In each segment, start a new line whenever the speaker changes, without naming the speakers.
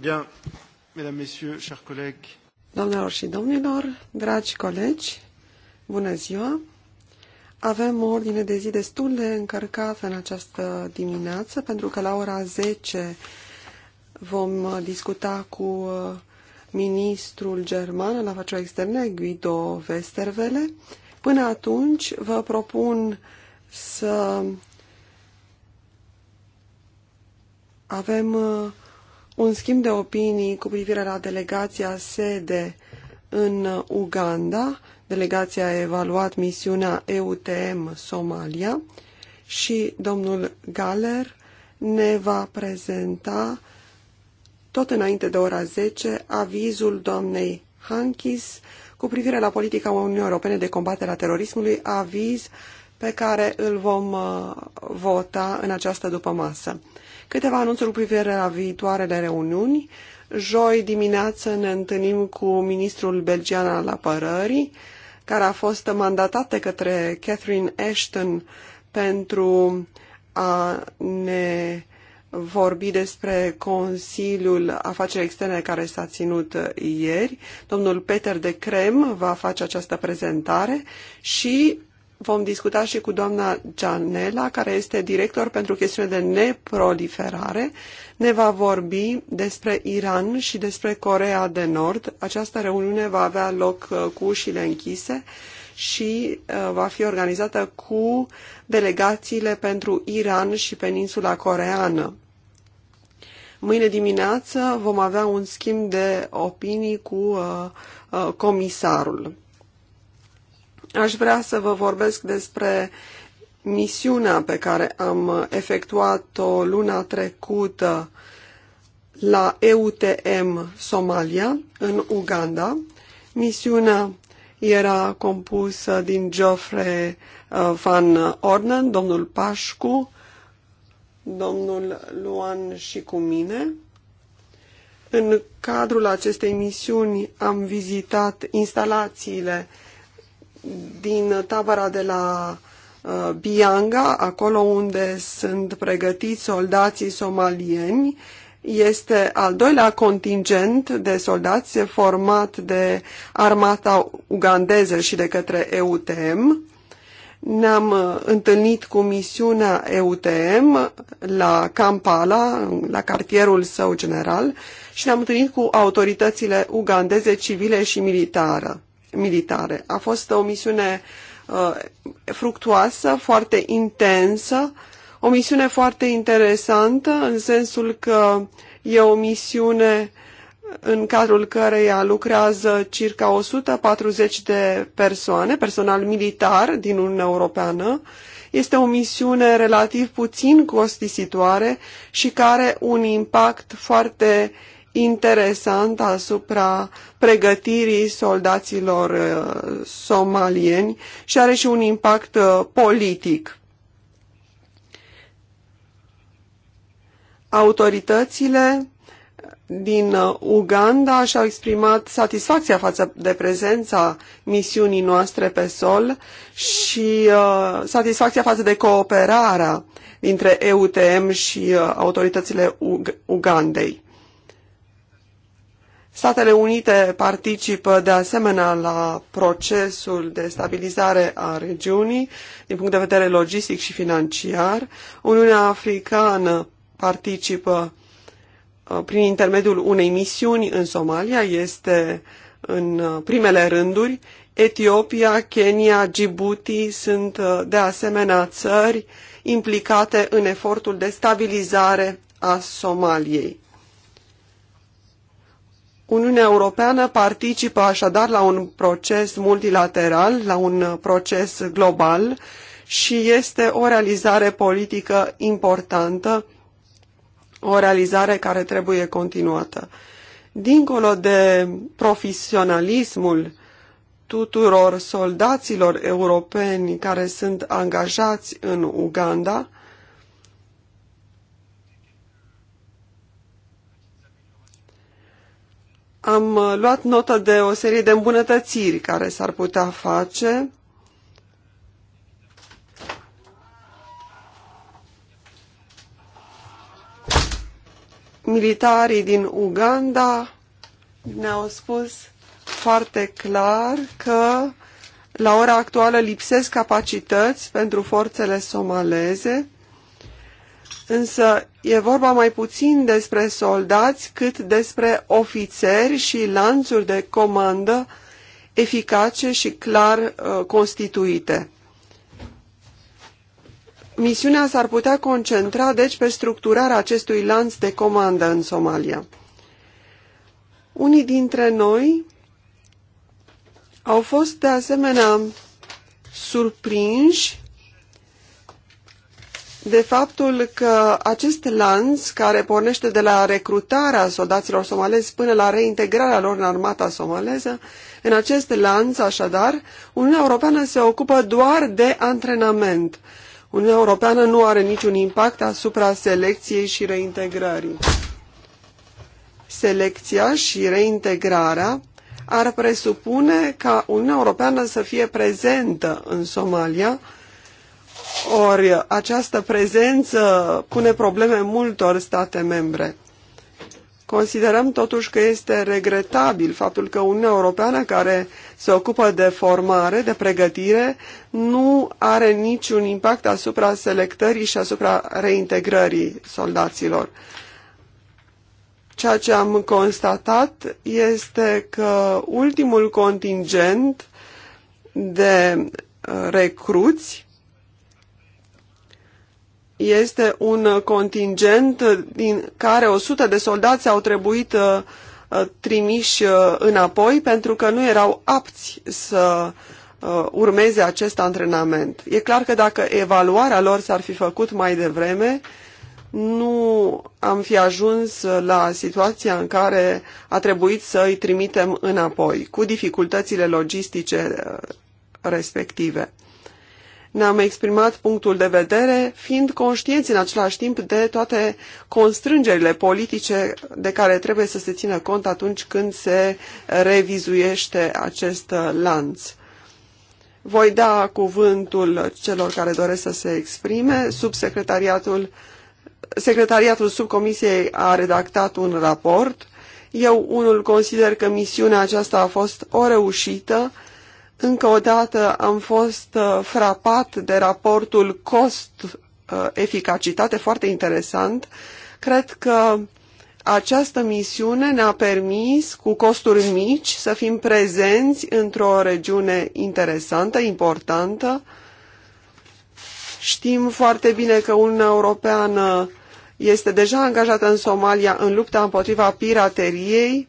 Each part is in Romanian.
Bien, mesdames, messieurs, chers collègues.
Doamnelor și domnilor, dragi colegi, bună ziua! Avem o ordine de zi destul de încărcată în această dimineață, pentru că la ora 10 vom discuta cu uh, ministrul german al afacerilor externe, Guido Westerwelle. Până atunci, vă propun să avem uh, un schimb de opinii cu privire la delegația sede în Uganda. Delegația a evaluat misiunea EUTM Somalia și domnul Galler ne va prezenta tot înainte de ora 10 avizul doamnei Hankis cu privire la politica Uniunii Europene de combatere a terorismului, aviz pe care îl vom uh, vota în această dupămasă. masă. Câteva anunțuri cu privire la viitoarele reuniuni. Joi dimineață ne întâlnim cu ministrul belgian al apărării, care a fost mandatat de către Catherine Ashton pentru a ne vorbi despre Consiliul Afaceri Externe care s-a ținut ieri. Domnul Peter de Crem va face această prezentare și vom discuta și cu doamna Gianella, care este director pentru chestiune de neproliferare. Ne va vorbi despre Iran și despre Corea de Nord. Această reuniune va avea loc uh, cu ușile închise și uh, va fi organizată cu delegațiile pentru Iran și peninsula coreeană. Mâine dimineață vom avea un schimb de opinii cu uh, comisarul aș vrea să vă vorbesc despre misiunea pe care am efectuat-o luna trecută la EUTM Somalia, în Uganda. Misiunea era compusă din Geoffrey uh, Van Ornen, domnul Pașcu, domnul Luan și cu mine. În cadrul acestei misiuni am vizitat instalațiile din tabăra de la uh, Bianga, acolo unde sunt pregătiți soldații somalieni, este al doilea contingent de soldați format de armata ugandeză și de către EUTM. Ne-am uh, întâlnit cu misiunea EUTM la Kampala, la cartierul său general, și ne-am întâlnit cu autoritățile ugandeze civile și militară, militare. A fost o misiune uh, fructuoasă, foarte intensă, o misiune foarte interesantă în sensul că e o misiune în cadrul căreia lucrează circa 140 de persoane, personal militar din Uniunea Europeană. Este o misiune relativ puțin costisitoare și care are un impact foarte interesant asupra pregătirii soldaților uh, somalieni și are și un impact uh, politic. Autoritățile din uh, Uganda și-au exprimat satisfacția față de prezența misiunii noastre pe sol și uh, satisfacția față de cooperarea dintre EUTM și uh, autoritățile Ug Ugandei. Statele Unite participă de asemenea la procesul de stabilizare a regiunii din punct de vedere logistic și financiar. Uniunea Africană participă uh, prin intermediul unei misiuni în Somalia, este în uh, primele rânduri. Etiopia, Kenya, Djibouti sunt uh, de asemenea țări implicate în efortul de stabilizare a Somaliei. Uniunea Europeană participă așadar la un proces multilateral, la un proces global și este o realizare politică importantă, o realizare care trebuie continuată. Dincolo de profesionalismul tuturor soldaților europeni care sunt angajați în Uganda, Am uh, luat notă de o serie de îmbunătățiri care s-ar putea face. Militarii din Uganda ne-au spus foarte clar că la ora actuală lipsesc capacități pentru forțele somaleze, însă E vorba mai puțin despre soldați cât despre ofițeri și lanțuri de comandă eficace și clar uh, constituite. Misiunea s-ar putea concentra, deci, pe structurarea acestui lanț de comandă în Somalia. Unii dintre noi au fost, de asemenea, surprinși de faptul că acest lanț care pornește de la recrutarea soldaților somalezi până la reintegrarea lor în armata somaleză, în acest lanț, așadar, Uniunea Europeană se ocupă doar de antrenament. Uniunea Europeană nu are niciun impact asupra selecției și reintegrării. Selecția și reintegrarea ar presupune ca Uniunea Europeană să fie prezentă în Somalia, ori această prezență pune probleme multor state membre. Considerăm totuși că este regretabil faptul că Uniunea Europeană, care se ocupă de formare, de pregătire, nu are niciun impact asupra selectării și asupra reintegrării soldaților. Ceea ce am constatat este că ultimul contingent de uh, recruți este un contingent din care 100 de soldați au trebuit uh, uh, trimiși uh, înapoi pentru că nu erau apți să urmeze acest antrenament. E clar că dacă evaluarea lor s-ar fi făcut mai devreme, nu am fi ajuns la situația în care a trebuit să îi trimitem înapoi, cu dificultățile logistice respective ne-am exprimat punctul de vedere, fiind conștienți în același timp de toate constrângerile politice de care trebuie să se țină cont atunci când se revizuiește acest lanț. Voi da cuvântul celor care doresc să se exprime. Subsecretariatul Secretariatul subcomisiei a redactat un raport. Eu unul consider că misiunea aceasta a fost o reușită încă o dată am fost uh, frapat de raportul cost-eficacitate, uh, foarte interesant. Cred că această misiune ne-a permis, cu costuri mici, să fim prezenți într-o regiune interesantă, importantă. Știm foarte bine că Uniunea Europeană este deja angajată în Somalia în lupta împotriva pirateriei,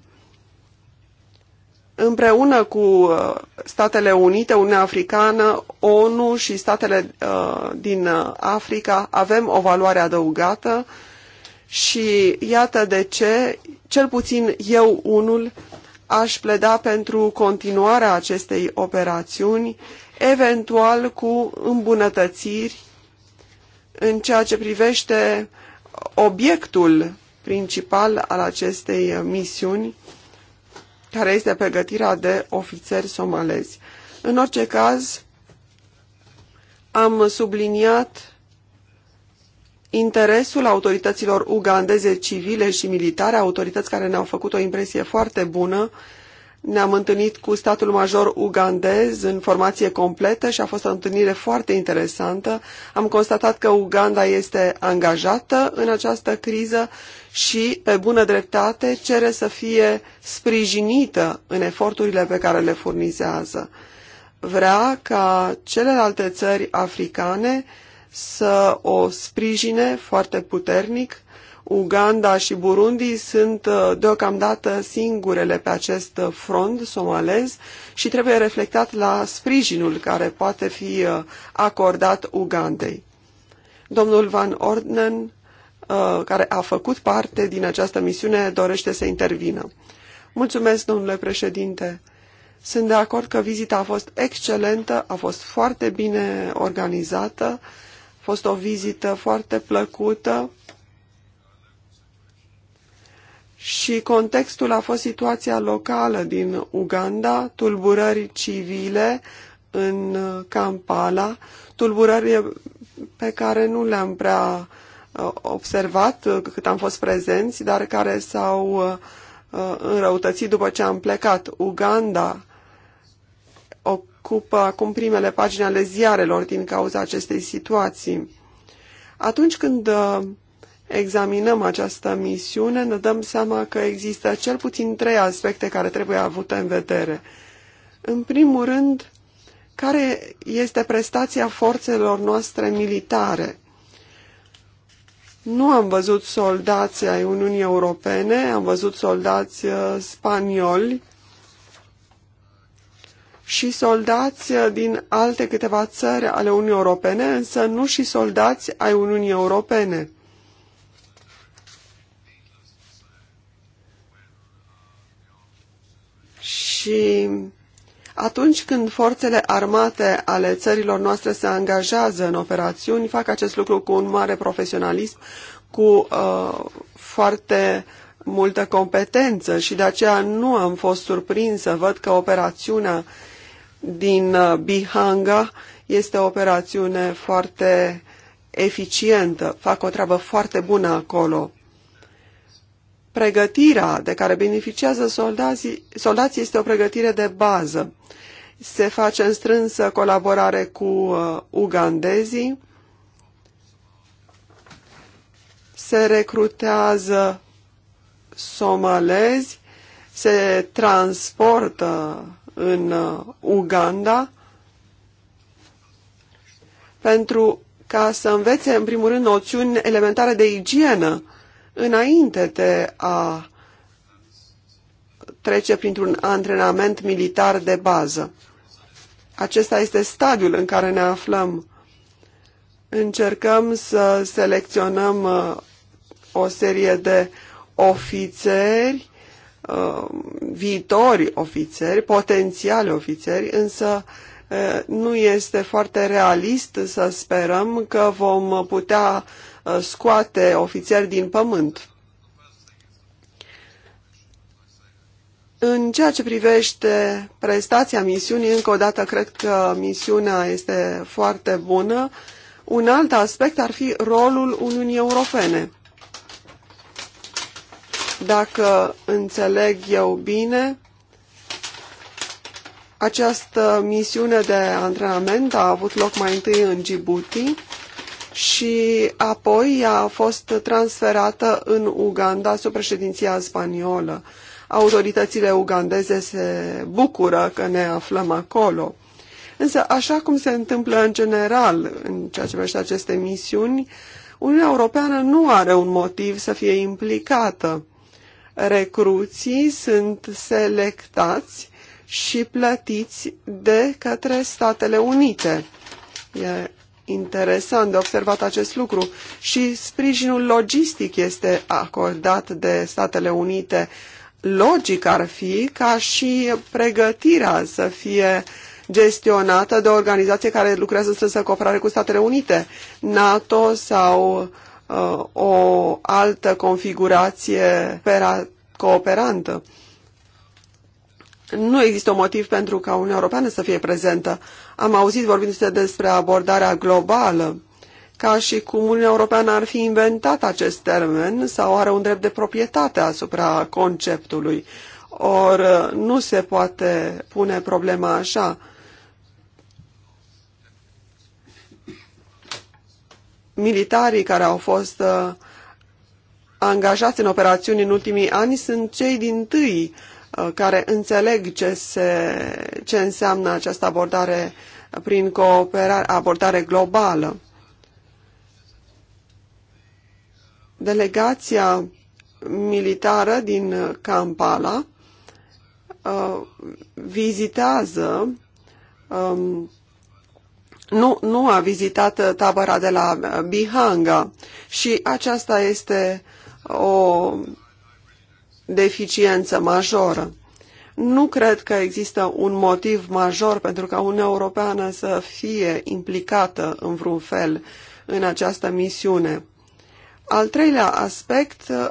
împreună cu uh, Statele Unite, Uniunea Africană, ONU și statele uh, din uh, Africa avem o valoare adăugată și iată de ce, cel puțin eu unul, aș pleda pentru continuarea acestei operațiuni, eventual cu îmbunătățiri în ceea ce privește obiectul principal al acestei misiuni, care este pregătirea de ofițeri somalezi. În orice caz, am subliniat interesul autorităților ugandeze civile și militare, autorități care ne-au făcut o impresie foarte bună. Ne-am întâlnit cu statul major ugandez în formație completă și a fost o întâlnire foarte interesantă. Am constatat că Uganda este angajată în această criză și, pe bună dreptate, cere să fie sprijinită în eforturile pe care le furnizează. Vrea ca celelalte țări africane să o sprijine foarte puternic. Uganda și Burundi sunt uh, deocamdată singurele pe acest uh, front somalez și trebuie reflectat la sprijinul care poate fi uh, acordat Ugandei. Domnul Van Ordnen Uh, care a făcut parte din această misiune dorește să intervină. Mulțumesc, domnule președinte. Sunt de acord că vizita a fost excelentă, a fost foarte bine organizată, a fost o vizită foarte plăcută și contextul a fost situația locală din Uganda, tulburări civile în Kampala, tulburări pe care nu le-am prea Uh, observat uh, cât am fost prezenți, dar care s-au uh, înrăutățit după ce am plecat. Uganda ocupă acum primele pagini ale ziarelor din cauza acestei situații. Atunci când examinăm această misiune, ne dăm seama că există cel puțin trei aspecte care trebuie avute în vedere. În primul rând, care este prestația forțelor noastre militare? Nu am văzut soldați ai Uniunii Europene, am văzut soldați uh, spanioli și soldați uh, din alte câteva țări ale Uniunii Europene, însă nu și soldați ai Uniunii Europene. Și atunci când forțele armate ale țărilor noastre se angajează în operațiuni, fac acest lucru cu un mare profesionalism, cu uh, foarte multă competență și de aceea nu am fost surprinsă. Văd că operațiunea din uh, Bihanga este o operațiune foarte eficientă. Fac o treabă foarte bună acolo. Pregătirea de care beneficiază soldații, soldații este o pregătire de bază. Se face în strânsă colaborare cu uh, ugandezii, se recrutează somalezi, se transportă în uh, Uganda pentru ca să învețe, în primul rând, noțiuni elementare de igienă înainte de a trece printr-un antrenament militar de bază. Acesta este stadiul în care ne aflăm. Încercăm să selecționăm uh, o serie de ofițeri, uh, viitori ofițeri, potențiali ofițeri, însă uh, nu este foarte realist să sperăm că vom putea Uh, scoate ofițeri din pământ. În ceea ce privește prestația misiunii, încă o dată cred că misiunea este foarte bună. Un alt aspect ar fi rolul Uniunii Europene. Dacă înțeleg eu bine, această misiune de antrenament a avut loc mai întâi în Djibouti și apoi a fost transferată în Uganda sub președinția spaniolă. Autoritățile ugandeze se bucură că ne aflăm acolo. Însă, așa cum se întâmplă în general în ceea ce privește aceste misiuni, Uniunea Europeană nu are un motiv să fie implicată. Recruții sunt selectați și plătiți de către Statele Unite. E interesant de observat acest lucru și sprijinul logistic este acordat de Statele Unite. Logic ar fi ca și pregătirea să fie gestionată de o organizație care lucrează în strânsă cooperare cu Statele Unite, NATO sau uh, o altă configurație cooperantă. Nu există un motiv pentru ca Uniunea Europeană să fie prezentă. Am auzit vorbindu-se despre abordarea globală, ca și cum Uniunea Europeană ar fi inventat acest termen sau are un drept de proprietate asupra conceptului. Or, nu se poate pune problema așa. Militarii care au fost uh, angajați în operațiuni în ultimii ani sunt cei din tâi uh, Uh, care înțeleg ce, se, ce înseamnă această abordare prin cooperare, abordare globală. Delegația militară din Kampala uh, vizitează um, nu, nu a vizitat tabăra de la Bihanga și aceasta este o deficiență majoră. Nu cred că există un motiv major pentru ca Uniunea Europeană să fie implicată în vreun fel în această misiune. Al treilea aspect uh,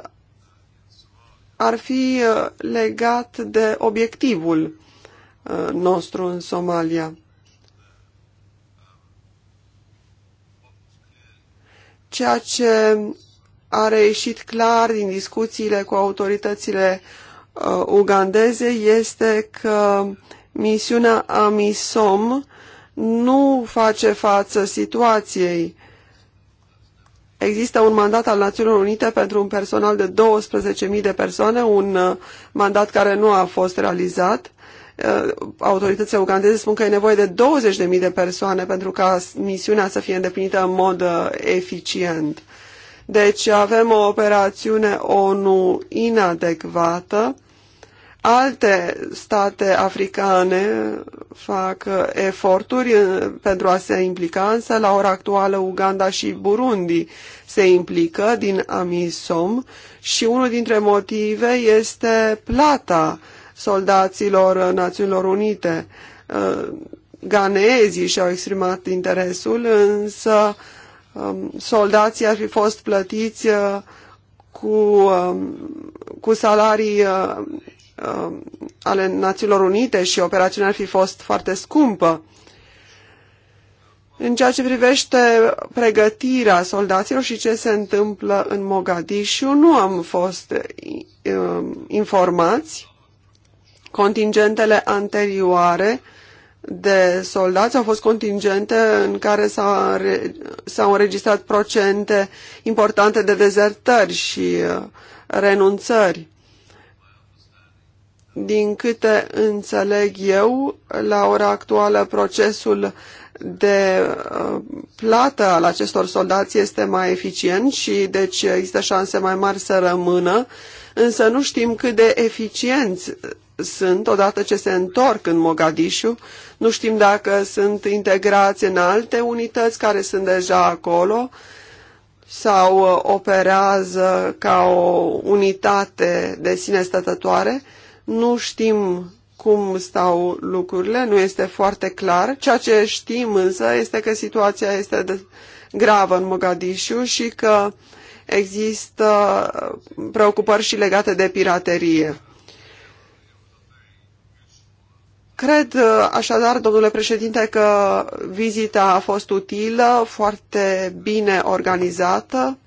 ar fi uh, legat de obiectivul uh, nostru în Somalia. Ceea ce a reieșit clar din discuțiile cu autoritățile uh, ugandeze este că misiunea AMISOM nu face față situației. Există un mandat al Națiunilor Unite pentru un personal de 12.000 de persoane, un uh, mandat care nu a fost realizat. Uh, autoritățile ugandeze spun că e nevoie de 20.000 de persoane pentru ca misiunea să fie îndeplinită în mod uh, eficient. Deci avem o operațiune ONU inadecvată. Alte state africane fac eforturi eh, pentru a se implica, însă la ora actuală Uganda și Burundi se implică din AMISOM și unul dintre motive este plata soldaților Națiunilor Unite. Eh, Ganezii și-au exprimat interesul, însă uh, Um, soldații ar fi fost plătiți uh, cu, um, cu salarii uh, um, ale Națiunilor Unite și operațiunea ar fi fost foarte scumpă. În ceea ce privește pregătirea soldaților și ce se întâmplă în Mogadishu, nu am fost informați. Contingentele anterioare de soldați au fost contingente în care s-au înregistrat procente importante de dezertări și uh, renunțări. Din câte înțeleg eu, la ora actuală procesul de uh, plată al acestor soldați este mai eficient și deci există șanse mai mari să rămână, însă nu știm cât de eficienți sunt odată ce se întorc în Mogadishu. Nu știm dacă sunt integrați în alte unități care sunt deja acolo sau uh, operează ca o unitate de sine stătătoare. Nu știm cum stau lucrurile, nu este foarte clar. Ceea ce știm însă este că situația este gravă în Mogadishu și că există uh, preocupări și legate de piraterie. Cred uh, așadar, domnule președinte, că vizita a fost utilă, foarte bine organizată.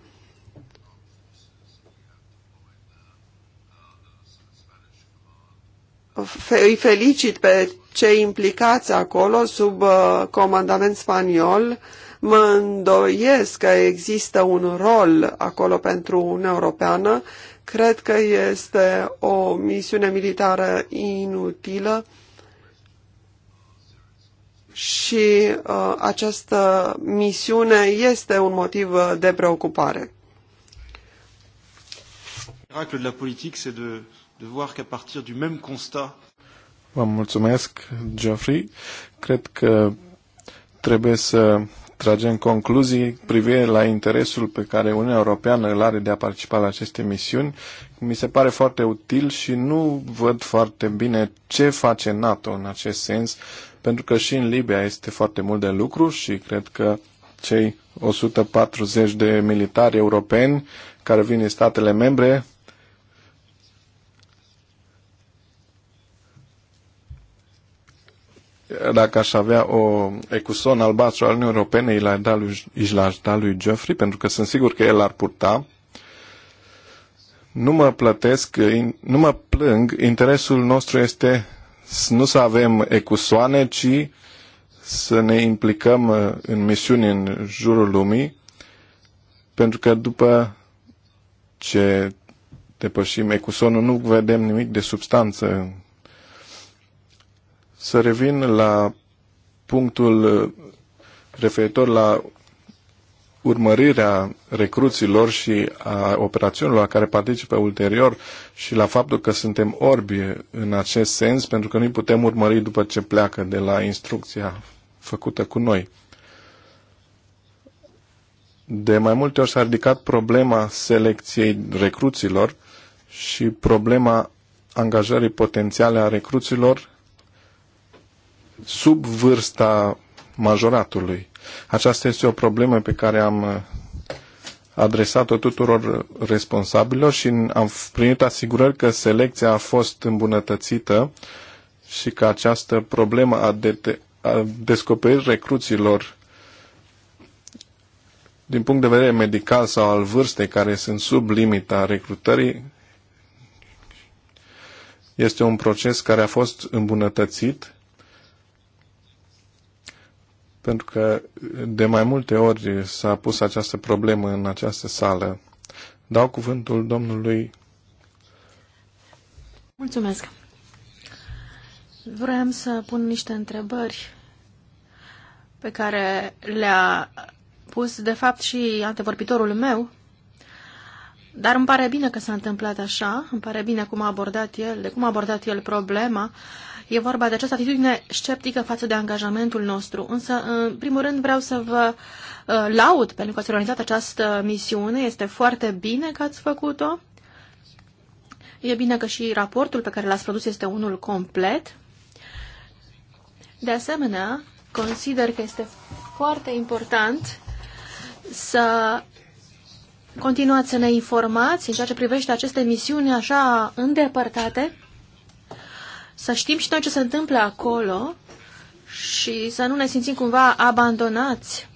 Îi felicit pe cei implicați acolo sub uh, comandament spaniol. Mă îndoiesc că există un rol acolo pentru Uniunea Europeană. Cred că este o misiune militară inutilă și uh, această misiune este un motiv uh, de preocupare.
Miracle de la politică este de, de voir că, partir du même constat. Vă mulțumesc, Geoffrey. Cred că trebuie să tragem concluzii privire la interesul pe care Uniunea Europeană îl are de a participa la aceste misiuni. Mi se pare foarte util și nu văd foarte bine ce face NATO în acest sens pentru că și în Libia este foarte mult de lucru și cred că cei 140 de militari europeni care vin din statele membre dacă aș avea o ecuson albastru al Uniunii Europene, i-l da lui, da lui Geoffrey, pentru că sunt sigur că el ar purta. Nu mă plătesc, nu mă plâng, interesul nostru este nu să avem ecusoane, ci să ne implicăm uh, în misiuni în jurul lumii, pentru că după ce depășim ecusonul, nu vedem nimic de substanță. Să revin la punctul uh, referitor la urmărirea recruților și a operațiunilor la care participă ulterior și la faptul că suntem orbi în acest sens, pentru că nu putem urmări după ce pleacă de la instrucția făcută cu noi. De mai multe ori s-a ridicat problema selecției recruților și problema angajării potențiale a recruților sub vârsta majoratului. Aceasta este o problemă pe care am uh, adresat-o tuturor responsabililor și am primit asigurări că selecția a fost îmbunătățită și că această problemă a, de- a descoperirii recruților din punct de vedere medical sau al vârstei care sunt sub limita recrutării este un proces care a fost îmbunătățit pentru că de mai multe ori s-a pus această problemă în această sală. Dau cuvântul domnului.
Mulțumesc. Vreau să pun niște întrebări pe care le-a pus, de fapt, și antevorbitorul meu, dar îmi pare bine că s-a întâmplat așa, îmi pare bine cum a abordat el, de cum a abordat el problema. Uh, E vorba de această atitudine sceptică față de angajamentul nostru. Însă, în primul rând, vreau să vă uh, laud pentru că ați organizat această misiune. Este foarte bine că ați făcut-o. E bine că și raportul pe care l-ați produs este unul complet. De asemenea, consider că este foarte important să continuați să ne informați în ceea ce privește aceste misiuni așa îndepărtate să știm și noi ce se întâmplă acolo și să nu ne simțim cumva abandonați,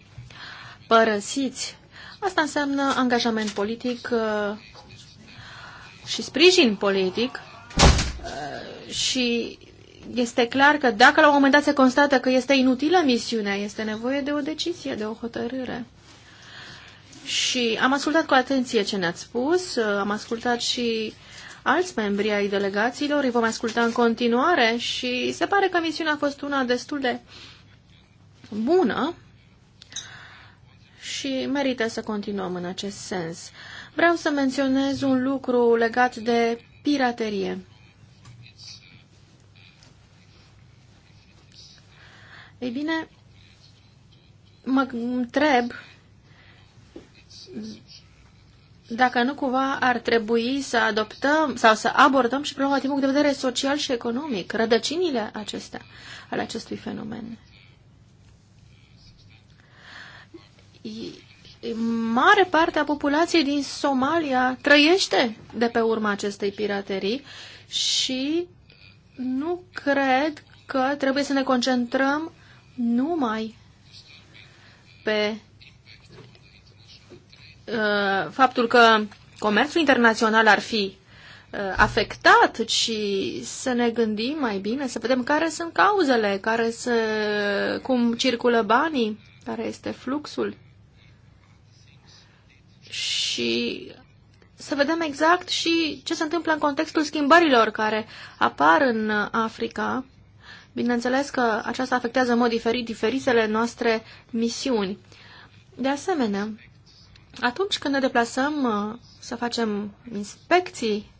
părăsiți. Asta înseamnă angajament politic uh, și sprijin politic uh, și este clar că dacă la un moment dat se constată că este inutilă misiunea, este nevoie de o decizie, de o hotărâre. Și am ascultat cu atenție ce ne-ați spus, uh, am ascultat și alți membri ai delegațiilor, îi vom asculta în continuare și se pare că misiunea a fost una destul de bună și merită să continuăm în acest sens. Vreau să menționez un lucru legat de piraterie. Ei bine, mă întreb dacă nu cumva ar trebui să adoptăm sau să abordăm și problema din punct de vedere social și economic, rădăcinile acestea ale acestui fenomen. Mare parte a populației din Somalia trăiește de pe urma acestei piraterii și nu cred că trebuie să ne concentrăm numai pe Uh, faptul că comerțul internațional ar fi uh, afectat, și să ne gândim mai bine, să vedem care sunt cauzele, care se, cum circulă banii, care este fluxul și să vedem exact și ce se întâmplă în contextul schimbărilor care apar în Africa. Bineînțeles că aceasta afectează în mod diferit diferitele noastre misiuni. De asemenea, atunci când ne deplasăm uh, să facem inspecții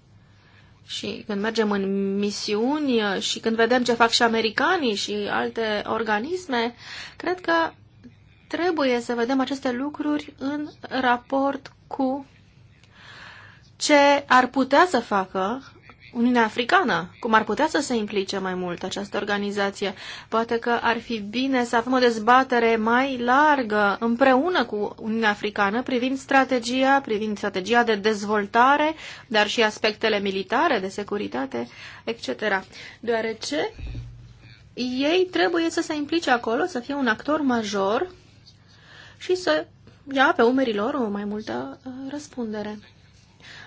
și când mergem în misiuni uh, și când vedem ce fac și americanii și alte organisme, cred că trebuie să vedem aceste lucruri în raport cu ce ar putea să facă Uniunea Africană, cum ar putea să se implice mai mult această organizație. Poate că ar fi bine să avem o dezbatere mai largă împreună cu Uniunea Africană privind strategia, privind strategia de dezvoltare, dar și aspectele militare, de securitate, etc. Deoarece ei trebuie să se implice acolo, să fie un actor major și să ia pe umerii lor o mai multă uh, răspundere.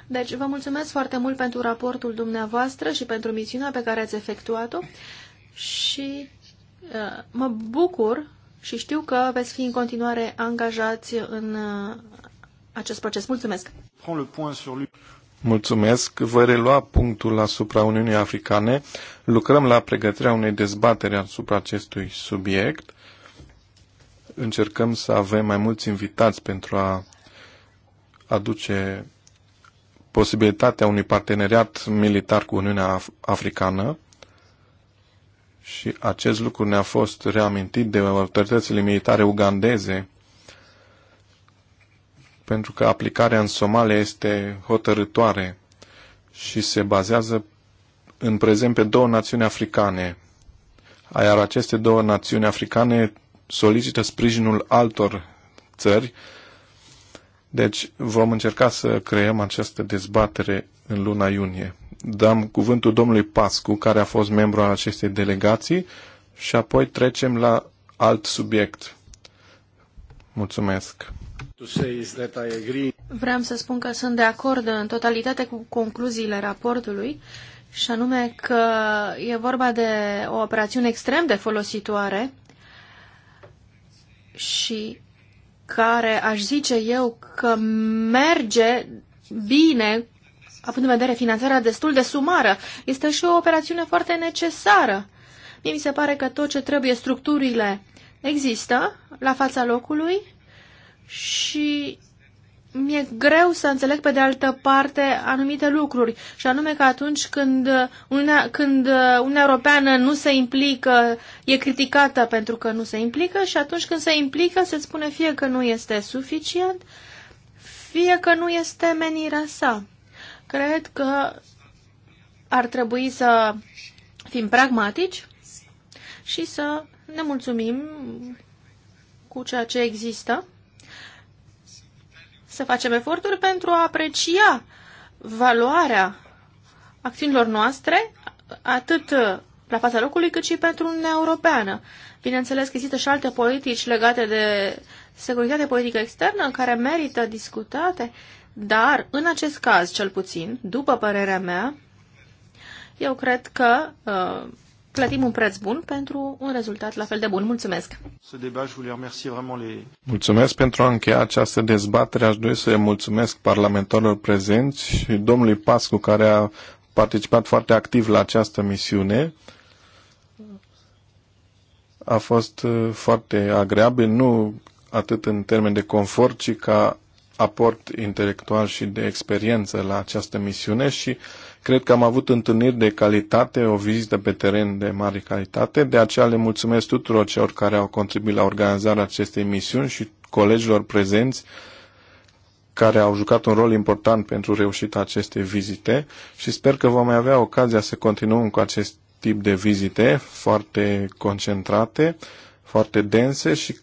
Deci, vă mulțumesc foarte mult pentru raportul dumneavoastră și pentru misiunea pe care ați efectuat-o și uh, mă bucur și știu că veți fi în continuare angajați în uh, acest proces. Mulțumesc!
Mulțumesc! Voi relua punctul asupra Uniunii Africane. Lucrăm la pregătirea unei dezbateri asupra acestui subiect. Încercăm să avem mai mulți invitați pentru a aduce posibilitatea unui parteneriat militar cu Uniunea Africană și acest lucru ne-a fost reamintit de autoritățile militare ugandeze pentru că aplicarea în Somalia este hotărătoare și se bazează în prezent pe două națiuni africane, iar aceste două națiuni africane solicită sprijinul altor țări deci vom încerca să creăm această dezbatere în luna iunie. Dăm cuvântul domnului Pascu, care a fost membru al acestei delegații, și apoi trecem la alt subiect. Mulțumesc.
Vreau să spun că sunt de acord în totalitate cu concluziile raportului și anume că e vorba de o operațiune extrem de folositoare și care aș zice eu că merge bine, având în vedere finanțarea destul de sumară. Este și o operațiune foarte necesară. Mie mi se pare că tot ce trebuie structurile există la fața locului și mi-e greu să înțeleg pe de altă parte anumite lucruri, și anume că atunci când Uniunea, când Uniunea Europeană nu se implică, e criticată pentru că nu se implică și atunci când se implică se spune fie că nu este suficient, fie că nu este menirea sa. Cred că ar trebui să fim pragmatici și să ne mulțumim cu ceea ce există să facem eforturi pentru a aprecia valoarea acțiunilor noastre, atât la fața locului, cât și pentru Uniunea Europeană. Bineînțeles că există și alte politici legate de securitate politică externă care merită discutate, dar în acest caz, cel puțin, după părerea mea, eu cred că uh, plătim un preț bun pentru un rezultat la fel de bun. Mulțumesc!
Mulțumesc pentru a încheia această dezbatere. Aș dori să mulțumesc parlamentarilor prezenți și domnului Pascu care a participat foarte activ la această misiune. A fost uh, foarte agreabil, nu atât în termen de confort, ci ca aport intelectual și de experiență la această misiune și Cred că am avut întâlniri de calitate, o vizită pe teren de mare calitate, de aceea le mulțumesc tuturor celor care au contribuit la organizarea acestei misiuni și colegilor prezenți care au jucat un rol important pentru reușita acestei vizite și sper că vom mai avea ocazia să continuăm cu acest tip de vizite foarte concentrate, foarte dense și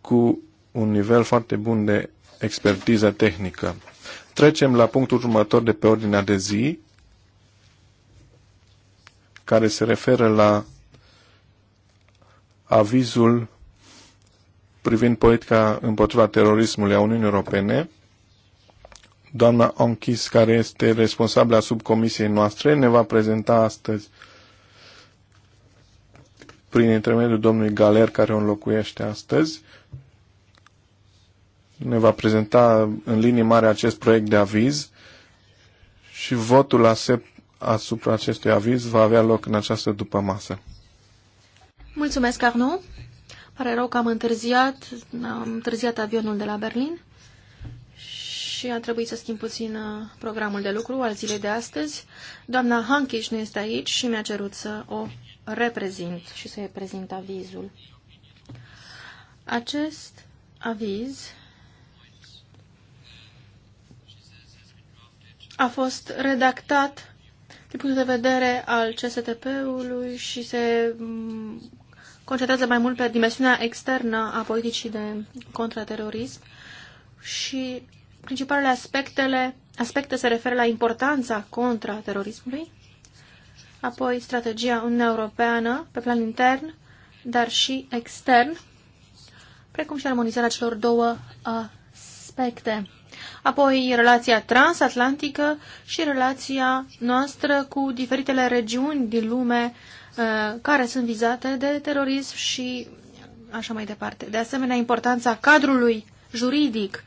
cu un nivel foarte bun de expertiză tehnică. Trecem la punctul următor de pe ordinea de zi, care se referă la avizul privind politica împotriva terorismului a Uniunii Europene. Doamna Onchis, care este responsabilă a subcomisiei noastre, ne va prezenta astăzi prin intermediul domnului Galer, care o înlocuiește astăzi, ne va prezenta în linii mare acest proiect de aviz și votul la SEP asupra acestui aviz va avea loc în această după masă.
Mulțumesc, Arnaud. Pare rău că am întârziat, am întârziat avionul de la Berlin și a trebuit să schimb puțin uh, programul de lucru al zilei de astăzi. Doamna Hankish nu este aici și mi-a cerut să o reprezint și să-i prezint avizul. Acest aviz a fost redactat din punct de vedere al CSTP-ului și se mm, concentrează mai mult pe dimensiunea externă a politicii de contraterorism și principalele aspectele, aspecte se referă la importanța contraterorismului, apoi strategia Uniunea Europeană pe plan intern, dar și extern, precum și armonizarea celor două uh, aspecte apoi relația transatlantică și relația noastră cu diferitele regiuni din lume uh, care sunt vizate de terorism și așa mai departe. De asemenea, importanța cadrului juridic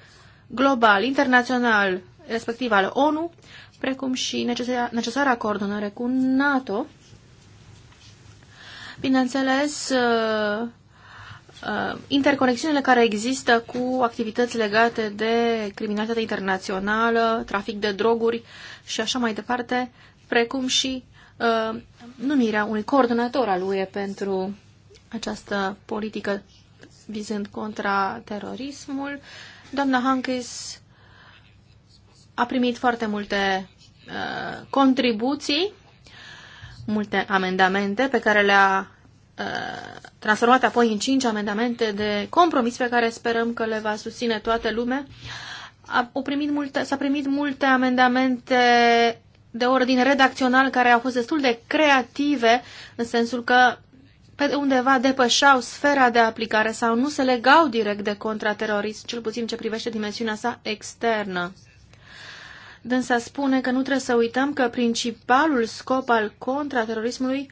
global, internațional, respectiv al ONU, precum și necesara coordonare cu NATO. Bineînțeles, uh, Uh, interconexiunile care există cu activități legate de criminalitate internațională, trafic de droguri și așa mai departe, precum și uh, numirea unui coordonator al UE pentru această politică vizând contra terorismul. Doamna Hankis a primit foarte multe uh, contribuții, multe amendamente pe care le-a Uh, transformate apoi în cinci amendamente de compromis pe care sperăm că le va susține toată lumea. A, primit multe, s-a primit multe amendamente de ordin redacțional care au fost destul de creative în sensul că pe undeva depășeau sfera de aplicare sau nu se legau direct de contraterorism, cel puțin ce privește dimensiunea sa externă. Dânsa spune că nu trebuie să uităm că principalul scop al contraterorismului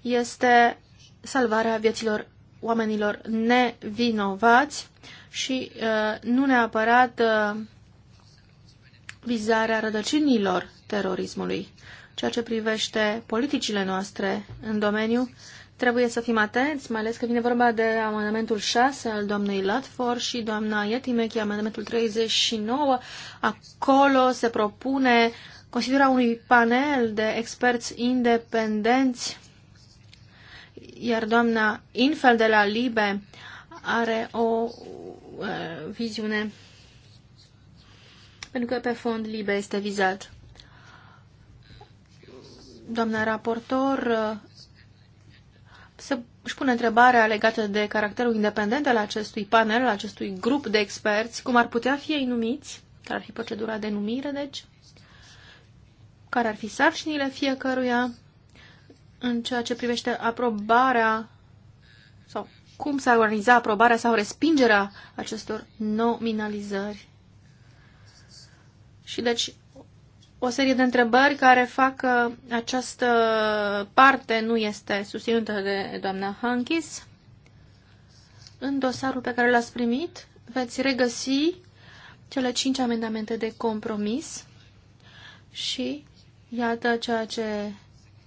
este salvarea vieților oamenilor nevinovați și uh, nu neapărat uh, vizarea rădăcinilor terorismului. Ceea ce privește politicile noastre în domeniu, trebuie să fim atenți, mai ales că vine vorba de amendamentul 6 al doamnei Latfor și doamna Yetimechi, amendamentul 39. Acolo se propune considera unui panel de experți independenți iar doamna Infel de la Libe are o uh, viziune pentru că pe fond Libe este vizat. Doamna raportor uh, să își pune întrebarea legată de caracterul independent al acestui panel, al acestui grup de experți, cum ar putea fi ei numiți, care ar fi procedura de numire, deci, care ar fi sarcinile fiecăruia, în ceea ce privește aprobarea sau cum s-a organizat aprobarea sau respingerea acestor nominalizări. Și deci o serie de întrebări care fac că această parte nu este susținută de doamna Hankis. În dosarul pe care l-ați primit veți regăsi cele cinci amendamente de compromis și iată ceea ce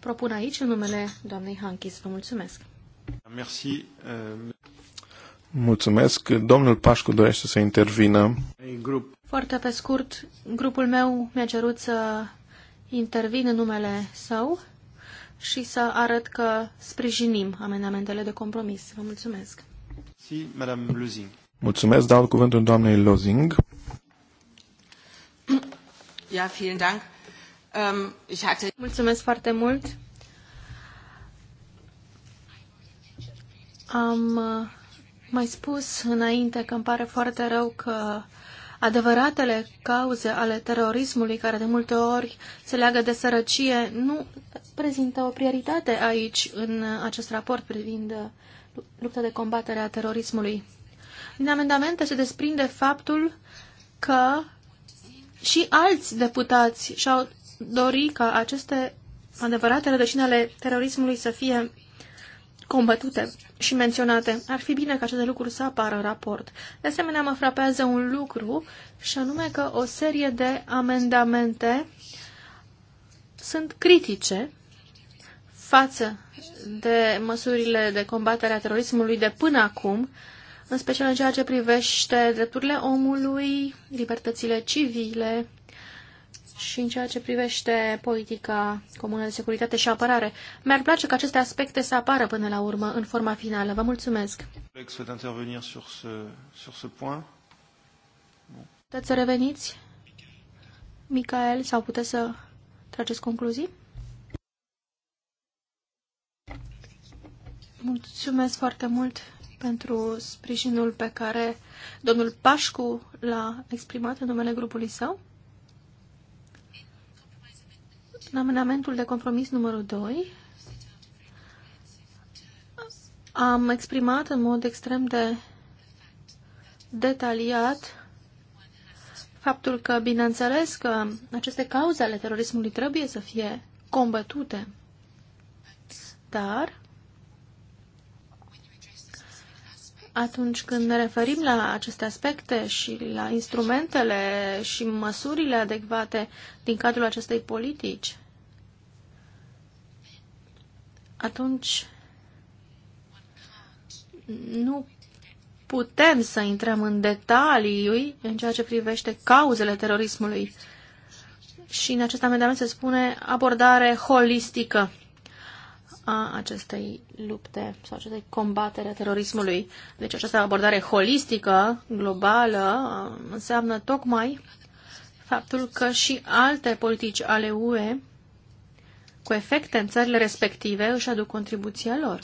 propun aici în numele doamnei Hankis. Vă mulțumesc. Merci. Euh,
mulțumesc. Domnul Pașcu dorește să intervină.
Foarte pe scurt, grupul meu mi-a cerut să intervin în numele său și să arăt că sprijinim amendamentele de compromis. Vă mulțumesc. Si, Madame Lozing.
Mulțumesc, dau cuvântul doamnei Lozing.
Ja, vielen Dank. Um, Mulțumesc foarte mult. Am uh, mai spus înainte că îmi pare foarte rău că adevăratele cauze ale terorismului, care de multe ori se leagă de sărăcie, nu prezintă o prioritate aici, în acest raport privind uh, lupta de combatere a terorismului. Din amendamente se desprinde faptul că și alți deputați și-au dori ca aceste adevărate rădăcini ale terorismului să fie combătute și menționate. Ar fi bine ca aceste lucruri să apară în raport. De asemenea, mă frapează un lucru și anume că o serie de amendamente sunt critice față de măsurile de combatere a terorismului de până acum, în special în ceea ce privește drepturile omului, libertățile civile, și în ceea ce privește politica comună de securitate și apărare. Mi-ar place ca aceste aspecte să apară până la urmă în forma finală. Vă mulțumesc. Puteți să reveniți, Micael, sau puteți să trageți concluzii? Mulțumesc foarte mult pentru sprijinul pe care domnul Pașcu l-a exprimat în numele grupului său. În amendamentul de compromis numărul 2, am exprimat în mod extrem de detaliat faptul că, bineînțeles, că aceste cauze ale terorismului trebuie să fie combătute, dar atunci când ne referim la aceste aspecte și la instrumentele și măsurile adecvate din cadrul acestei politici, atunci nu putem să intrăm în detalii în ceea ce privește cauzele terorismului. Și în acest amendament se spune abordare holistică a acestei lupte sau acestei combatere a terorismului. Deci această abordare holistică, globală, înseamnă tocmai faptul că și alte politici ale UE cu efecte în țările respective își aduc contribuția lor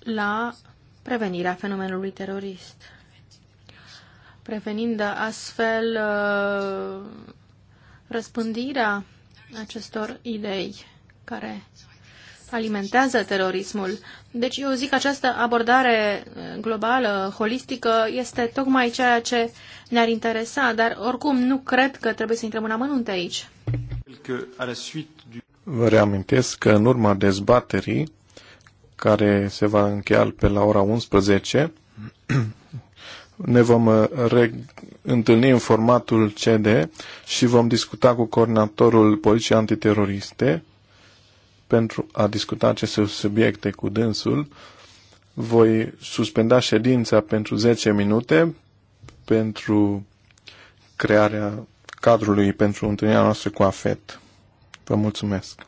la prevenirea fenomenului terorist, prevenind astfel uh, răspândirea acestor idei care alimentează terorismul. Deci eu zic că această abordare eh, globală, holistică, este tocmai ceea ce ne-ar interesa, dar oricum nu cred că trebuie să intrăm în amănunte aici.
Vă reamintesc că în urma dezbaterii, care se va încheia pe la ora 11, ne vom eh, întâlni în formatul CD și vom discuta cu coordonatorul Poliției Antiteroriste pentru a discuta aceste subiecte cu dânsul. Voi suspenda ședința pentru 10 minute pentru crearea cadrului pentru întâlnirea noastră cu AFET. Vă mulțumesc!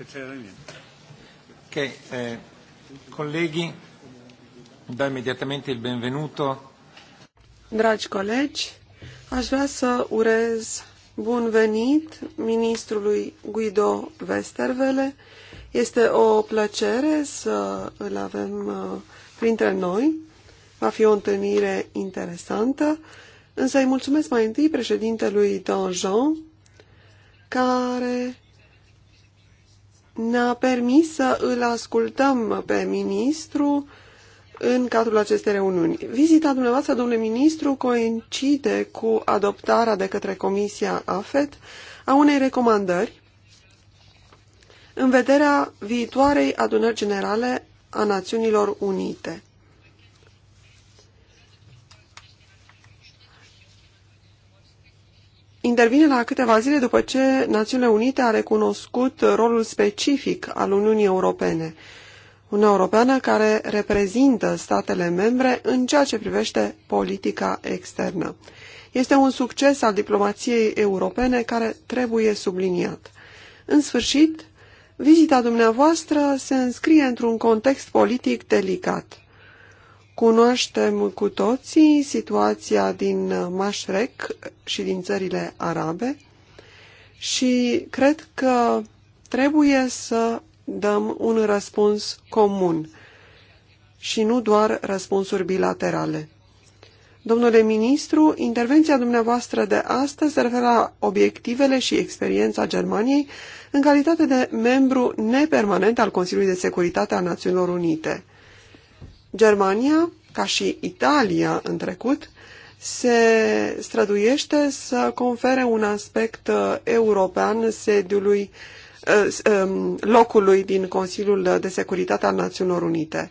Ok, eh, colleghi, do immediatamente il benvenuto.
Dragi colegi, aș vrea să urez bun venit ministrului Guido Westervele. Este o plăcere să îl avem eh, printre noi. Va fi o întâlnire interesantă, însă îi mulțumesc mai întâi președintelui Jean. permis să îl ascultăm pe ministru în cadrul acestei reuniuni. Vizita dumneavoastră, domnule ministru, coincide cu adoptarea de către Comisia AFET a unei recomandări în vederea viitoarei adunări generale a Națiunilor Unite. intervine la câteva zile după ce Națiunile Unite a recunoscut rolul specific al Uniunii Europene. Uniunea Europeană care reprezintă statele membre în ceea ce privește politica externă. Este un succes al diplomației europene care trebuie subliniat. În sfârșit, vizita dumneavoastră se înscrie într-un context politic delicat. Cunoaștem cu toții situația din Mașrec și din țările arabe și cred că trebuie să dăm un răspuns comun și nu doar răspunsuri bilaterale. Domnule ministru, intervenția dumneavoastră de astăzi se referă la obiectivele și experiența Germaniei în calitate de membru nepermanent al Consiliului de Securitate al Națiunilor Unite. Germania, ca și Italia în trecut, se străduiește să confere un aspect uh, european sediului uh, um, locului din Consiliul de Securitate al Națiunilor Unite.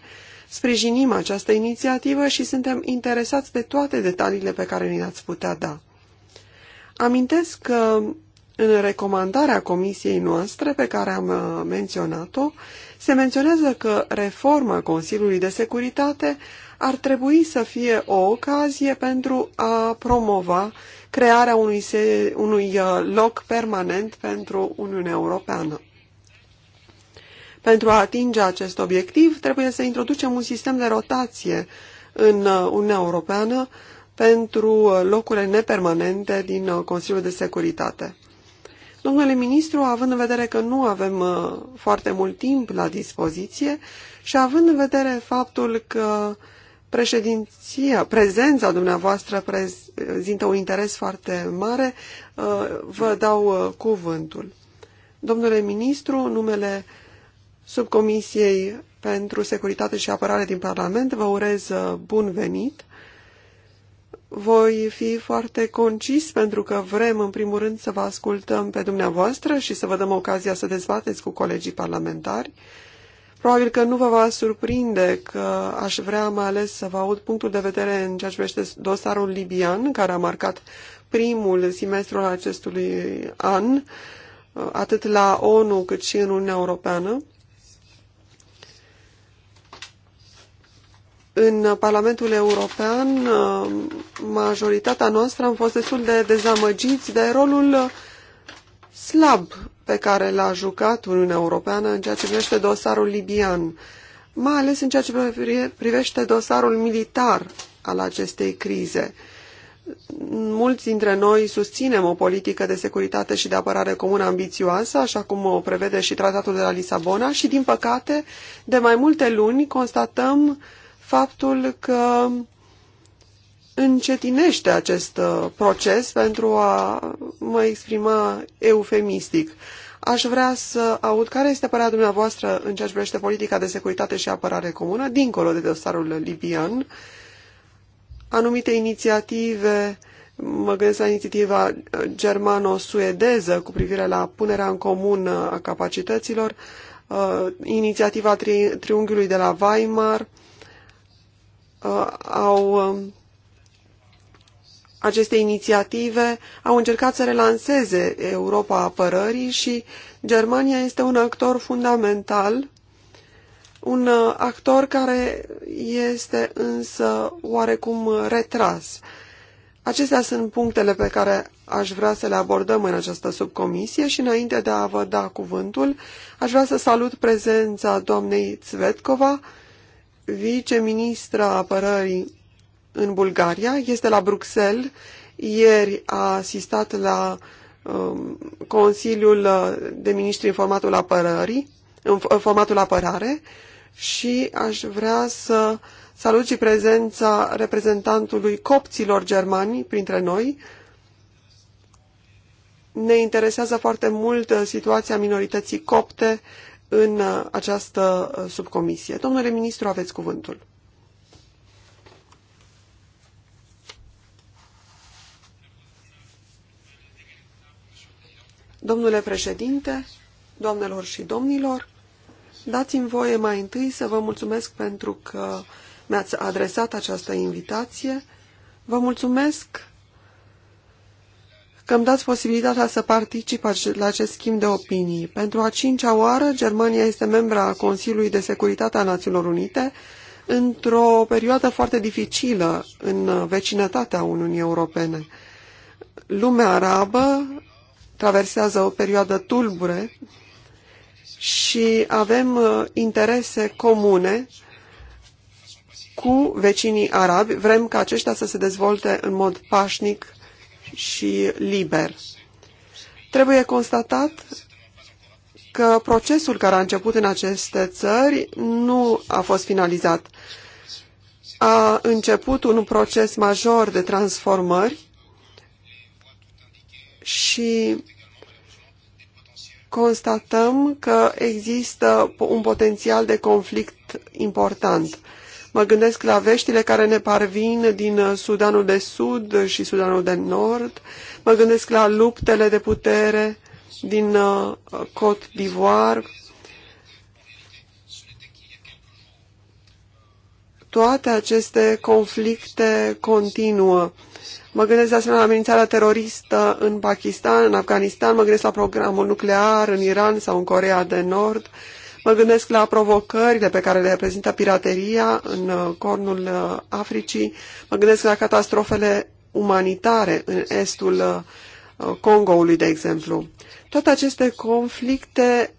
Sprijinim această inițiativă și suntem interesați de toate detaliile pe care ni le-ați putea da. Amintesc că în recomandarea comisiei noastre pe care am uh, menționat-o, se menționează că reforma Consiliului de Securitate ar trebui să fie o ocazie pentru a promova crearea unui, se, unui uh, loc permanent pentru Uniunea Europeană. Pentru a atinge acest obiectiv, trebuie să introducem un sistem de rotație în uh, Uniunea Europeană pentru uh, locurile nepermanente din Consiliul de Securitate. Domnule ministru, având în vedere că nu avem uh, foarte mult timp la dispoziție și având în vedere faptul că președinția, prezența dumneavoastră prezintă un interes foarte mare, uh, vă dau uh, cuvântul. Domnule ministru, numele subcomisiei pentru securitate și apărare din Parlament, vă urez bun venit voi fi foarte concis pentru că vrem, în primul rând, să vă ascultăm pe dumneavoastră și să vă dăm ocazia să dezbateți cu colegii parlamentari. Probabil că nu vă va surprinde că aș vrea mai ales să vă aud punctul de vedere în ceea ce privește dosarul libian, care a marcat primul semestru al acestui an, atât la ONU cât și în Uniunea Europeană. În Parlamentul European, majoritatea noastră am fost destul de dezamăgiți de rolul slab pe care l-a jucat Uniunea Europeană în ceea ce privește dosarul libian, mai ales în ceea ce privește dosarul militar al acestei crize. Mulți dintre noi susținem o politică de securitate și de apărare comună ambițioasă, așa cum o prevede și tratatul de la Lisabona și, din păcate, de mai multe luni constatăm faptul că încetinește acest uh, proces pentru a mă exprima eufemistic. Aș vrea să aud care este părerea dumneavoastră în ceea ce privește politica de securitate și apărare comună, dincolo de dosarul libian, anumite inițiative, mă gândesc la inițiativa germano-suedeză cu privire la punerea în comun a capacităților, uh, inițiativa tri triunghiului de la Weimar, Uh, au um, aceste inițiative au încercat să relanseze Europa apărării și Germania este un actor fundamental, un uh, actor care este însă oarecum retras. Acestea sunt punctele pe care aș vrea să le abordăm în această subcomisie și înainte de a vă da cuvântul, aș vrea să salut prezența doamnei Tsvetkova, viceministra apărării în Bulgaria, este la Bruxelles. Ieri a asistat la um, Consiliul uh, de Ministri în formatul apărării, în formatul apărare și aș vrea să salut și prezența reprezentantului copților germani printre noi. Ne interesează foarte mult uh, situația minorității copte în uh, această uh, subcomisie. Domnule ministru, aveți cuvântul. Domnule președinte, doamnelor și domnilor, dați-mi voie mai întâi să vă mulțumesc pentru că mi-ați adresat această invitație. Vă mulțumesc că îmi dați posibilitatea să particip la acest schimb de opinii. Pentru a cincea oară, Germania este membra a Consiliului de Securitate a Națiunilor Unite într-o perioadă foarte dificilă în vecinătatea Uniunii Europene. Lumea arabă traversează o perioadă tulbure și avem uh, interese comune cu vecinii arabi. Vrem ca aceștia să se dezvolte în mod pașnic și liber. Trebuie constatat că procesul care a început în aceste țări nu a fost finalizat. A început un proces major de transformări și constatăm că există un potențial de conflict important. Mă gândesc la veștile care ne parvin din uh, Sudanul de Sud și Sudanul de Nord. Mă gândesc la luptele de putere din uh, Côte d'Ivoire. Toate aceste conflicte continuă. Mă gândesc de asemenea la amenințarea teroristă în Pakistan, în Afganistan, mă gândesc la programul nuclear în Iran sau în Corea de Nord. Mă gândesc la provocările pe care le reprezintă pirateria în uh, cornul uh, Africii. Mă gândesc la catastrofele umanitare în estul uh, Congoului, de exemplu. Toate aceste conflicte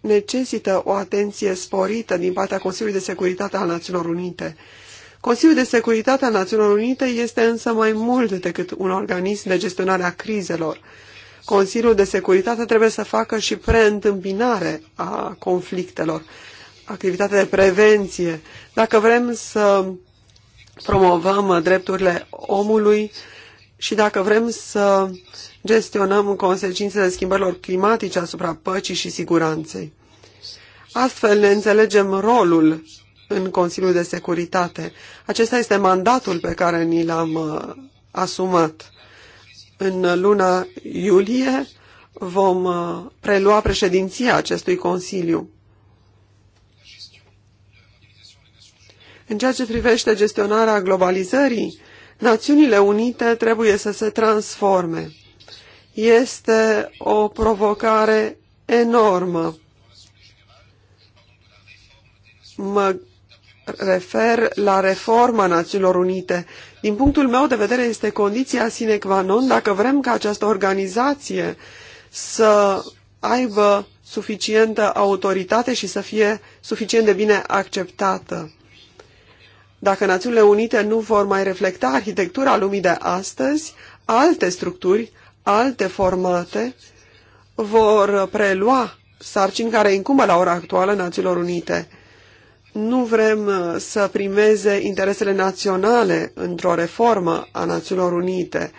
necesită o atenție sporită din partea Consiliului de Securitate al Națiunilor Unite. Consiliul de Securitate al Națiunilor Unite este însă mai mult decât un organism de gestionare a crizelor. Consiliul de Securitate trebuie să facă și preîntâmpinare a conflictelor, activitate de prevenție. Dacă vrem să promovăm drepturile omului și dacă vrem să gestionăm consecințele schimbărilor climatice asupra păcii și siguranței. Astfel ne înțelegem rolul în Consiliul de Securitate. Acesta este mandatul pe care ni l-am uh, asumat. În luna iulie vom uh, prelua președinția acestui Consiliu. În ceea ce privește gestionarea globalizării, Națiunile Unite trebuie să se transforme. Este o provocare enormă. Mă refer la reforma Națiunilor Unite. Din punctul meu de vedere este condiția sine qua non dacă vrem ca această organizație să aibă suficientă autoritate și să fie suficient de bine acceptată. Dacă Națiunile Unite nu vor mai reflecta arhitectura lumii de astăzi, alte structuri, alte formate vor prelua sarcini care incumbă la ora actuală Națiunilor Unite – nu vrem uh, să primeze interesele naționale într-o reformă a Națiunilor Unite.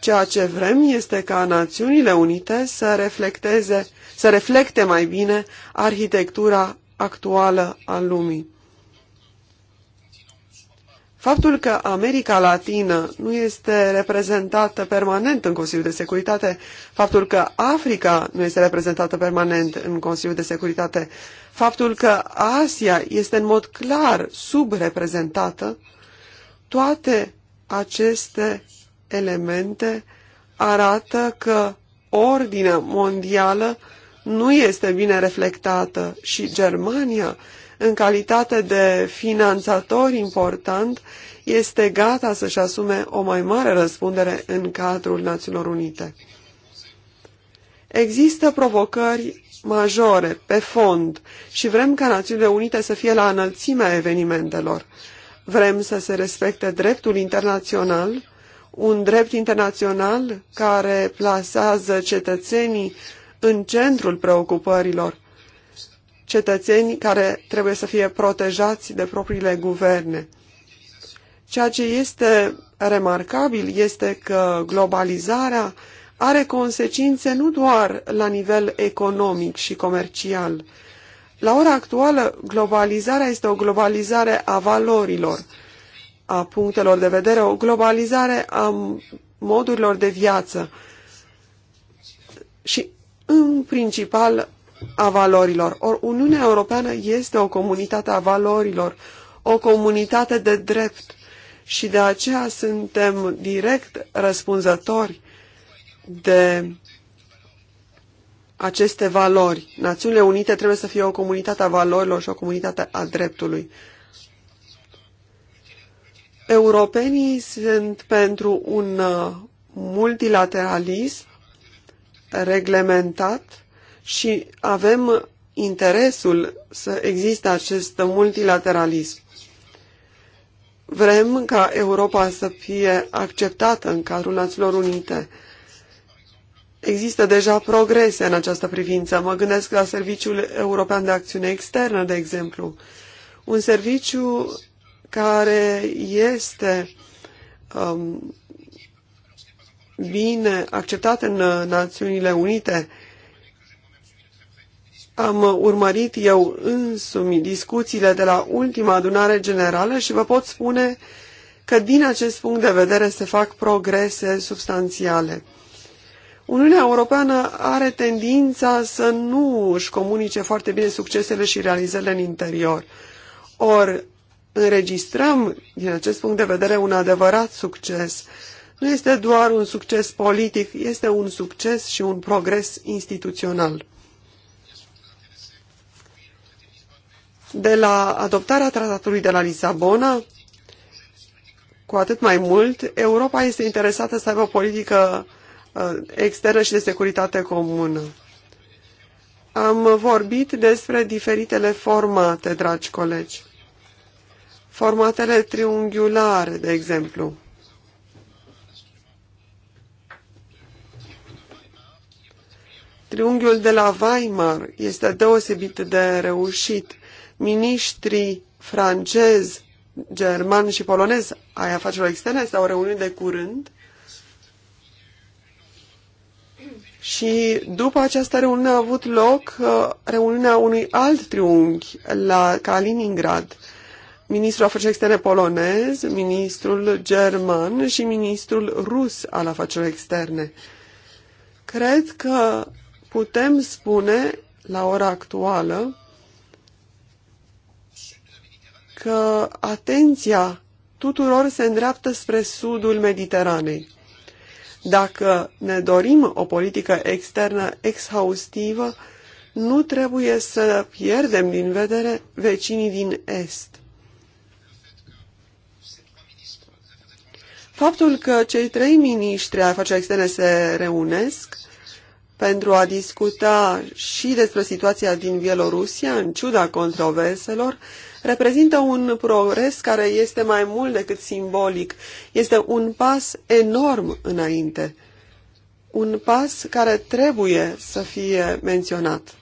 Ceea ce vrem este ca Națiunile Unite să reflecteze, să reflecte mai bine arhitectura actuală a lumii. Faptul că America Latină nu este reprezentată permanent în Consiliul de Securitate, faptul că Africa nu este reprezentată permanent în Consiliul de Securitate, faptul că Asia este în mod clar subreprezentată, toate aceste elemente arată că ordinea mondială nu este bine reflectată și Germania în calitate de finanțator important, este gata să-și asume o mai mare răspundere în cadrul Națiunilor Unite. Există provocări majore, pe fond, și vrem ca Națiunile Unite să fie la înălțimea evenimentelor. Vrem să se respecte dreptul internațional, un drept internațional care plasează cetățenii în centrul preocupărilor cetățeni care trebuie să fie protejați de propriile guverne. Ceea ce este remarcabil este că globalizarea are consecințe nu doar la nivel economic și comercial. La ora actuală, globalizarea este o globalizare a valorilor, a punctelor de vedere, o globalizare a modurilor de viață și, în principal, a valorilor. Or, Uniunea Europeană este o comunitate a valorilor, o comunitate de drept și de aceea suntem direct răspunzători de aceste valori. Națiunile Unite trebuie să fie o comunitate a valorilor și o comunitate a dreptului. Europenii sunt pentru un uh, multilateralism reglementat și avem interesul să existe acest multilateralism. Vrem ca Europa să fie acceptată în cadrul Națiunilor Unite. Există deja progrese în această privință. Mă gândesc la Serviciul European de Acțiune Externă, de exemplu. Un serviciu care este um, bine acceptat în Națiunile Unite, am urmărit eu însumi discuțiile de la ultima adunare generală și vă pot spune că din acest punct de vedere se fac progrese substanțiale. Uniunea Europeană are tendința să nu își comunice foarte bine succesele și realizările în interior. Ori înregistrăm, din acest punct de vedere, un adevărat succes. Nu este doar un succes politic, este un succes și un progres instituțional. de la adoptarea tratatului de la Lisabona, cu atât mai mult, Europa este interesată să aibă o politică uh, externă și de securitate comună. Am vorbit despre diferitele formate, dragi colegi. Formatele triunghiulare, de exemplu. Triunghiul de la Weimar este deosebit de reușit miniștrii francez, german și polonez ai afacerilor externe s-au reunit de curând și după această reuniune a avut loc uh, reuniunea unui alt triunghi la Kaliningrad. Ministrul afacerilor externe polonez, ministrul german și ministrul rus al afacerilor externe. Cred că putem spune la ora actuală că atenția tuturor se îndreaptă spre sudul Mediteranei. Dacă ne dorim o politică externă exhaustivă, nu trebuie să pierdem din vedere vecinii din Est. Faptul că cei trei miniștri ai afacerilor externe se reunesc pentru a discuta și despre situația din Bielorusia, în ciuda controverselor, reprezintă un progres care este mai mult decât simbolic. Este un pas enorm înainte. Un pas care trebuie să fie menționat.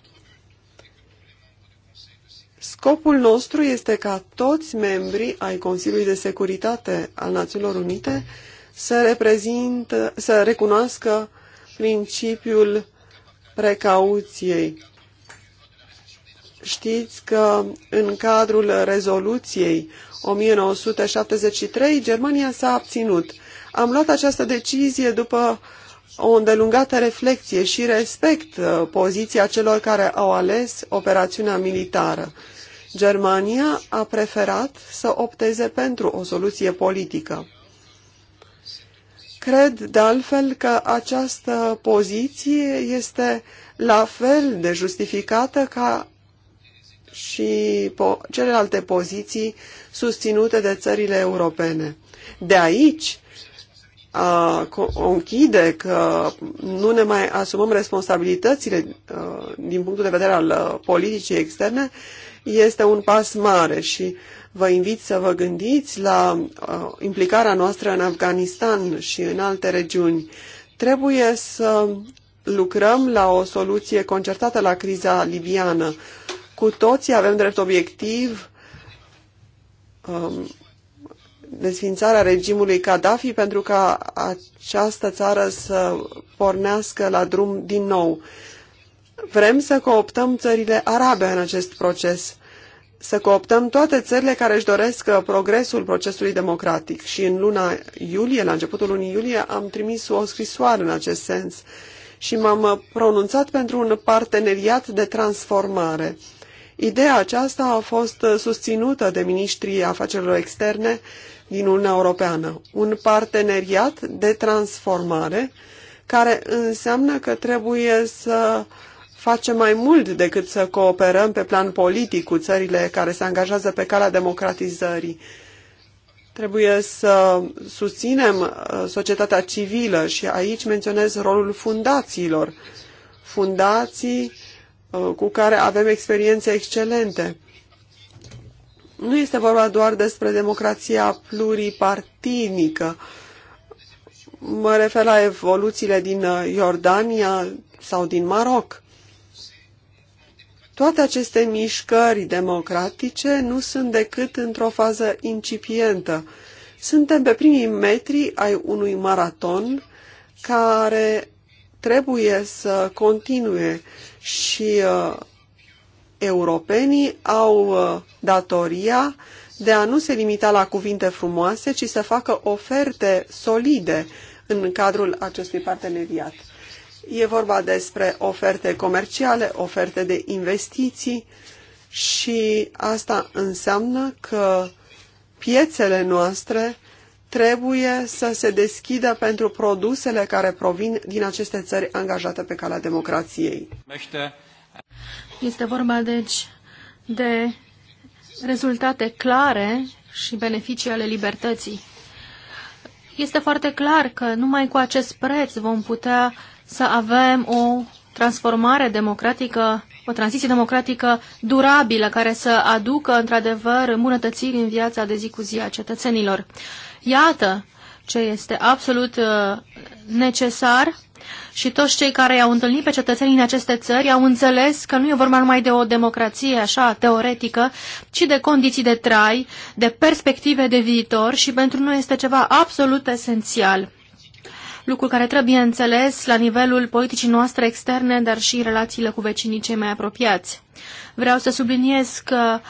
Scopul nostru este ca toți membrii ai Consiliului de Securitate al Națiunilor Unite să, reprezintă, să recunoască principiul precauției. Știți că în cadrul rezoluției 1973 Germania s-a abținut. Am luat această decizie după o îndelungată reflexie și respect uh, poziția celor care au ales operațiunea militară. Germania a preferat să opteze pentru o soluție politică. Cred, de altfel, că această poziție este la fel de justificată ca și po celelalte poziții susținute de țările europene. De aici a conchide că nu ne mai asumăm responsabilitățile din punctul de vedere al politicii externe este un pas mare și vă invit să vă gândiți la implicarea noastră în Afganistan și în alte regiuni. Trebuie să lucrăm la o soluție concertată la criza libiană. Cu toții avem drept obiectiv um, desfințarea regimului Gaddafi pentru ca această țară să pornească la drum din nou. Vrem să cooptăm țările arabe în acest proces, să cooptăm toate țările care își doresc progresul procesului democratic și în luna iulie, la începutul lunii iulie, am trimis o scrisoare în acest sens și m-am pronunțat pentru un parteneriat de transformare. Ideea aceasta a fost susținută de ministrii afacerilor externe din Uniunea Europeană. Un parteneriat de transformare care înseamnă că trebuie să facem mai mult decât să cooperăm pe plan politic cu țările care se angajează pe calea democratizării. Trebuie să susținem uh, societatea civilă și aici menționez rolul fundațiilor. Fundații Uh, cu care avem experiențe excelente. Nu este vorba doar despre democrația pluripartinică. Mă refer la evoluțiile din uh, Iordania sau din Maroc. Toate aceste mișcări democratice nu sunt decât într-o fază incipientă. Suntem pe primii metri ai unui maraton care trebuie să continue și uh, europenii au uh, datoria de a nu se limita la cuvinte frumoase, ci să facă oferte solide în cadrul acestui parteneriat. E vorba despre oferte comerciale, oferte de investiții și asta înseamnă că piețele noastre trebuie să se deschidă pentru produsele care provin din aceste țări angajate pe calea democrației.
Este vorba, deci, de rezultate clare și beneficii ale libertății. Este foarte clar că numai cu acest preț vom putea să avem o transformare democratică, o tranziție democratică durabilă, care să aducă, într-adevăr, îmbunătățiri în viața de zi cu zi a cetățenilor. Iată ce este absolut uh, necesar și toți cei care i-au întâlnit pe cetățenii în aceste țări au înțeles că nu e vorba numai de o democrație așa teoretică, ci de condiții de trai, de perspective de viitor și pentru noi este ceva absolut esențial. Lucru care trebuie înțeles la nivelul politicii noastre externe, dar și relațiile cu vecinii cei mai apropiați. Vreau să subliniez că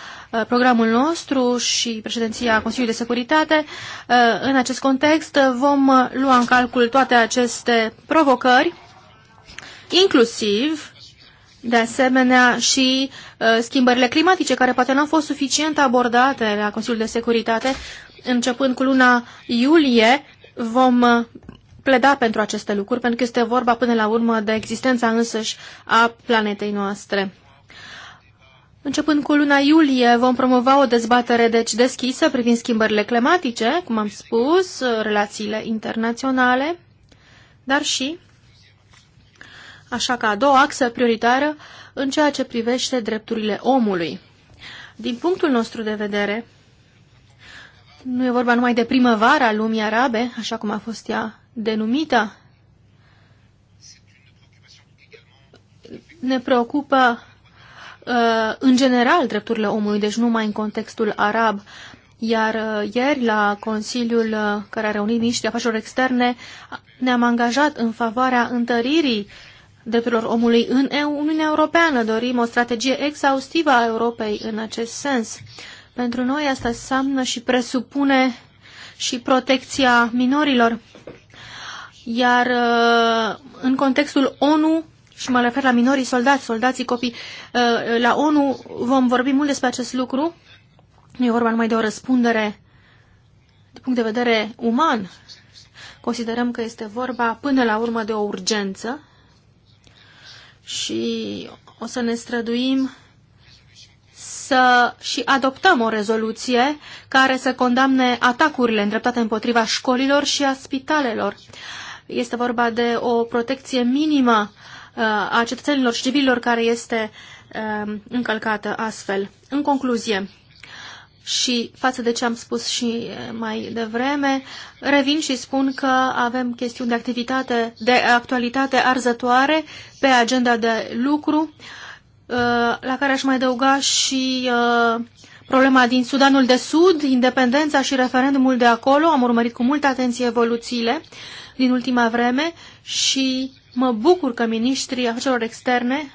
Uh, programul nostru și președinția Consiliului de Securitate. Uh, în acest context uh, vom lua în calcul toate aceste provocări, inclusiv de asemenea și schimbările climatice, care poate nu au fost suficient abordate la Consiliul de Securitate. Începând cu luna iulie, vom pleda pentru aceste lucruri, pentru că este vorba până la urmă de existența însăși a planetei noastre. Începând cu luna iulie vom promova o dezbatere deci deschisă privind schimbările climatice, cum am spus, relațiile internaționale, dar și, așa ca a doua axă prioritară, în ceea ce privește drepturile omului. Din punctul nostru de vedere, nu e vorba numai de primăvara lumii arabe, așa cum a fost ea denumită. Ne preocupă Uh, în general drepturile omului, deci numai în contextul arab. Iar uh, ieri, la Consiliul uh, care a reunit miniștrii afaceri externe, ne-am angajat în favoarea întăririi drepturilor omului în Uniunea Europeană. Dorim o strategie exhaustivă a Europei în acest sens. Pentru noi asta înseamnă și presupune și protecția minorilor. Iar în contextul ONU și mă refer la minorii soldați, soldații copii, uh, la ONU vom vorbi mult despre acest lucru. Nu e vorba numai de o răspundere de punct de vedere uman. Considerăm că este vorba până la urmă de o urgență și o să ne străduim să și adoptăm o rezoluție care să condamne atacurile îndreptate împotriva școlilor și a spitalelor. Este vorba de o protecție minimă uh, Uh, a cetățenilor și civililor care este uh, încălcată astfel. În concluzie, și față de ce am spus și uh, mai devreme, revin și spun că avem chestiuni de activitate, de actualitate arzătoare pe agenda de lucru, la care aș mai adăuga și problema din Sudanul de Sud, independența și referendumul de acolo. Am urmărit cu multă atenție evoluțiile din ultima vreme și Mă bucur că ministrii afacerilor externe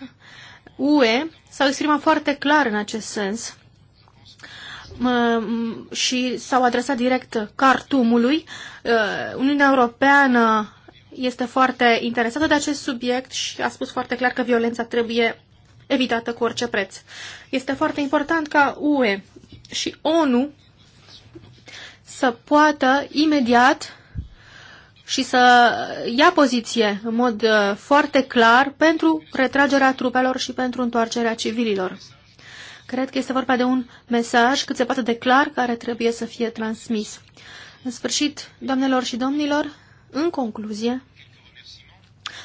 UE s-au exprimat foarte clar în acest sens și s-au adresat direct Cartumului. Uh, Uniunea Europeană este foarte interesată de acest subiect și a spus foarte clar că violența trebuie evitată cu orice preț. Este foarte important ca UE și ONU să poată imediat și să ia poziție în mod uh, foarte clar pentru retragerea trupelor și pentru întoarcerea civililor. Cred că este vorba de un mesaj cât se poate de clar care trebuie să fie transmis. În sfârșit, doamnelor și domnilor, în concluzie,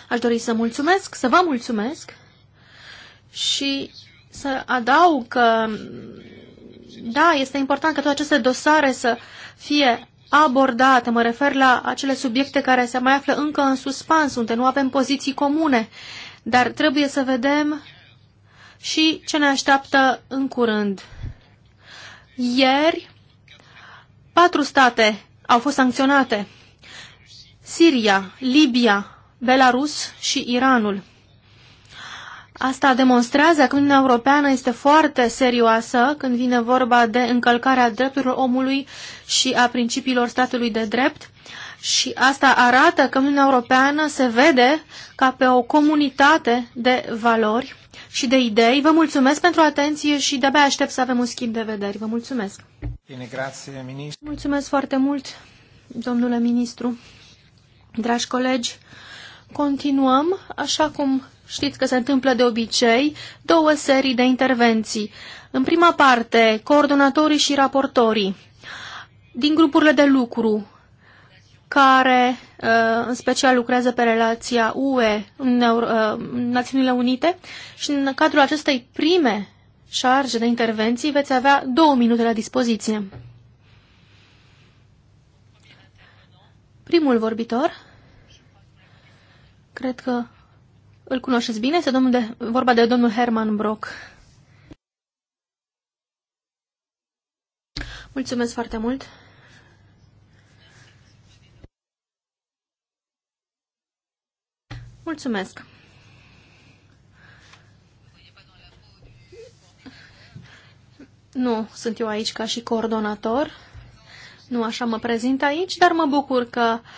aș dori să mulțumesc, să vă mulțumesc și să adaug că, da, este important ca toate aceste dosare să fie abordate, mă refer la acele subiecte care se mai află încă în suspans, unde nu avem poziții comune, dar trebuie să vedem și ce ne așteaptă în curând. Ieri, patru state au fost sancționate. Siria, Libia, Belarus și Iranul. Asta demonstrează că Uniunea Europeană este foarte serioasă când vine vorba de încălcarea drepturilor omului și a principiilor statului de drept și asta arată că Uniunea Europeană se vede ca pe o comunitate de valori și de idei. Vă mulțumesc pentru atenție și de-abia aștept să avem un schimb de vederi. Vă mulțumesc!
Bine, grație, ministru.
Mulțumesc foarte mult, domnule ministru. Dragi colegi, continuăm așa cum știți că se întâmplă de obicei, două serii de intervenții. În prima parte, coordonatorii și raportorii din grupurile de lucru care uh, în special lucrează pe relația UE uh, în Națiunile Unite și în cadrul acestei prime șarge de intervenții veți avea două minute la dispoziție. Primul vorbitor, cred că îl cunoșteți bine? Este domnul de, vorba de domnul Herman Brock. Mulțumesc foarte mult! Mulțumesc! Nu sunt eu aici ca și coordonator, nu așa mă prezint aici, dar mă bucur că uh,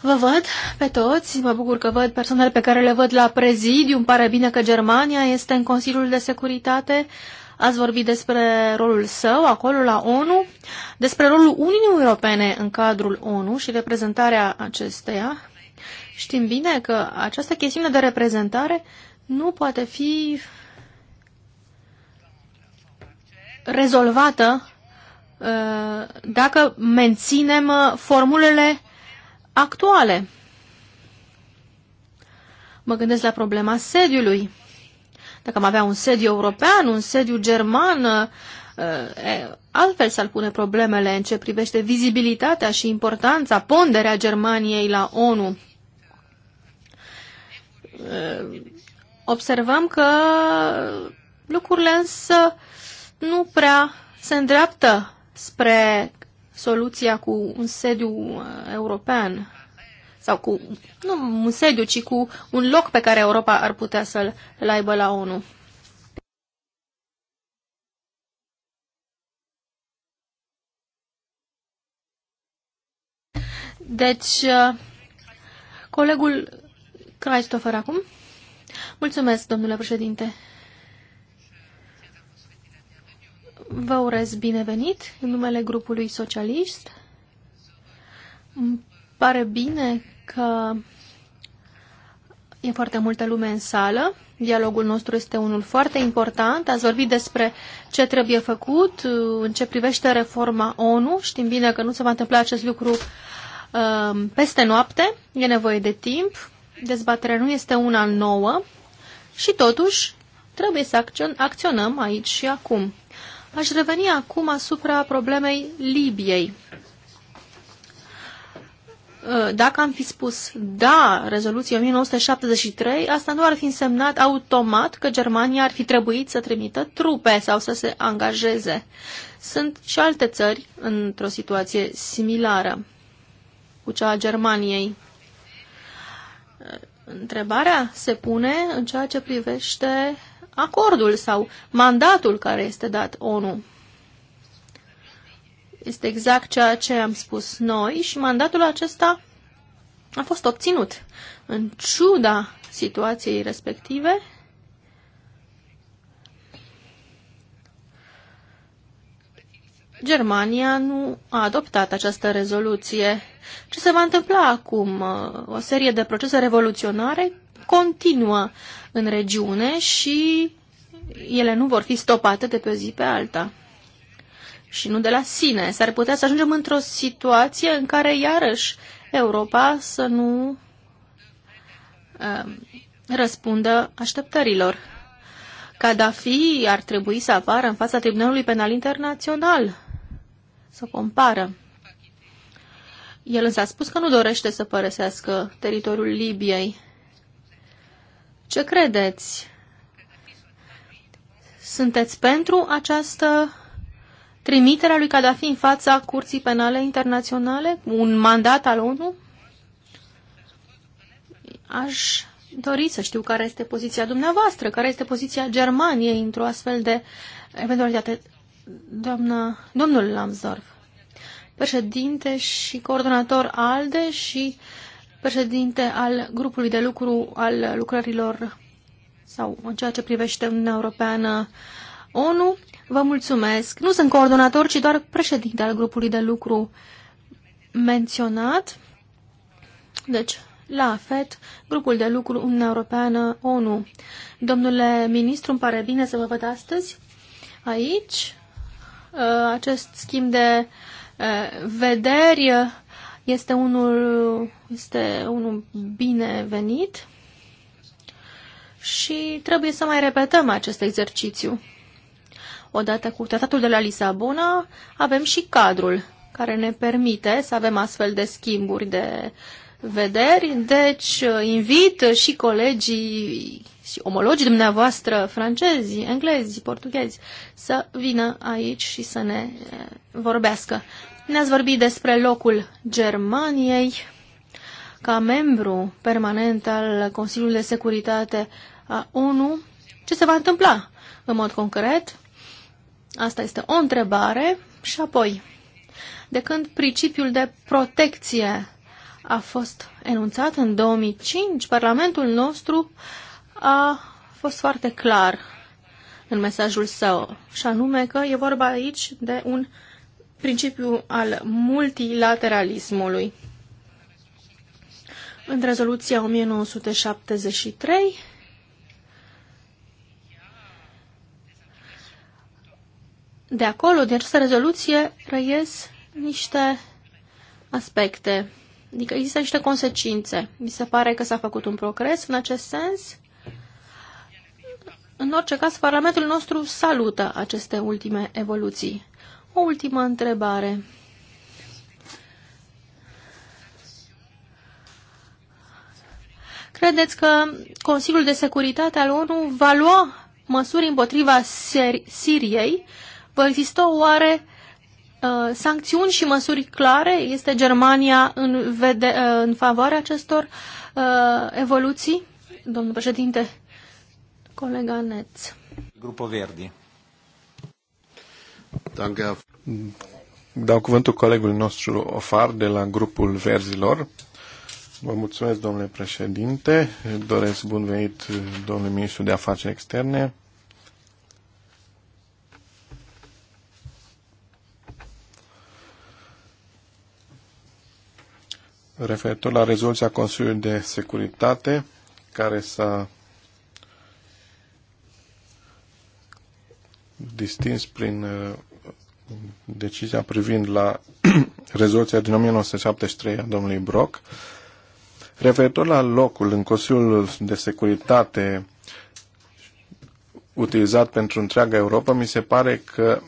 Vă văd pe toți, mă bucur că văd persoanele pe care le văd la prezidiu. Îmi pare bine că Germania este în Consiliul de Securitate. Ați vorbit despre rolul său acolo la ONU, despre rolul Uniunii Europene în cadrul ONU și reprezentarea acesteia. Știm bine că această chestiune de reprezentare nu poate fi rezolvată uh, dacă menținem formulele actuale. Mă gândesc la problema sediului. Dacă am avea un sediu european, un sediu german, uh, altfel s-ar pune problemele în ce privește vizibilitatea și importanța, ponderea Germaniei la ONU. Uh, observăm că lucrurile însă nu prea se îndreaptă spre soluția cu un sediu uh, european sau cu, nu un sediu, ci cu un loc pe care Europa ar putea să-l aibă la ONU. Deci, uh, colegul Christopher acum. Mulțumesc, domnule președinte. Vă urez binevenit în numele grupului socialist. Îmi pare bine că e foarte multă lume în sală. Dialogul nostru este unul foarte important. Ați vorbit despre ce trebuie făcut uh, în ce privește reforma ONU. Știm bine că nu se va întâmpla acest lucru uh, peste noapte. E nevoie de timp. Dezbaterea nu este una nouă și totuși trebuie să acționăm aici și acum. Aș reveni acum asupra problemei Libiei. Uh, dacă am fi spus da rezoluției 1973, asta nu ar fi însemnat automat că Germania ar fi trebuit să trimită trupe sau să se angajeze. Sunt și alte țări într-o situație similară cu cea a Germaniei. Uh, întrebarea se pune în ceea ce privește acordul sau mandatul care este dat ONU. Este exact ceea ce am spus noi și mandatul acesta a fost obținut. În ciuda situației respective, Germania nu a adoptat această rezoluție. Ce se va întâmpla acum? O serie de procese revoluționare continuă în regiune și ele nu vor fi stopate de pe o zi pe alta. Și nu de la sine. S-ar putea să ajungem într-o situație în care, iarăși, Europa să nu um, răspundă așteptărilor. Gaddafi ar trebui să apară în fața Tribunalului Penal Internațional. Să compară. El însă a spus că nu dorește să părăsească teritoriul Libiei. Ce credeți? Sunteți pentru această trimitere a lui Gaddafi în fața Curții Penale Internaționale? Un mandat al ONU? Aș dori să știu care este poziția dumneavoastră, care este poziția Germaniei într-o astfel de eventualitate. Doamna, domnul Lambsdorff, președinte și coordonator ALDE și uh, președinte al grupului de lucru al lucrărilor sau în ceea ce privește Uniunea Europeană ONU. Vă mulțumesc. Nu sunt coordonator, ci doar președinte al grupului de lucru menționat. Deci, la FET, grupul de lucru Uniunea Europeană ONU. Domnule ministru, îmi pare bine să vă văd astăzi aici. Acest schimb de eh, vederi este unul, este unul binevenit și trebuie să mai repetăm acest exercițiu. Odată cu tratatul de la Lisabona, avem și cadrul care ne permite să avem astfel de schimburi de vederi. Deci, invit și colegii și omologii dumneavoastră, francezi, englezi, portughezi, să vină aici și să ne eh, vorbească. Ne-ați vorbit despre locul Germaniei ca membru permanent al Consiliului de Securitate a ONU. Ce se va întâmpla în mod concret? Asta este o întrebare și apoi, de când principiul de protecție a fost enunțat în 2005, Parlamentul nostru a fost foarte clar în mesajul său, și anume că e vorba aici de un principiul al multilateralismului. În rezoluția 1973 de acolo, din această rezoluție, răies niște aspecte. Adică există niște consecințe. Mi se pare că s-a făcut un progres în acest sens. În orice caz, Parlamentul nostru salută aceste ultime evoluții. O ultimă întrebare. Credeți că Consiliul de Securitate al ONU va lua măsuri împotriva Siriei? Vă există oare uh, sancțiuni și măsuri clare? Este Germania în, vede, uh, în favoarea acestor uh, evoluții? Domnul președinte, colega Neț.
Grupul Verdi. Danke, Dau cuvântul colegului nostru Ofar de la grupul Verzilor. Vă mulțumesc, domnule președinte. Doresc bun venit, domnule ministru de afaceri externe. Referitor la rezoluția Consiliului de Securitate, care s-a distins prin uh, decizia privind la rezoluția din 1973 a domnului Brock, referitor la locul în Consiliul de Securitate utilizat pentru întreaga Europa, mi se pare că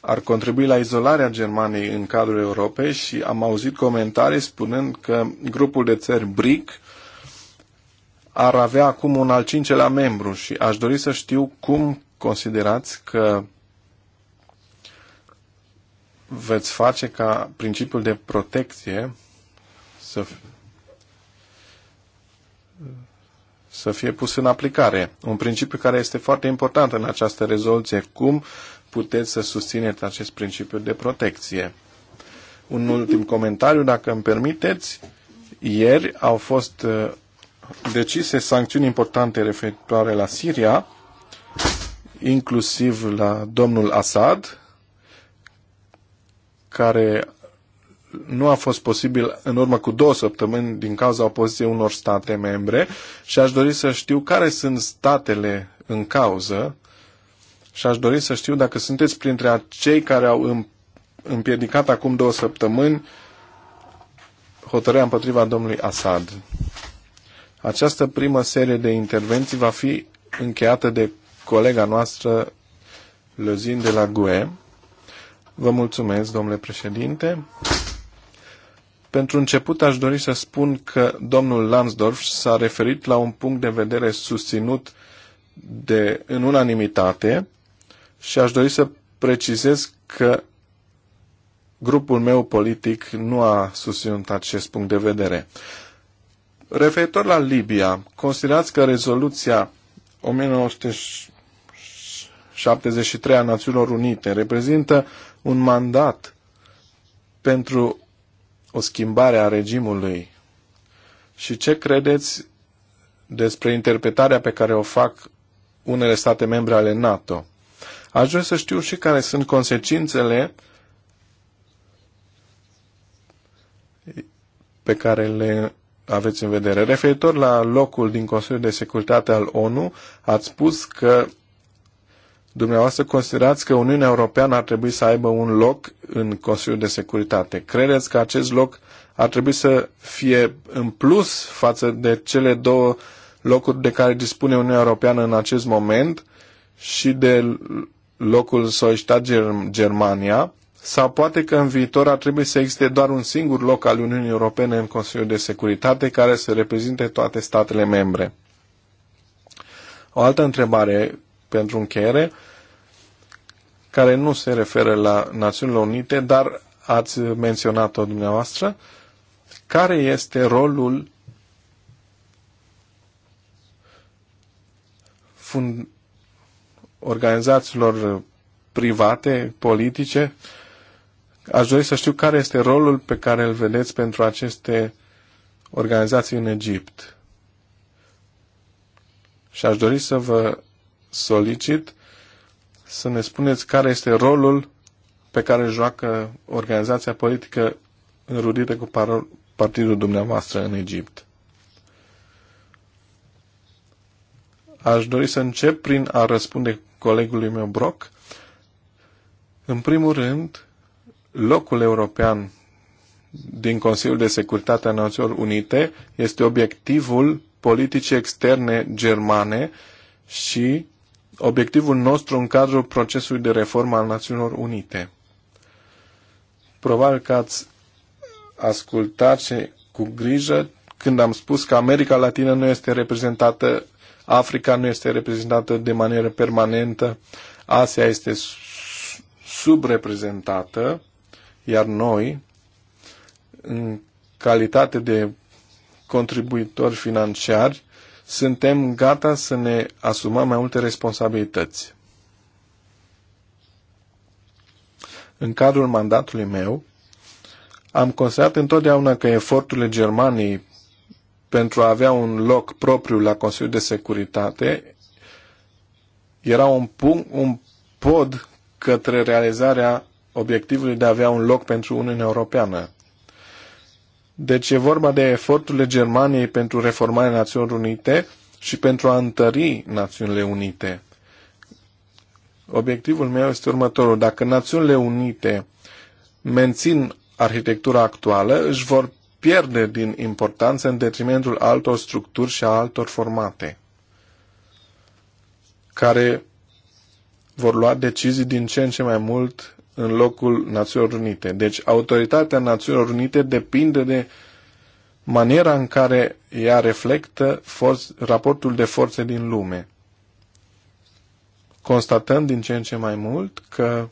ar contribui la izolarea Germaniei în cadrul Europei și am auzit comentarii spunând că grupul de țări BRIC ar avea acum un al cincelea membru și aș dori să știu cum considerați că veți face ca principiul de protecție să, să fie pus în aplicare. Un principiu care este foarte important în această rezoluție. Cum puteți să susțineți acest principiu de protecție? Un ultim comentariu, dacă îmi permiteți. Ieri au fost uh, decise sancțiuni importante referitoare la Siria inclusiv la domnul Assad, care nu a fost posibil în urmă cu două săptămâni din cauza opoziției unor state membre și aș dori să știu care sunt statele în cauză și aș dori să știu dacă sunteți printre cei care au împiedicat acum două săptămâni hotărârea împotriva domnului Assad. Această primă serie de intervenții va fi încheiată de colega noastră Lăzin de la GUE. Vă mulțumesc, domnule președinte. Pentru început aș dori să spun că domnul Lansdorf s-a referit la un punct de vedere susținut de, în unanimitate și aș dori să precizez că grupul meu politic nu a susținut acest punct de vedere. Referitor la Libia, considerați că rezoluția 19 73 a Națiunilor Unite reprezintă un mandat pentru o schimbare a regimului. Și ce credeți despre interpretarea pe care o fac unele state membre ale NATO? Aș vrea să știu și care sunt consecințele pe care le aveți în vedere. Referitor la locul din Consiliul de Securitate al ONU, ați spus că Dumneavoastră considerați că Uniunea Europeană ar trebui să aibă un loc în Consiliul de Securitate. Credeți că acest loc ar trebui să fie în plus față de cele două locuri de care dispune Uniunea Europeană în acest moment și de locul Soistat Germania? Sau poate că în viitor ar trebui să existe doar un singur loc al Uniunii Europene în Consiliul de Securitate care să reprezinte toate statele membre? O altă întrebare pentru încheiere, care nu se referă la Națiunile Unite, dar ați menționat-o dumneavoastră, care este rolul fund- organizațiilor private, politice. Aș dori să știu care este rolul pe care îl vedeți pentru aceste organizații în Egipt. Și aș dori să vă solicit să ne spuneți care este rolul pe care joacă organizația politică înrudită cu partidul dumneavoastră în Egipt. Aș dori să încep prin a răspunde colegului meu Brock. În primul rând, locul european din Consiliul de Securitate a Națiunilor Unite este obiectivul politicii externe germane și obiectivul nostru în cadrul procesului de reformă al Națiunilor Unite. Probabil că ați ascultat și cu grijă când am spus că America Latină nu este reprezentată, Africa nu este reprezentată de manieră permanentă, Asia este subreprezentată, iar noi, în calitate de contribuitori financiari, suntem gata să ne asumăm mai multe responsabilități. În cadrul mandatului meu, am considerat întotdeauna că eforturile Germaniei pentru a avea un loc propriu la Consiliul de Securitate era un, punct, un pod către realizarea obiectivului de a avea un loc pentru Uniunea Europeană. Deci e vorba de eforturile Germaniei pentru reformarea Națiunilor Unite și pentru a întări Națiunile Unite. Obiectivul meu este următorul. Dacă Națiunile Unite mențin arhitectura actuală, își vor pierde din importanță în detrimentul altor structuri și a altor formate, care vor lua decizii din ce în ce mai mult în locul Națiunilor Unite. Deci autoritatea Națiunilor Unite depinde de maniera în care ea reflectă for- raportul de forțe din lume. Constatăm din ce în ce mai mult că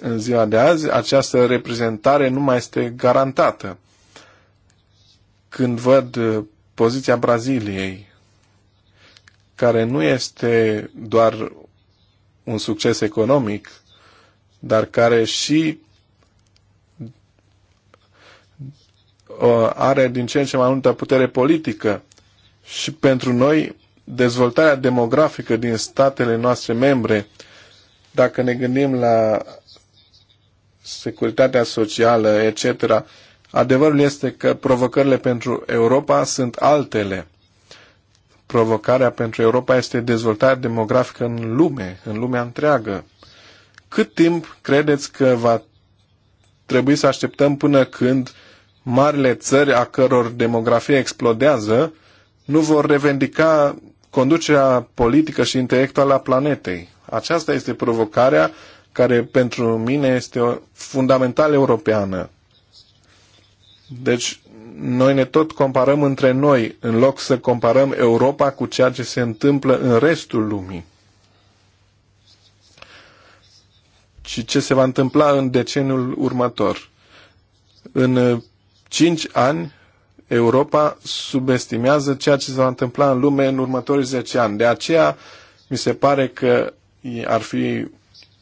în ziua de azi această reprezentare nu mai este garantată. Când văd uh, poziția Braziliei, care nu este doar un succes economic, dar care și uh, are din ce în ce mai multă putere politică. Și pentru noi, dezvoltarea demografică din statele noastre membre, dacă ne gândim la securitatea socială, etc., adevărul este că provocările pentru Europa sunt altele provocarea pentru Europa este dezvoltarea demografică în lume, în lumea întreagă. Cât timp credeți că va trebui să așteptăm până când marile țări a căror demografie explodează nu vor revendica conducerea politică și intelectuală a planetei? Aceasta este provocarea care pentru mine este o fundamental europeană. Deci noi ne tot comparăm între noi, în loc să comparăm Europa cu ceea ce se întâmplă în restul lumii. Și ce se va întâmpla în deceniul următor. În uh, cinci ani, Europa subestimează ceea ce se va întâmpla în lume în următorii 10 ani. De aceea, mi se pare că ar fi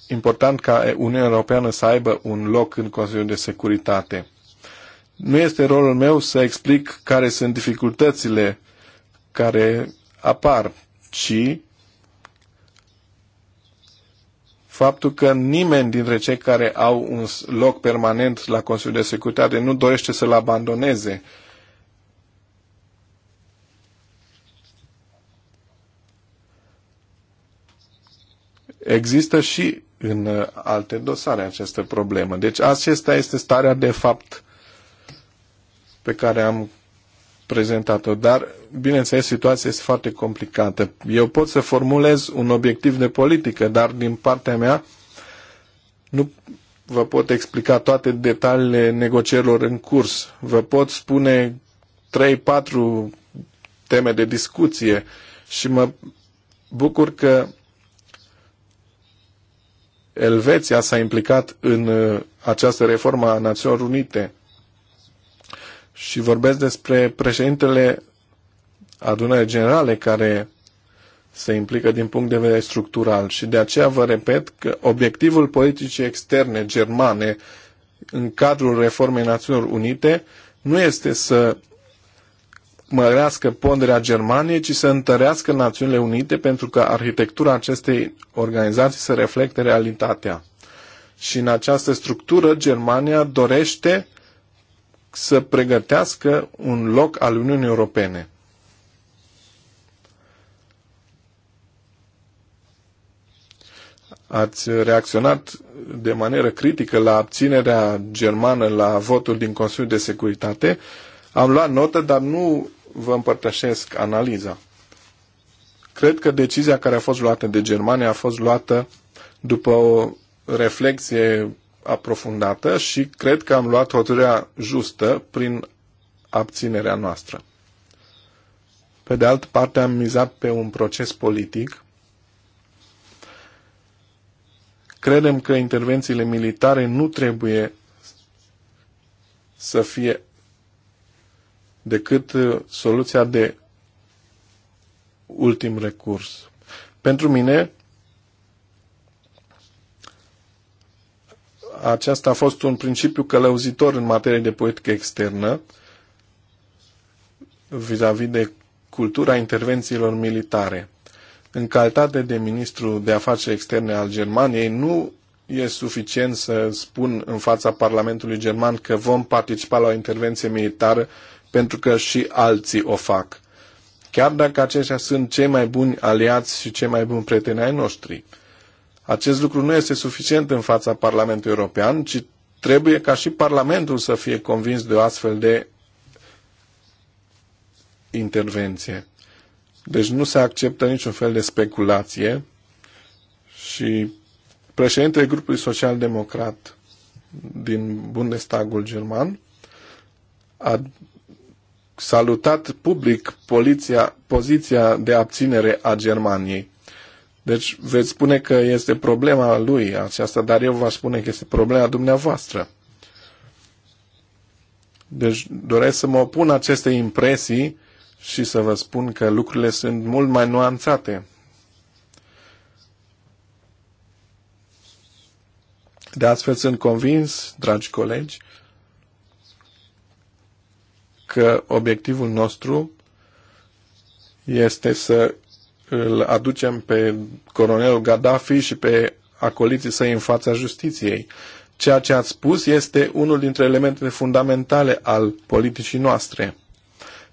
important ca Uniunea Europeană să aibă un loc în Consiliul de Securitate. Nu este rolul meu să explic care sunt dificultățile care apar, ci faptul că nimeni dintre cei care au un loc permanent la Consiliul de Securitate nu dorește să-l abandoneze. Există și în uh, alte dosare această problemă. Deci acesta este starea de fapt pe care am prezentat-o, dar, bineînțeles, situația este foarte complicată. Eu pot să formulez un obiectiv de politică, dar din partea mea nu vă pot explica toate detaliile negocierilor în curs. Vă pot spune 3-4 teme de discuție și mă bucur că Elveția s-a implicat în uh, această reformă a Națiunilor Unite și vorbesc despre președintele adunării generale care se implică din punct de vedere structural și de aceea vă repet că obiectivul politicii externe germane în cadrul reformei Națiunilor Unite nu este să mărească ponderea Germaniei, ci să întărească Națiunile Unite pentru că arhitectura acestei organizații să reflecte realitatea. Și în această structură Germania dorește să pregătească un loc al Uniunii Europene. Ați reacționat de manieră critică la abținerea germană la votul din Consiliul de Securitate. Am luat notă, dar nu vă împărtășesc analiza. Cred că decizia care a fost luată de Germania a fost luată după o reflexie aprofundată și cred că am luat hotărârea justă prin abținerea noastră. Pe de altă parte, am mizat pe un proces politic. Credem că intervențiile militare nu trebuie să fie decât uh, soluția de ultim recurs. Pentru mine, aceasta a fost un principiu călăuzitor în materie de poetică externă vis-a-vis -vis de cultura intervențiilor militare. În calitate de ministru de afaceri externe al Germaniei, nu e suficient să spun în fața Parlamentului German că vom participa la o intervenție militară pentru că și alții o fac. Chiar dacă aceștia sunt cei mai buni aliați și cei mai buni prieteni ai noștri. Acest lucru nu este suficient în fața Parlamentului European, ci trebuie ca și Parlamentul să fie convins de o astfel de intervenție. Deci nu se acceptă niciun fel de speculație și președintele grupului social-democrat din Bundestagul german a salutat public poliția, poziția de abținere a Germaniei. Deci veți spune că este problema lui aceasta, dar eu vă spune că este problema dumneavoastră. Deci doresc să mă opun aceste impresii și să vă spun că lucrurile sunt mult mai nuanțate. De astfel sunt convins, dragi colegi, că obiectivul nostru este să îl aducem pe colonelul Gaddafi și pe acoliții săi în fața justiției. Ceea ce ați spus este unul dintre elementele fundamentale al politicii noastre.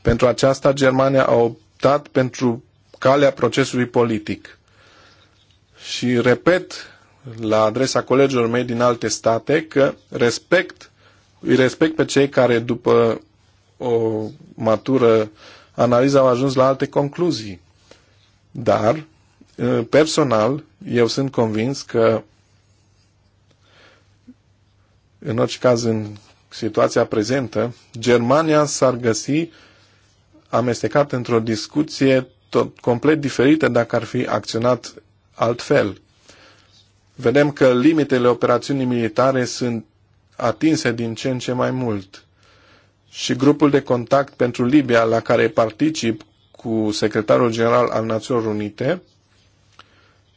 Pentru aceasta, Germania a optat pentru calea procesului politic. Și repet la adresa colegilor mei din alte state că respect, îi respect pe cei care după o matură analiză au ajuns la alte concluzii. Dar, uh, personal, eu sunt convins că, în orice caz, în situația prezentă, Germania s-ar găsi amestecată într-o discuție tot complet diferită dacă ar fi acționat altfel. Vedem că limitele operațiunii militare sunt atinse din ce în ce mai mult. Și grupul de contact pentru Libia la care particip cu secretarul general al Națiunilor Unite,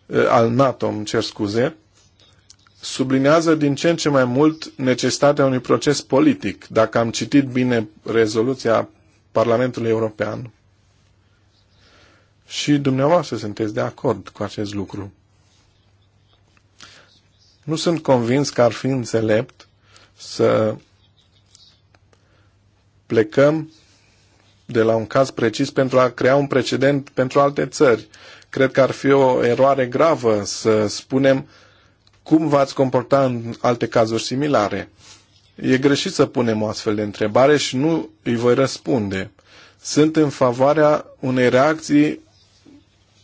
eh, al NATO, îmi cer scuze, sublinează din ce în ce mai mult necesitatea unui proces politic, dacă am citit bine rezoluția Parlamentului European. Și dumneavoastră sunteți de acord cu acest lucru. Nu sunt convins că ar fi înțelept să plecăm de la un caz precis pentru a crea un precedent pentru alte țări. Cred că ar fi o eroare gravă să spunem cum v-ați comporta în alte cazuri similare. E greșit să punem o astfel de întrebare și nu îi voi răspunde. Sunt în favoarea unei reacții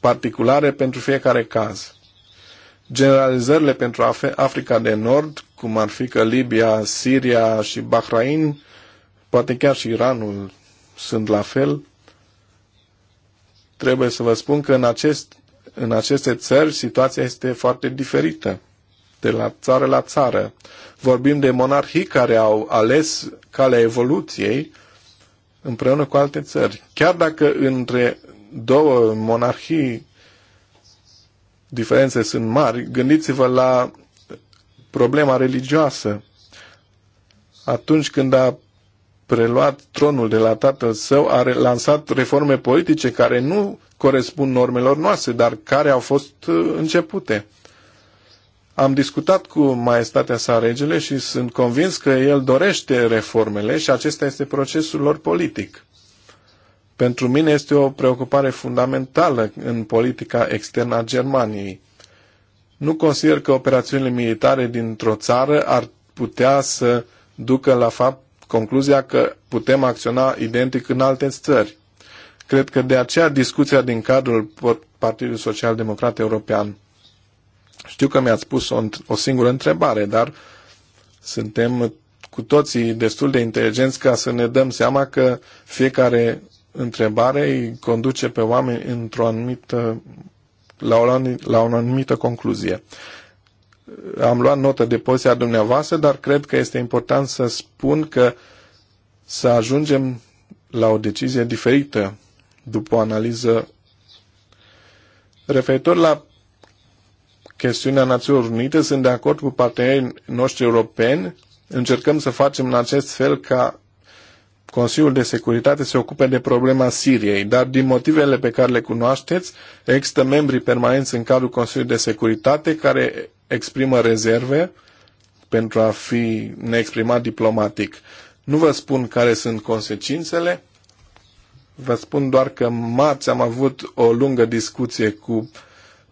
particulare pentru fiecare caz. Generalizările pentru Af Africa de Nord, cum ar fi că Libia, Siria și Bahrain, poate chiar și Iranul sunt la fel, trebuie să vă spun că în, acest, în aceste țări situația este foarte diferită de la țară la țară. Vorbim de monarhii care au ales calea evoluției împreună cu alte țări. Chiar dacă între două monarhii diferențe sunt mari, gândiți-vă la problema religioasă. Atunci când a preluat tronul de la tatăl său, a lansat reforme politice care nu corespund normelor noastre, dar care au fost uh, începute. Am discutat cu maestatea sa regele și sunt convins că el dorește reformele și acesta este procesul lor politic. Pentru mine este o preocupare fundamentală în politica externă a Germaniei. Nu consider că operațiunile militare dintr-o țară ar putea să ducă la fapt concluzia că putem acționa identic în alte țări. Cred că de aceea discuția din cadrul Partidului Social Democrat European. Știu că mi-ați pus o, o singură întrebare, dar suntem cu toții destul de inteligenți ca să ne dăm seama că fiecare întrebare îi conduce pe oameni într-o anumită, la, o, la o anumită concluzie am luat notă de poziția dumneavoastră, dar cred că este important să spun că să ajungem la o decizie diferită după o analiză referitor la chestiunea Națiunilor Unite, sunt de acord cu partenerii noștri europeni, încercăm să facem în acest fel ca Consiliul de Securitate se ocupe de problema Siriei, dar din motivele pe care le cunoașteți, există membri permanenți în cadrul Consiliului de Securitate care exprimă rezerve pentru a fi neexprimat diplomatic. Nu vă spun care sunt consecințele, vă spun doar că marți am avut o lungă discuție cu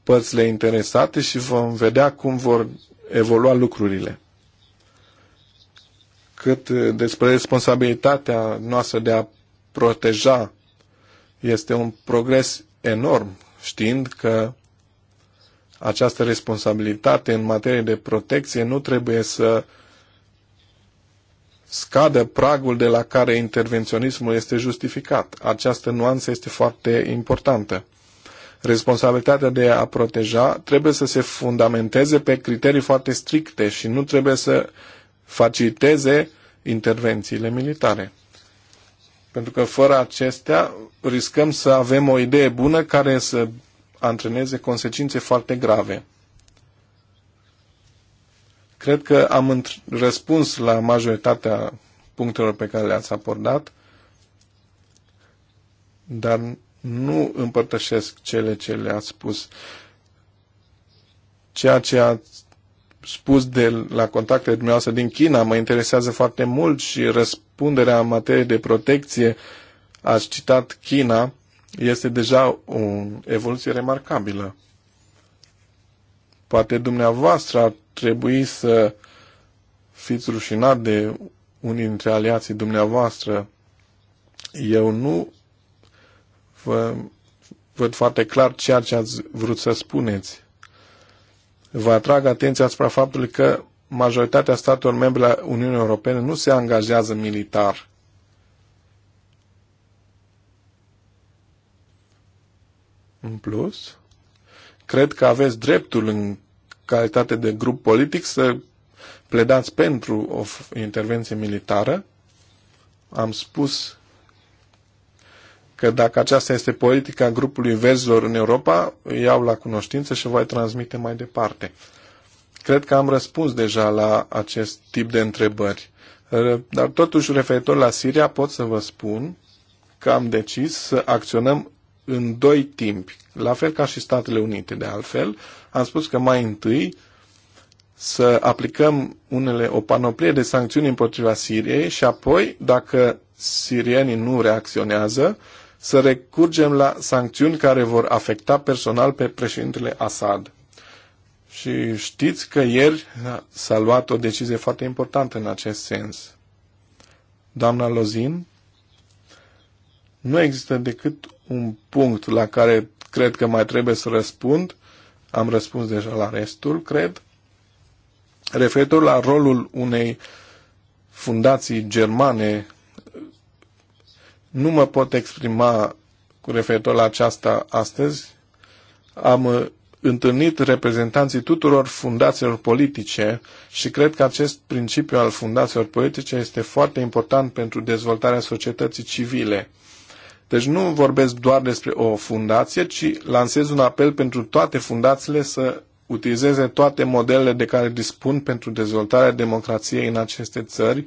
părțile interesate și vom vedea cum vor evolua lucrurile. Cât despre responsabilitatea noastră de a proteja este un progres enorm, știind că această responsabilitate în materie de protecție nu trebuie să scadă pragul de la care intervenționismul este justificat. Această nuanță este foarte importantă. Responsabilitatea de a proteja trebuie să se fundamenteze pe criterii foarte stricte și nu trebuie să faciliteze intervențiile militare. Pentru că fără acestea riscăm să avem o idee bună care să antreneze consecințe foarte grave. Cred că am răspuns la majoritatea punctelor pe care le-ați abordat, dar nu împărtășesc cele ce le-ați spus. Ceea ce ați spus de la contactele dumneavoastră din China mă interesează foarte mult și răspunderea în materie de protecție. Ați citat China este deja o evoluție remarcabilă. Poate dumneavoastră ar trebui să fiți rușinat de unii dintre aliații dumneavoastră. Eu nu vă văd foarte clar ceea ce ați vrut să spuneți. Vă atrag atenția asupra faptului că majoritatea statelor membre ale Uniunii Europene nu se angajează militar În plus, cred că aveți dreptul în calitate de grup politic să pledați pentru o intervenție militară. Am spus că dacă aceasta este politica grupului verzilor în Europa, iau la cunoștință și voi transmite mai departe. Cred că am răspuns deja la acest tip de întrebări. Dar totuși, referitor la Siria, pot să vă spun că am decis să acționăm în doi timpi, la fel ca și Statele Unite, de altfel, am spus că mai întâi să aplicăm unele, o panoplie de sancțiuni împotriva Siriei și apoi, dacă sirienii nu reacționează, să recurgem la sancțiuni care vor afecta personal pe președintele Assad. Și știți că ieri s-a luat o decizie foarte importantă în acest sens. Doamna Lozin, nu există decât un punct la care cred că mai trebuie să răspund. Am răspuns deja la restul, cred. Referitor la rolul unei fundații germane, nu mă pot exprima cu referitor la aceasta astăzi. Am uh, întâlnit reprezentanții tuturor fundațiilor politice și cred că acest principiu al fundațiilor politice este foarte important pentru dezvoltarea societății civile. Deci nu vorbesc doar despre o fundație, ci lansez un apel pentru toate fundațiile să utilizeze toate modelele de care dispun pentru dezvoltarea democrației în aceste țări.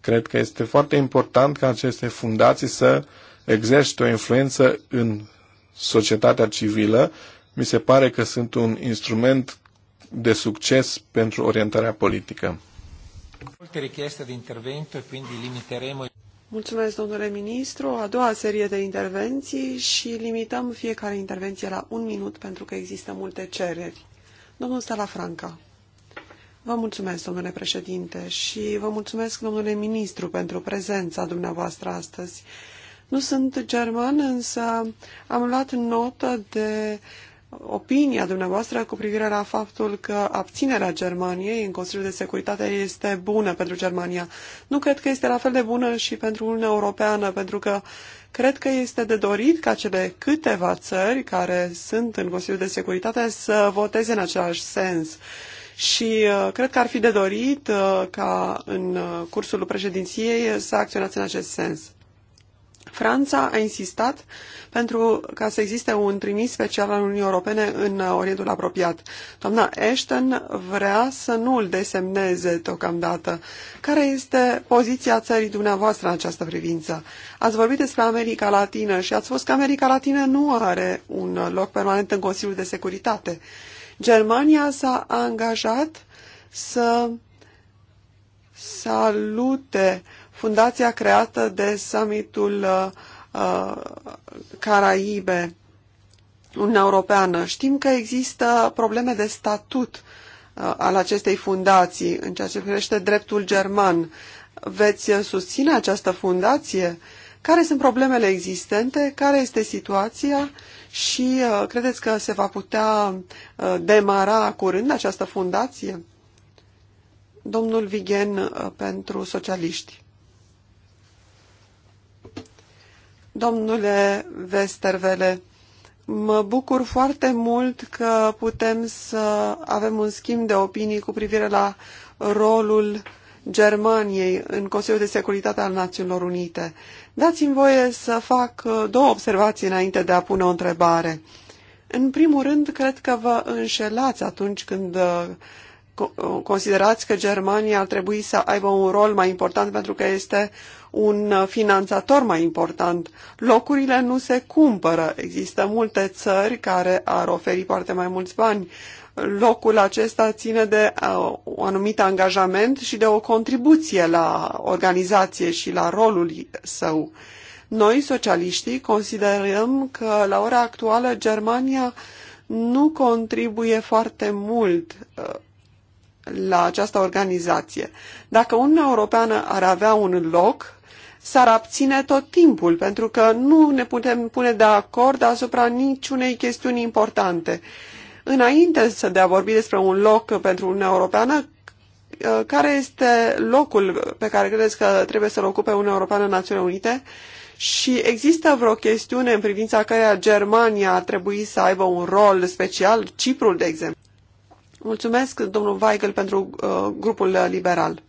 Cred că este foarte important ca aceste fundații să exerce o influență în societatea civilă. Mi se pare că sunt un instrument de succes pentru orientarea politică. Multe de di intervento e quindi limiteremo
Mulțumesc, domnule ministru. A doua serie de intervenții și limităm fiecare intervenție la un minut pentru că există multe cereri. Domnul Salafranca. Vă mulțumesc, domnule președinte, și vă mulțumesc, domnule ministru, pentru prezența dumneavoastră astăzi. Nu sunt german, însă am luat notă de opinia dumneavoastră cu privire la faptul că abținerea Germaniei în Consiliul de Securitate este bună pentru Germania. Nu cred că este la fel de bună și pentru Uniunea Europeană, pentru că cred că este de dorit ca cele câteva țări care sunt în Consiliul de Securitate să voteze în același sens. Și uh, cred că ar fi de dorit uh, ca în uh, cursul președinției să acționați în acest sens. Franța a insistat pentru ca să existe un trimis special al Uniunii Europene în Orientul Apropiat. Doamna Ashton vrea să nu îl desemneze deocamdată. Care este poziția țării dumneavoastră în această privință? Ați vorbit despre America Latină și ați spus că America Latină nu are un loc permanent în Consiliul de Securitate. Germania s-a angajat să salute uh, fundația creată de summitul uh, uh, Caraibe, Uniunea Europeană. Știm că există probleme de statut uh, al acestei fundații în ceea ce privește dreptul german. Veți susține această fundație? Care sunt problemele existente? Care este situația? Și uh, credeți că se va putea uh, demara curând această fundație? Domnul Vigen uh, pentru socialiști. Domnule Westervele, mă bucur foarte mult că putem să avem un schimb de opinii cu privire la rolul Germaniei în Consiliul de Securitate al Națiunilor Unite. Dați-mi voie să fac uh, două observații înainte de a pune o întrebare. În primul rând, cred că vă înșelați atunci când uh, uh, considerați că Germania ar trebui să aibă un rol mai important pentru că este un uh, finanțator mai important. Locurile nu se cumpără. Există multe țări care ar oferi foarte mai mulți bani. Locul acesta ține de uh, un anumit angajament și de o contribuție la organizație și la rolul său. Noi, socialiștii, considerăm că la ora actuală Germania nu contribuie foarte mult uh, la această organizație. Dacă Uniunea Europeană ar avea un loc, s-ar abține tot timpul, pentru că nu ne putem pune de acord asupra niciunei chestiuni importante. Înainte să de a vorbi despre un loc pentru Uniunea Europeană, uh, care este locul pe care credeți că trebuie să-l ocupe Uniunea Europeană în Națiunile Unite? Și există vreo chestiune în privința căreia Germania ar trebui să aibă un rol special, Ciprul, de exemplu? Mulțumesc, domnul Weigel, pentru uh, grupul liberal.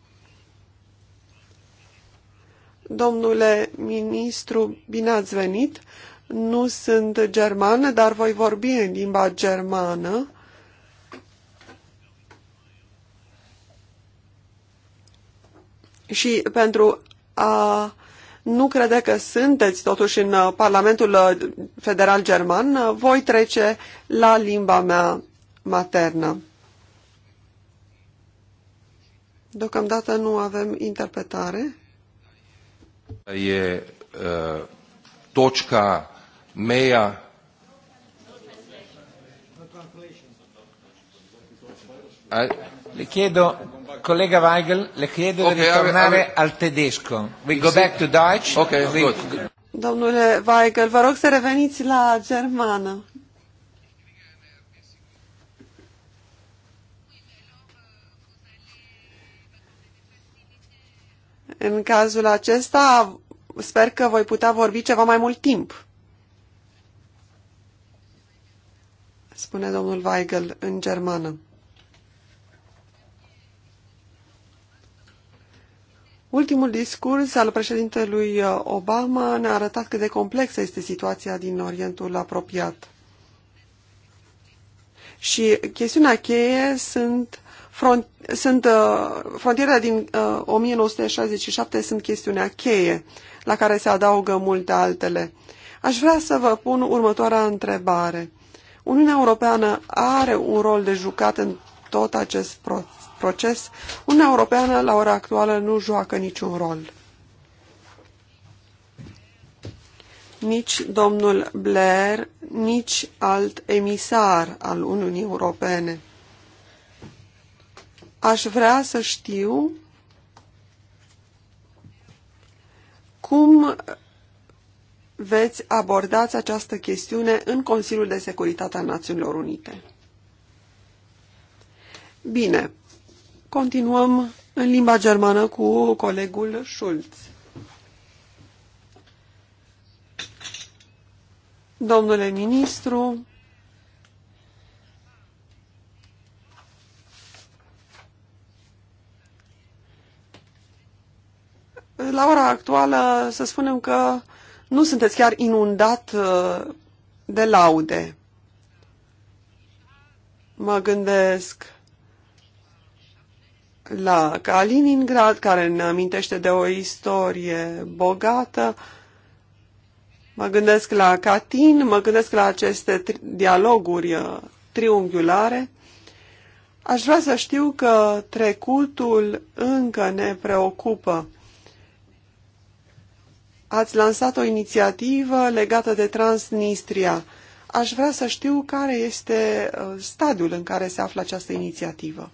Domnule ministru, bine ați venit. Nu sunt germană, dar voi vorbi în limba germană. Și pentru a nu crede că sunteți totuși în Parlamentul Federal German, voi trece la limba mea maternă. Deocamdată nu avem interpretare.
Da je uh, točka meja Le chiedo, collega Weigel, le chiedo okay, di tornare al tedesco. We go back to Deutsch. Okay, we...
Domnule Weigel, vă rog să reveniți la germană. În cazul acesta, sper că voi putea vorbi ceva mai mult timp. Spune domnul Weigel în germană. Ultimul discurs al președintelui Obama ne-a arătat cât de complexă este situația din Orientul apropiat. Și chestiunea cheie sunt front, sunt, uh, din uh, 1967 sunt chestiunea cheie, la care se adaugă multe altele. Aș vrea să vă pun următoarea întrebare. Uniunea Europeană are un rol de jucat în tot acest pro proces? Uniunea Europeană, la ora actuală, nu joacă niciun rol. Nici domnul Blair, nici alt emisar al Uniunii Europene aș vrea să știu cum veți abordați această chestiune în Consiliul de Securitate al Națiunilor Unite. Bine, continuăm în limba germană cu colegul Schulz. Domnule ministru, la ora actuală, să spunem că nu sunteți chiar inundat uh, de laude. Mă gândesc la Kaliningrad, care ne amintește de o istorie bogată. Mă gândesc la Catin, mă gândesc la aceste tri dialoguri uh, triunghiulare. Aș vrea să știu că trecutul încă ne preocupă. Ați lansat o inițiativă legată de Transnistria. Aș vrea să știu care este uh, stadiul în care se află această inițiativă.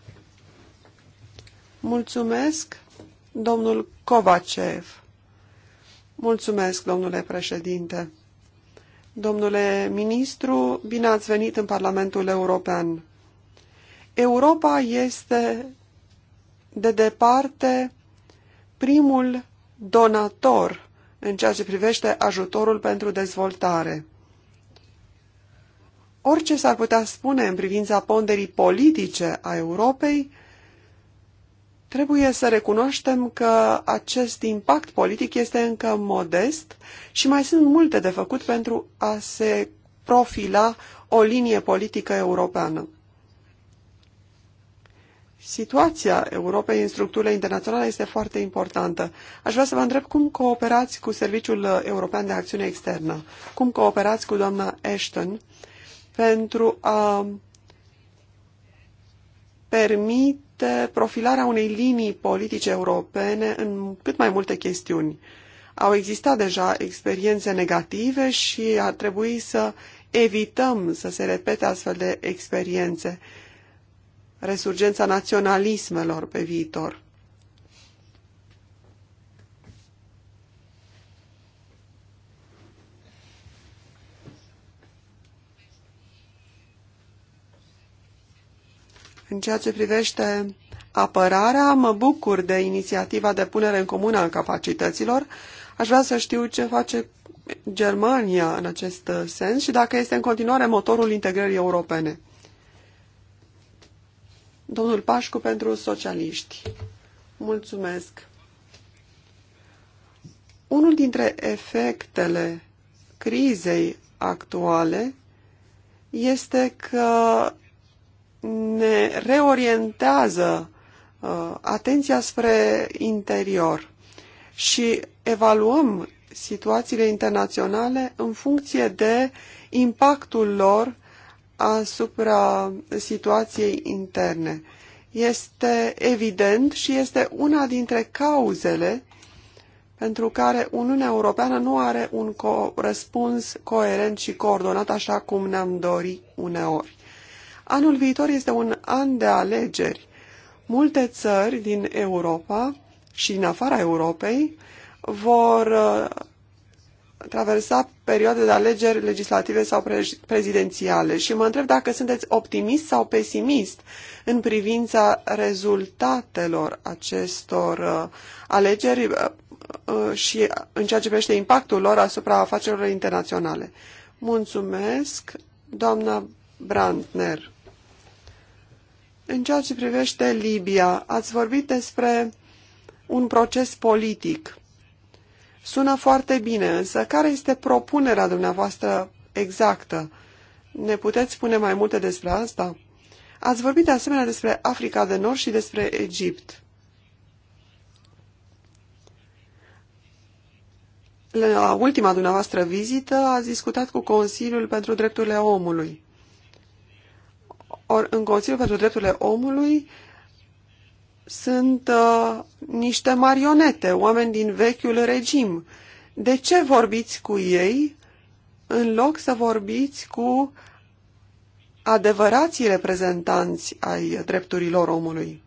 Mulțumesc, domnul Kovacev. Mulțumesc, domnule președinte. Domnule ministru, bine ați venit în Parlamentul European. Europa este, de departe, primul donator în ceea ce privește ajutorul pentru dezvoltare. Orice s-ar putea spune în privința ponderii politice a Europei, trebuie să recunoaștem că acest impact politic este încă modest și mai sunt multe de făcut pentru a se profila o linie politică europeană situația Europei în structurile internaționale este foarte importantă. Aș vrea să vă întreb cum cooperați cu Serviciul European de Acțiune Externă, cum cooperați cu doamna Ashton pentru a permite profilarea unei linii politice europene în cât mai multe chestiuni. Au existat deja experiențe negative și ar trebui să evităm să se repete astfel de experiențe resurgența naționalismelor pe viitor. În ceea ce privește apărarea, mă bucur de inițiativa de punere în comună a capacităților. Aș vrea să știu ce face Germania în acest sens și dacă este în continuare motorul integrării europene. Domnul Pașcu pentru socialiști. Mulțumesc. Unul dintre efectele crizei actuale este că ne reorientează uh, atenția spre interior și evaluăm situațiile internaționale în funcție de impactul lor asupra situației interne. Este evident și este una dintre cauzele pentru care Uniunea Europeană nu are un co răspuns coerent și coordonat așa cum ne-am dori uneori. Anul viitor este un an de alegeri. Multe țări din Europa și din afara Europei vor traversa perioade de alegeri legislative sau prezidențiale și mă întreb dacă sunteți optimist sau pesimist în privința rezultatelor acestor uh, alegeri uh, uh, și în ceea ce privește impactul lor asupra afacerilor internaționale. Mulțumesc, doamna Brandner. În ceea ce privește Libia, ați vorbit despre un proces politic Sună foarte bine, însă care este propunerea dumneavoastră exactă? Ne puteți spune mai multe despre asta? Ați vorbit de asemenea despre Africa de Nord și despre Egipt. La ultima dumneavoastră vizită ați discutat cu Consiliul pentru Drepturile Omului. Or, în Consiliul pentru Drepturile Omului sunt uh, niște marionete, oameni din vechiul regim. De ce vorbiți cu ei în loc să vorbiți cu adevărații reprezentanți ai drepturilor omului?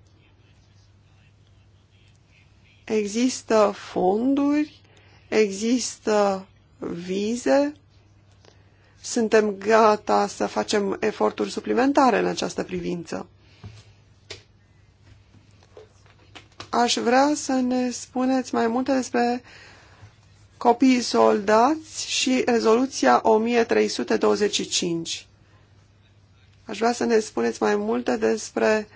Există fonduri, există vize, suntem gata să facem eforturi suplimentare în această privință. aș vrea să ne spuneți mai multe despre copiii soldați și rezoluția 1325. Aș vrea să ne spuneți mai multe despre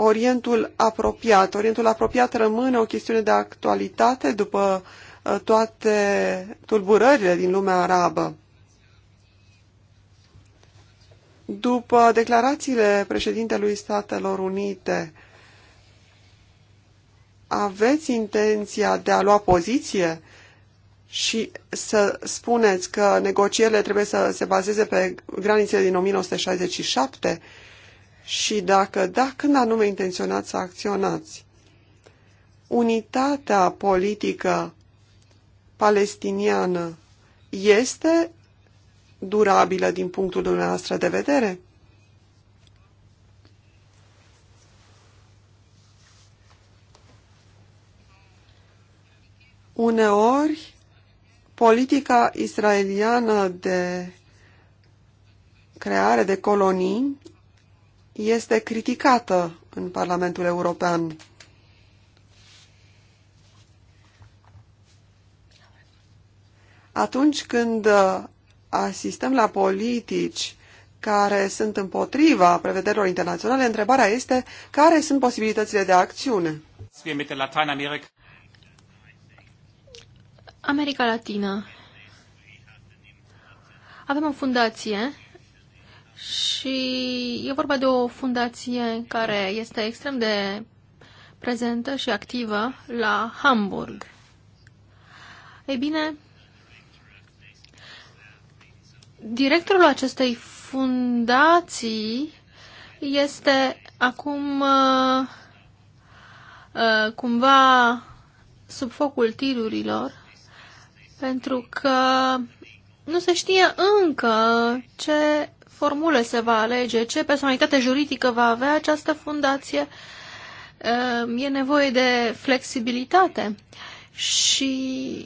Orientul apropiat. Orientul apropiat rămâne o chestiune de actualitate după uh, toate tulburările din lumea arabă. După declarațiile președintelui Statelor Unite, aveți intenția de a lua poziție și să spuneți că negocierile trebuie să se bazeze pe granițele din 1967 și dacă da, când anume intenționați să acționați? Unitatea politică palestiniană este durabilă din punctul dumneavoastră de vedere? Uneori, politica israeliană de creare de colonii este criticată în Parlamentul European. Atunci când asistăm la politici care sunt împotriva prevederilor internaționale, întrebarea este care sunt posibilitățile de acțiune.
America Latină. Avem o fundație și e vorba de o fundație care este extrem de prezentă și activă la Hamburg. Ei bine, Directorul acestei fundații este acum uh, uh, cumva sub focul tirurilor pentru că nu se știe încă ce formule se va alege, ce personalitate juridică va avea această fundație. Uh, e nevoie de flexibilitate și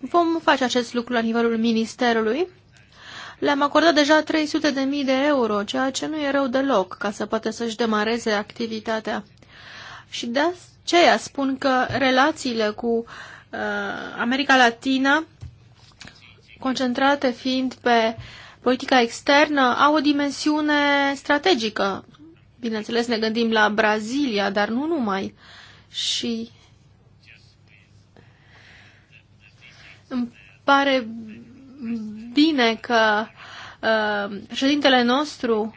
vom face acest lucru la nivelul ministerului le-am acordat deja 300.000 de euro, ceea ce nu e rău deloc ca să poată să-și demareze activitatea. Și de aceea spun că relațiile cu uh, America Latina, concentrate fiind pe politica externă, au o dimensiune strategică. Bineînțeles, ne gândim la Brazilia, dar nu numai. Și îmi pare bine că uh, ședintele nostru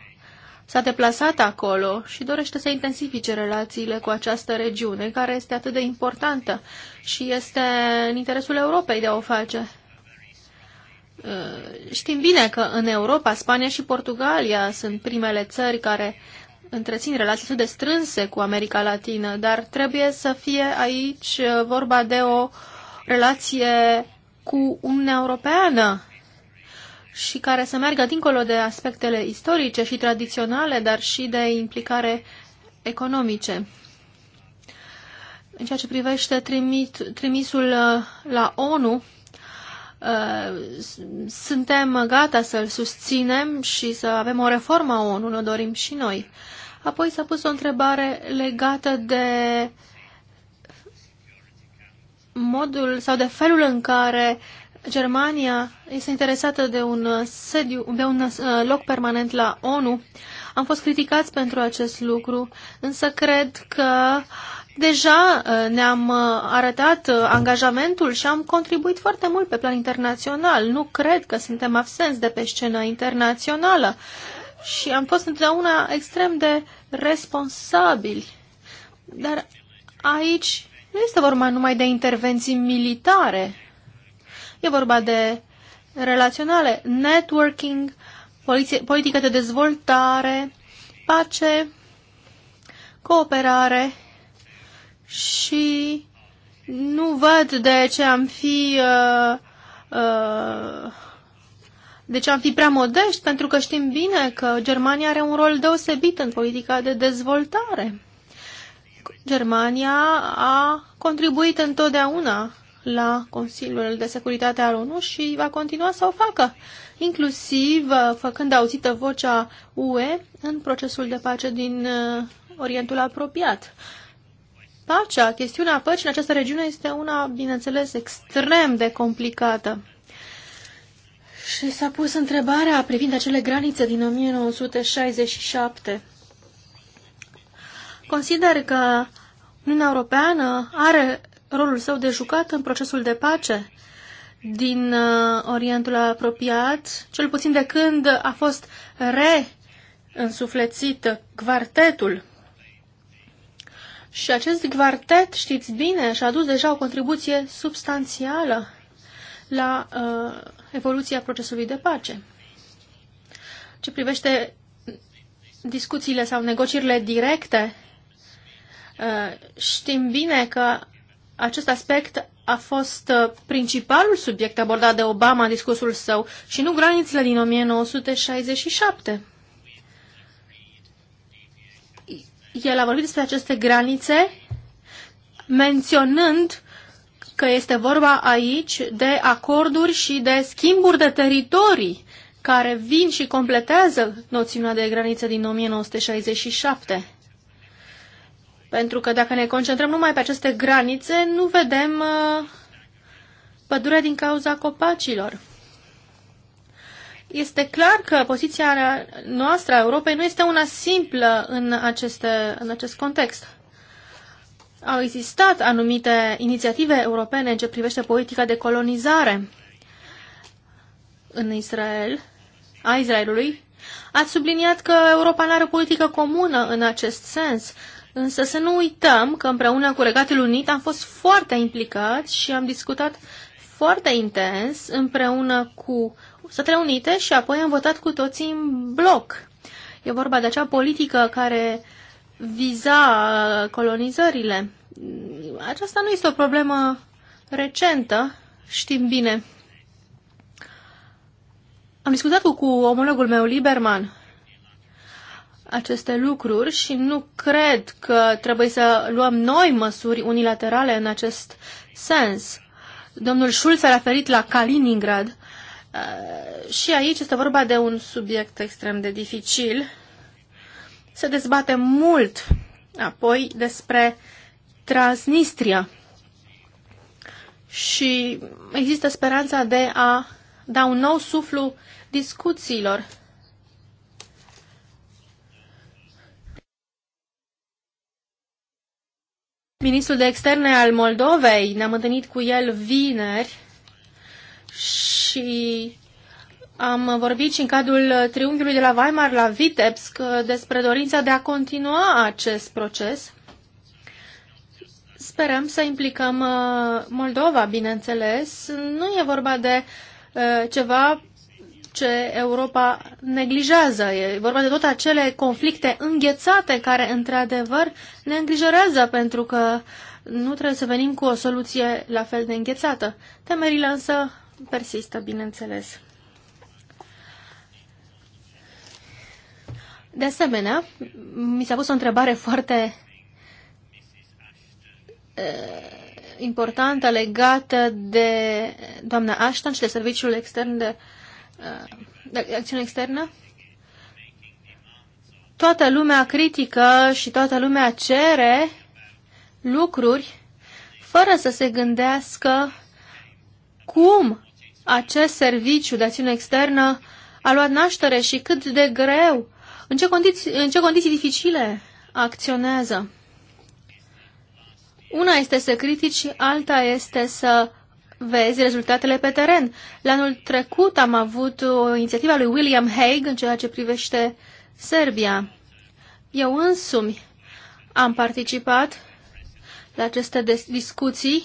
s-a deplasat acolo și dorește să intensifice relațiile cu această regiune, care este atât de importantă și este în interesul Europei de a o face. Uh, știm bine că în Europa, Spania și Portugalia sunt primele țări care întrețin relații atât de strânse cu America Latină, dar trebuie să fie aici uh, vorba de o relație cu Uniunea Europeană și care să meargă dincolo de aspectele istorice și tradiționale, dar și de implicare economice. În ceea ce privește trimit, trimisul uh, la ONU, uh, suntem gata să-l susținem și să avem o reformă a ONU, ne dorim și noi. Apoi s-a pus o întrebare legată de modul sau de felul în care Germania este interesată de un sediu, de un uh, loc permanent la ONU. Am fost criticați pentru acest lucru, însă cred că deja uh, ne-am uh, arătat angajamentul și am contribuit foarte mult pe plan internațional. Nu cred că suntem absenți de pe scena internațională și am fost întotdeauna extrem de responsabili. Dar aici nu este vorba numai de intervenții militare. E vorba de relaționale, networking, poliție, politică de dezvoltare, pace, cooperare și nu văd de ce am fi uh, uh, de ce am fi prea modești, pentru că știm bine că Germania are un rol deosebit în politica de dezvoltare. Germania a contribuit întotdeauna la Consiliul de Securitate al ONU și va continua să o facă, inclusiv uh, făcând auzită vocea UE în procesul de pace din uh, Orientul apropiat. Pacea, chestiunea păcii în această regiune este una, bineînțeles, extrem de complicată. Și s-a pus întrebarea privind acele granițe din 1967. Consider că Uniunea Europeană are rolul său de jucat în procesul de pace din uh, Orientul apropiat, cel puțin de când a fost reînsuflețit quartetul. Și acest quartet, știți bine, și-a adus deja o contribuție substanțială la uh, evoluția procesului de pace. Ce privește discuțiile sau negocierile directe Uh, știm bine că acest aspect a fost uh, principalul subiect abordat de Obama în discursul său și nu granițele din 1967. El a vorbit despre aceste granițe menționând că este vorba aici de acorduri și de schimburi de teritorii care vin și completează noțiunea de graniță din 1967. Pentru că dacă ne concentrăm numai pe aceste granițe, nu vedem uh, pădurea din cauza copacilor. Este clar că poziția noastră a Europei nu este una simplă în, aceste, în acest context. Au existat anumite inițiative europene în ce privește politica de colonizare în Israel, a Israelului. Ați subliniat că Europa nu are o politică comună în acest sens, Însă să nu uităm că împreună cu Regatul Unit am fost foarte implicați și am discutat foarte intens împreună cu Statele Unite și apoi am votat cu toții în bloc. E vorba de acea politică care viza uh, colonizările. Aceasta nu este o problemă recentă, știm bine. Am discutat cu, cu omologul meu, Liberman, aceste lucruri și nu cred că trebuie să luăm noi măsuri unilaterale în acest sens. Domnul Schulz a referit la Kaliningrad uh, și aici este vorba de un subiect extrem de dificil. Se dezbate mult apoi despre Transnistria și există speranța de a da un nou suflu discuțiilor Ministrul de Externe al Moldovei, ne-am întâlnit cu el vineri și am vorbit și în cadrul triunghiului de la Weimar la Vitebsk despre dorința de a continua acest proces. Sperăm să implicăm uh, Moldova, bineînțeles. Nu e vorba de uh, ceva ce Europa neglijează. E vorba de toate acele conflicte înghețate care, într-adevăr, ne îngrijorează pentru că nu trebuie să venim cu o soluție la fel de înghețată. Temerile însă persistă, bineînțeles. De asemenea, mi s-a pus o întrebare foarte importantă legată de doamna Ashton și de serviciul extern de uh, Uh, acțiune externă? Toată lumea critică și toată lumea cere lucruri fără să se gândească cum acest serviciu de acțiune externă a luat naștere și cât de greu, în ce condiții, în ce condiții dificile acționează. Una este să critici, alta este să vezi rezultatele pe teren. La anul trecut am avut o inițiativă a lui William Hague în ceea ce privește Serbia. Eu însumi am participat la aceste discuții.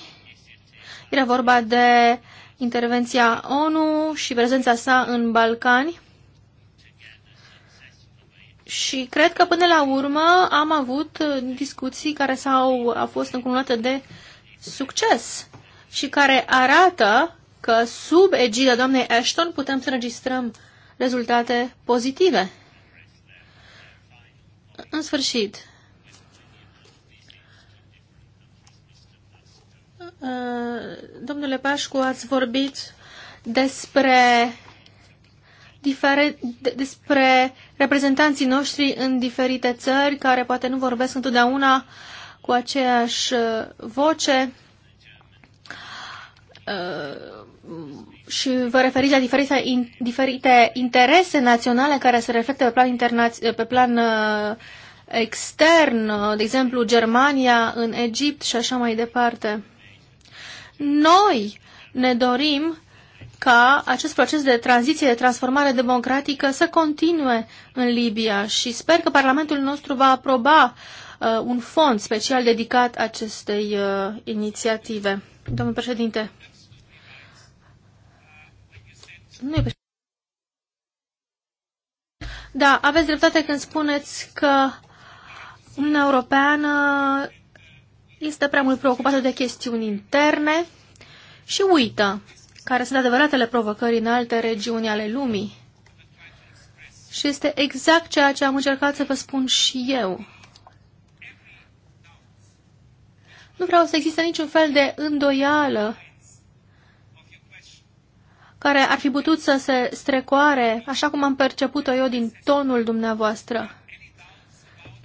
Era vorba de intervenția ONU și prezența sa în Balcani. Și cred că până la urmă am avut discuții care s-au, au fost încununate de succes și care arată că sub egida doamnei Ashton putem să registrăm rezultate pozitive. În sfârșit, uh, domnule Pașcu, ați vorbit despre, difere, despre reprezentanții noștri în diferite țări care poate nu vorbesc întotdeauna cu aceeași uh, voce. Uh, și vă referiți la diferite, in, diferite interese naționale care se reflectă pe plan, internaț, pe plan uh, extern, uh, de exemplu Germania în Egipt și așa mai departe. Noi ne dorim ca acest proces de tranziție, de transformare democratică să continue în Libia și sper că Parlamentul nostru va aproba uh, un fond special dedicat acestei uh, inițiative. Domnul președinte, nu e Da, aveți dreptate când spuneți că Uniunea Europeană este prea mult preocupată de chestiuni interne și uită care sunt adevăratele provocări în alte regiuni ale lumii. Și este exact ceea ce am încercat să vă spun și eu. Nu vreau să existe niciun fel de îndoială care ar fi putut să se strecoare, așa cum am perceput-o eu din tonul dumneavoastră.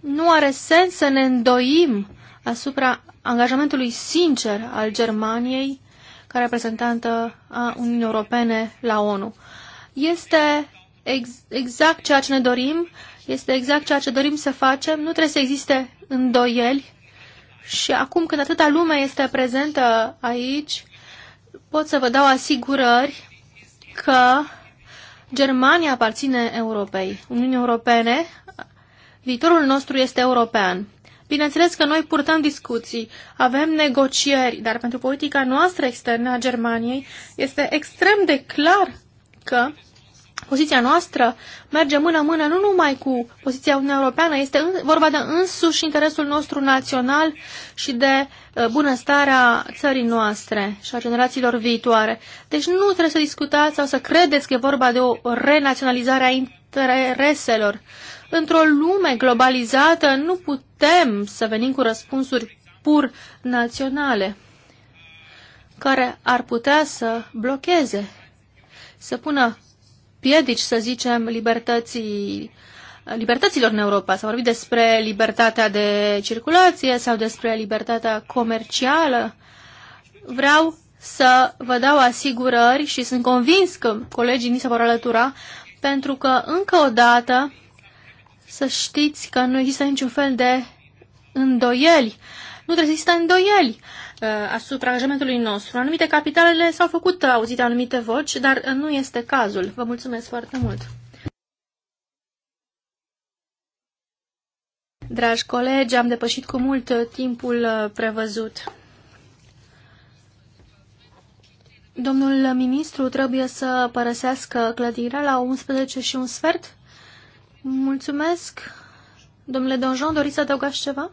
Nu are sens să ne îndoim asupra angajamentului sincer al Germaniei ca reprezentantă a Uniunii Europene la ONU. Este ex exact ceea ce ne dorim, este exact ceea ce dorim să facem, nu trebuie să existe îndoieli și acum când atâta lume este prezentă aici, pot să vă dau asigurări că Germania aparține Europei, Uniunii Europene, viitorul nostru este european. Bineînțeles că noi purtăm discuții, avem negocieri, dar pentru politica noastră externă a Germaniei este extrem de clar că Poziția noastră merge mână-mână nu numai cu poziția Uniunii Europeană, este vorba de însuși interesul nostru național și de uh, bunăstarea țării noastre și a generațiilor viitoare. Deci nu trebuie să discutați sau să credeți că e vorba de o renaționalizare a intereselor. Într-o lume globalizată nu putem să venim cu răspunsuri pur naționale care ar putea să blocheze, să pună piedici, să zicem, libertății, libertăților în Europa. S-a vorbit despre libertatea de circulație sau despre libertatea comercială. Vreau să vă dau asigurări și sunt convins că colegii mi se vor alătura, pentru că încă o dată să știți că nu există niciun fel de îndoieli. Nu trebuie să există îndoieli. Uh, Uh, asupra angajamentului nostru. În anumite capitalele s-au făcut uh, auzite anumite voci, dar uh, nu este cazul. Vă mulțumesc foarte mult! Dragi colegi, am depășit cu mult timpul prevăzut. Domnul ministru trebuie să părăsească clădirea la 11 și un sfert. Mulțumesc. Domnule Donjon, doriți să adăugați ceva?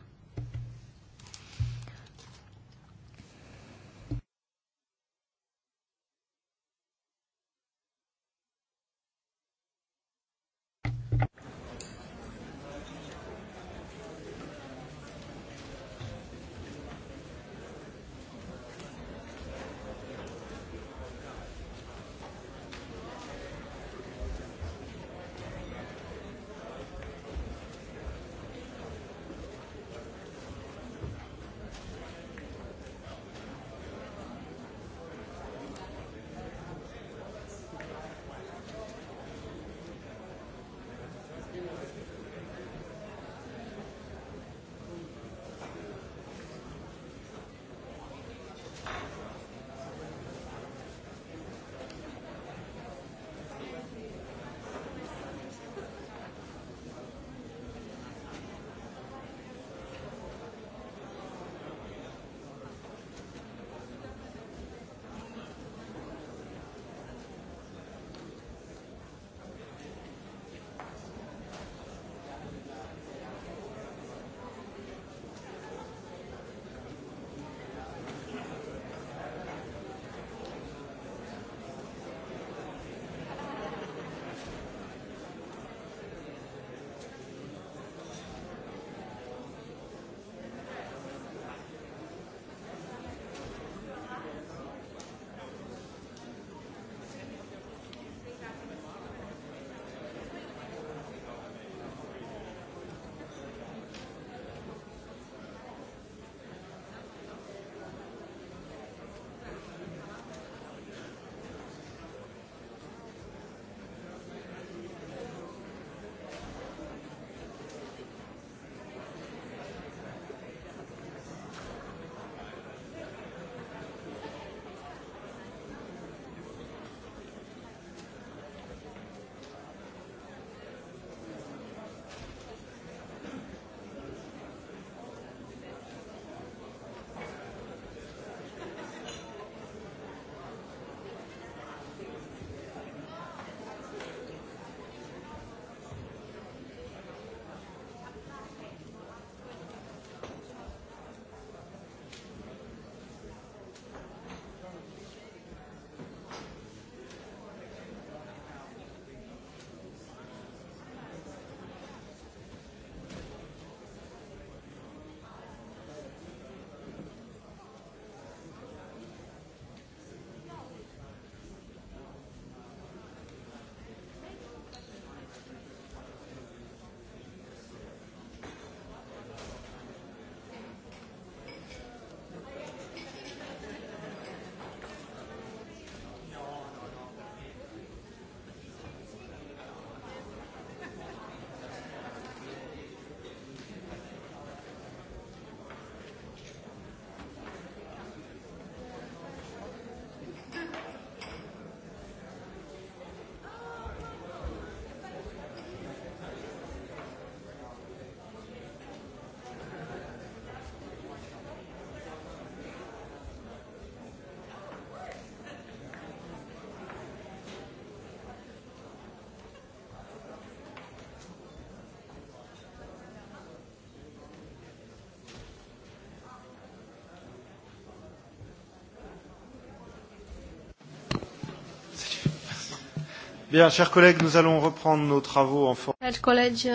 Bien, chers collègues, nous allons reprendre nos travaux en forme. Chers colegi,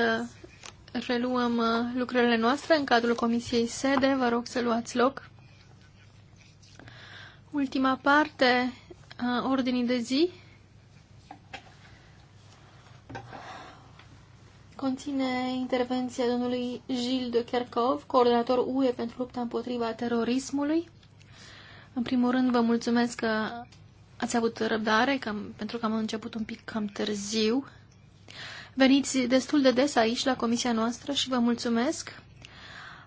reluăm uh, lucrările noastre în cadrul Comisiei SEDE. Vă rog să luați loc. Ultima parte a ordinii de zi conține intervenția domnului Gilles de Kerkov, coordonator UE pentru lupta împotriva terorismului. În primul rând, vă mulțumesc că uh, ați avut răbdare, cam, pentru că am început un pic cam târziu. Veniți destul de des aici, la comisia noastră, și vă mulțumesc.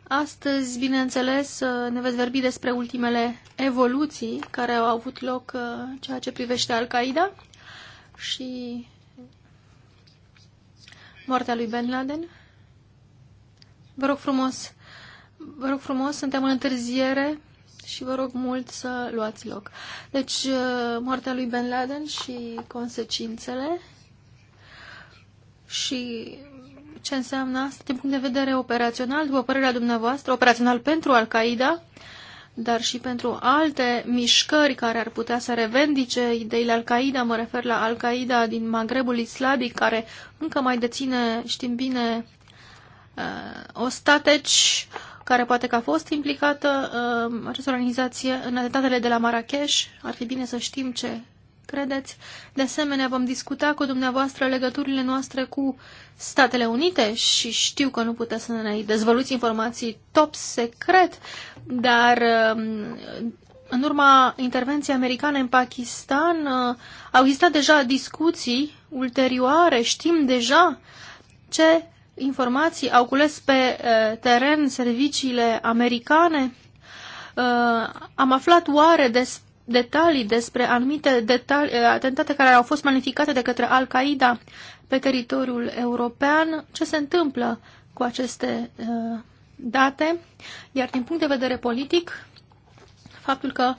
Astăzi, bineînțeles, ne veți vorbi despre ultimele evoluții care au avut loc uh, ceea ce privește Al-Qaeda și moartea lui Ben Laden. Vă rog frumos, vă rog frumos, suntem în întârziere și vă rog mult să luați loc. Deci, uh, moartea lui Ben Laden și consecințele și ce înseamnă asta din punct de vedere operațional, după părerea dumneavoastră, operațional pentru Al-Qaeda, dar și pentru alte mișcări care ar putea să revendice ideile Al-Qaeda, mă refer la Al-Qaeda din Magrebul Islamic, care încă mai deține, știm bine, uh, o stateci, care poate că a fost implicată uh, această organizație în atentatele de la Marrakesh. Ar fi bine să știm ce credeți. De asemenea, vom discuta cu dumneavoastră legăturile noastre cu Statele Unite și știu că nu puteți să ne dezvăluți informații top secret, dar um, în urma intervenției americane în Pakistan uh, au existat deja discuții ulterioare, știm deja ce informații, au cules pe eh, teren serviciile americane? Eh, am aflat oare des, detalii despre anumite detalii, eh, atentate care au fost planificate de către Al-Qaeda pe teritoriul european? Ce se întâmplă cu aceste date? Iar din punct de vedere politic, faptul că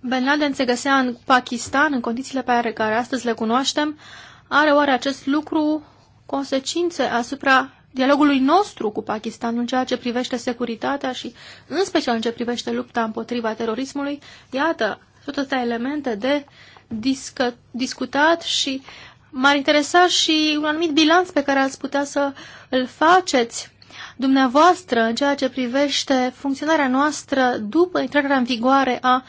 Ben Laden se găsea în Pakistan, în condițiile pe care astăzi le cunoaștem, are oare acest lucru consecințe asupra dialogului nostru cu Pakistanul în ceea ce privește securitatea și în special în ce privește lupta împotriva terorismului. Iată, sunt toate elemente de discă, discutat și m-ar interesa și un anumit bilanț pe care ați putea să îl faceți dumneavoastră în ceea ce privește funcționarea noastră după intrarea în vigoare a uh,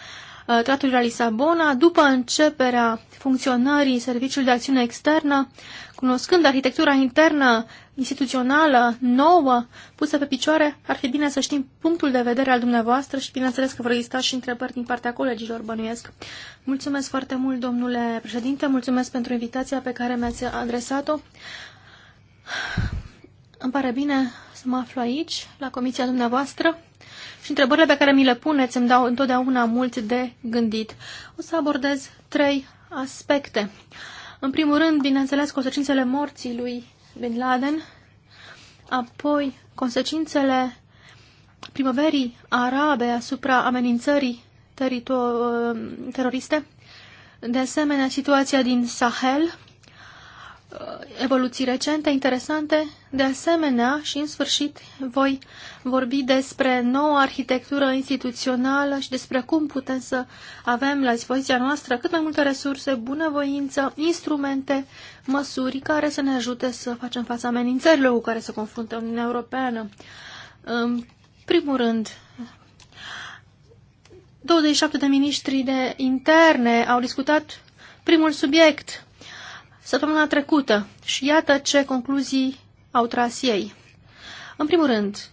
Uh, Tratul la Lisabona, după începerea funcționării Serviciului de Acțiune Externă, cunoscând arhitectura internă instituțională nouă pusă pe picioare, ar fi bine să știm punctul de vedere al dumneavoastră și bineînțeles că vor exista și întrebări din partea colegilor, bănuiesc. Mulțumesc foarte mult, domnule președinte, mulțumesc pentru invitația pe care mi-ați adresat-o. Îmi pare bine să mă aflu aici, la comisia dumneavoastră și întrebările pe care mi le puneți îmi dau întotdeauna mult de gândit. O să abordez trei aspecte. În primul rând, bineînțeles, consecințele morții lui Bin Laden, apoi consecințele primăverii arabe asupra amenințării teroriste, de asemenea situația din Sahel, Uh, evoluții recente, interesante. De asemenea, și în sfârșit, voi vorbi despre noua arhitectură instituțională și despre cum putem să avem la dispoziția noastră cât mai multe resurse, bunăvoință, instrumente, măsuri care să ne ajute să facem fața amenințărilor cu care se confruntă Uniunea Europeană. În primul rând, 27 de miniștri de interne au discutat primul subiect săptămâna trecută și iată ce concluzii au tras ei. În primul rând,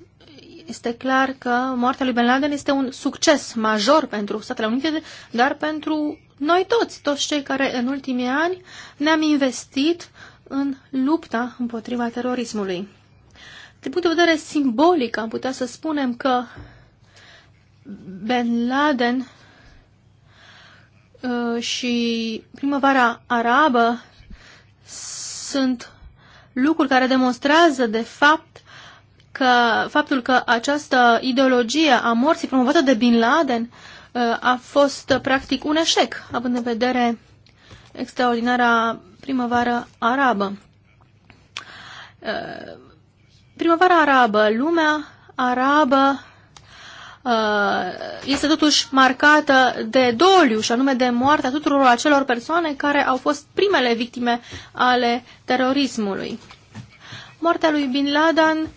este clar că moartea lui Bin Laden este un succes major pentru Statele Unite, dar pentru noi toți, toți cei care în ultimii ani ne-am investit în lupta împotriva terorismului. Din punct de vedere simbolic, am putea să spunem că Bin Laden uh, și primăvara arabă sunt lucruri care demonstrează, de fapt, că faptul că această ideologie a morții promovată de Bin Laden uh, a fost, uh, practic, un eșec, având în vedere extraordinara primăvară arabă. Uh, primăvara arabă, lumea arabă Uh, este totuși marcată de doliu și anume de moartea tuturor acelor persoane care au fost primele victime ale terorismului. Moartea lui Bin Laden,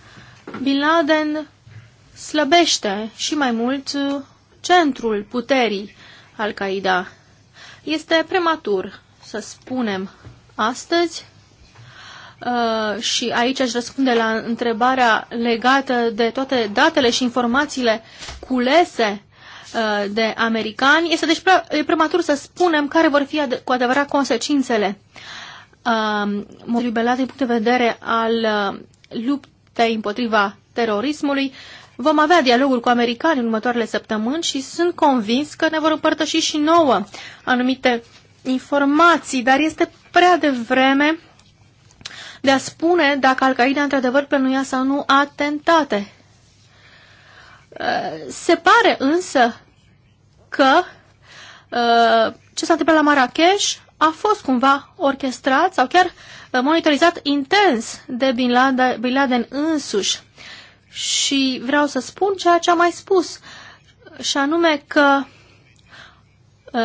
Bin Laden slăbește și mai mult centrul puterii Al-Qaeda. Este prematur să spunem astăzi Uh, și aici aș răspunde la întrebarea legată de toate datele și informațiile culese uh, de americani. Este deci prea, e prematur să spunem care vor fi ad cu adevărat consecințele uh, din punct de vedere al uh, luptei împotriva terorismului. Vom avea dialogul cu americani în următoarele săptămâni și sunt convins că ne vor împărtăși și nouă anumite informații, dar este prea devreme vreme de a spune dacă Al-Qaeda într-adevăr plănuia sau nu atentate. Uh, se pare însă că uh, ce s-a întâmplat la Marrakesh a fost cumva orchestrat sau chiar uh, monitorizat intens de Bin Laden, Bin Laden însuși. Și vreau să spun ceea ce am mai spus, și anume că Uh,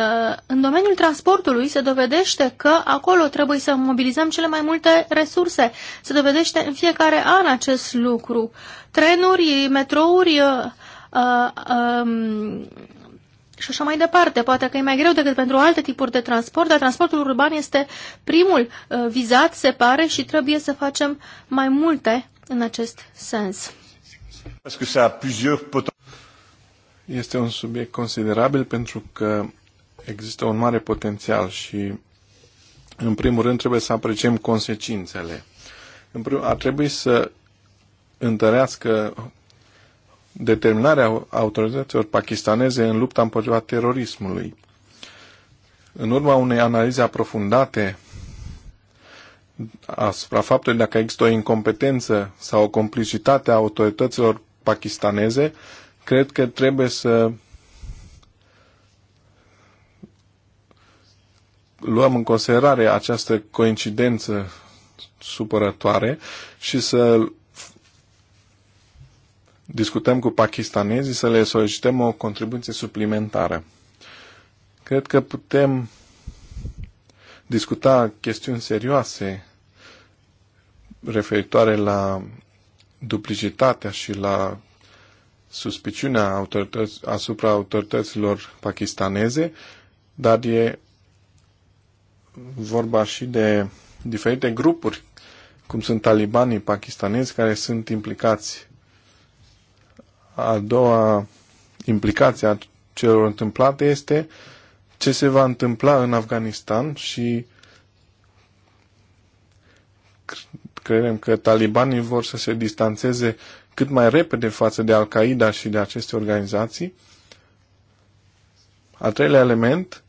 în domeniul transportului se dovedește că acolo trebuie să mobilizăm cele mai multe resurse. Se dovedește în fiecare an acest lucru. Trenuri, metrouri uh, uh, um, și așa mai departe. Poate că e mai greu decât pentru alte tipuri de transport, dar transportul urban este primul vizat, se pare, și trebuie să facem mai multe în acest sens.
Este un subiect considerabil pentru că există un mare potențial și, în primul rând, trebuie să apreciem consecințele. În primul, ar trebui să întărească determinarea autorităților pakistaneze în lupta împotriva terorismului. În urma unei analize aprofundate asupra faptului dacă există o incompetență sau o complicitate a autorităților pakistaneze, cred că trebuie să luăm în considerare această coincidență supărătoare și să discutăm cu pakistanezii să le solicităm o contribuție suplimentară. Cred că putem discuta chestiuni serioase referitoare la duplicitatea și la suspiciunea autorități, asupra autorităților pakistaneze, dar e vorba și de diferite grupuri, cum sunt talibanii pakistanezi care sunt implicați. A doua implicație a celor întâmplate este ce se va întâmpla în Afganistan și credem că talibanii vor să se distanțeze cât mai repede față de Al-Qaeda și de aceste organizații. Al treilea element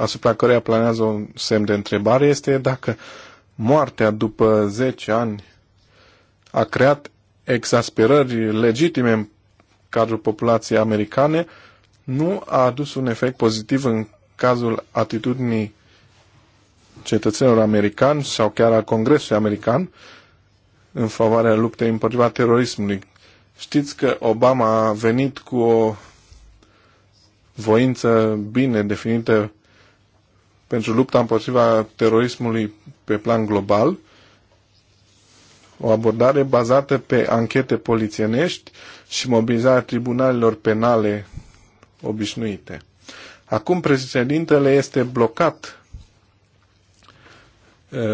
asupra căreia planează un semn de întrebare este dacă moartea după 10 ani a creat exasperări legitime în cadrul populației americane, nu a adus un efect pozitiv în cazul atitudinii cetățenilor americani sau chiar a Congresului american în favoarea luptei împotriva terorismului. Știți că Obama a venit cu o voință bine definită pentru lupta împotriva terorismului pe plan global, o abordare bazată pe anchete polițienești și mobilizarea tribunalelor penale obișnuite. Acum președintele este blocat.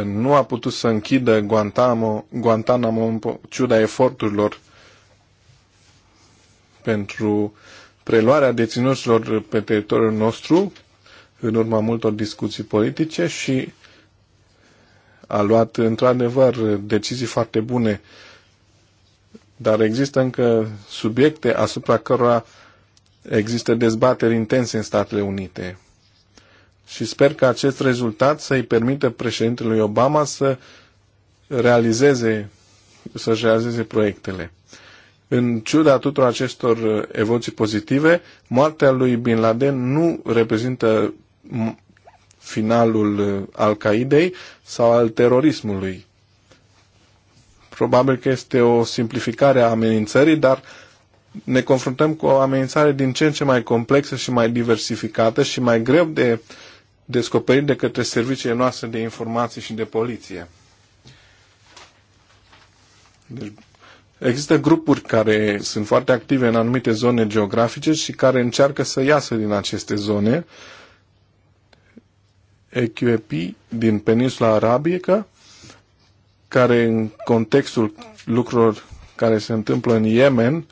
Nu a putut să închidă Guantanamo, Guantanamo în ciuda eforturilor pentru preluarea deținuților pe teritoriul nostru, în urma multor discuții politice și a luat într-adevăr decizii foarte bune, dar există încă subiecte asupra cărora există dezbateri intense în Statele Unite. Și sper că acest rezultat să-i permită președintelui Obama să realizeze, să realizeze proiectele. În ciuda tuturor acestor evoluții pozitive, moartea lui Bin Laden nu reprezintă finalul uh, Al-Qaidei sau al terorismului. Probabil că este o simplificare a amenințării, dar ne confruntăm cu o amenințare din ce în ce mai complexă și mai diversificată și mai greu de descoperit de către serviciile noastre de informații și de poliție. Deci, există grupuri care sunt foarte active în anumite zone geografice și care încearcă să iasă din aceste zone uh, Echiopi din peninsula arabică, care în contextul lucrurilor care se întâmplă în Yemen,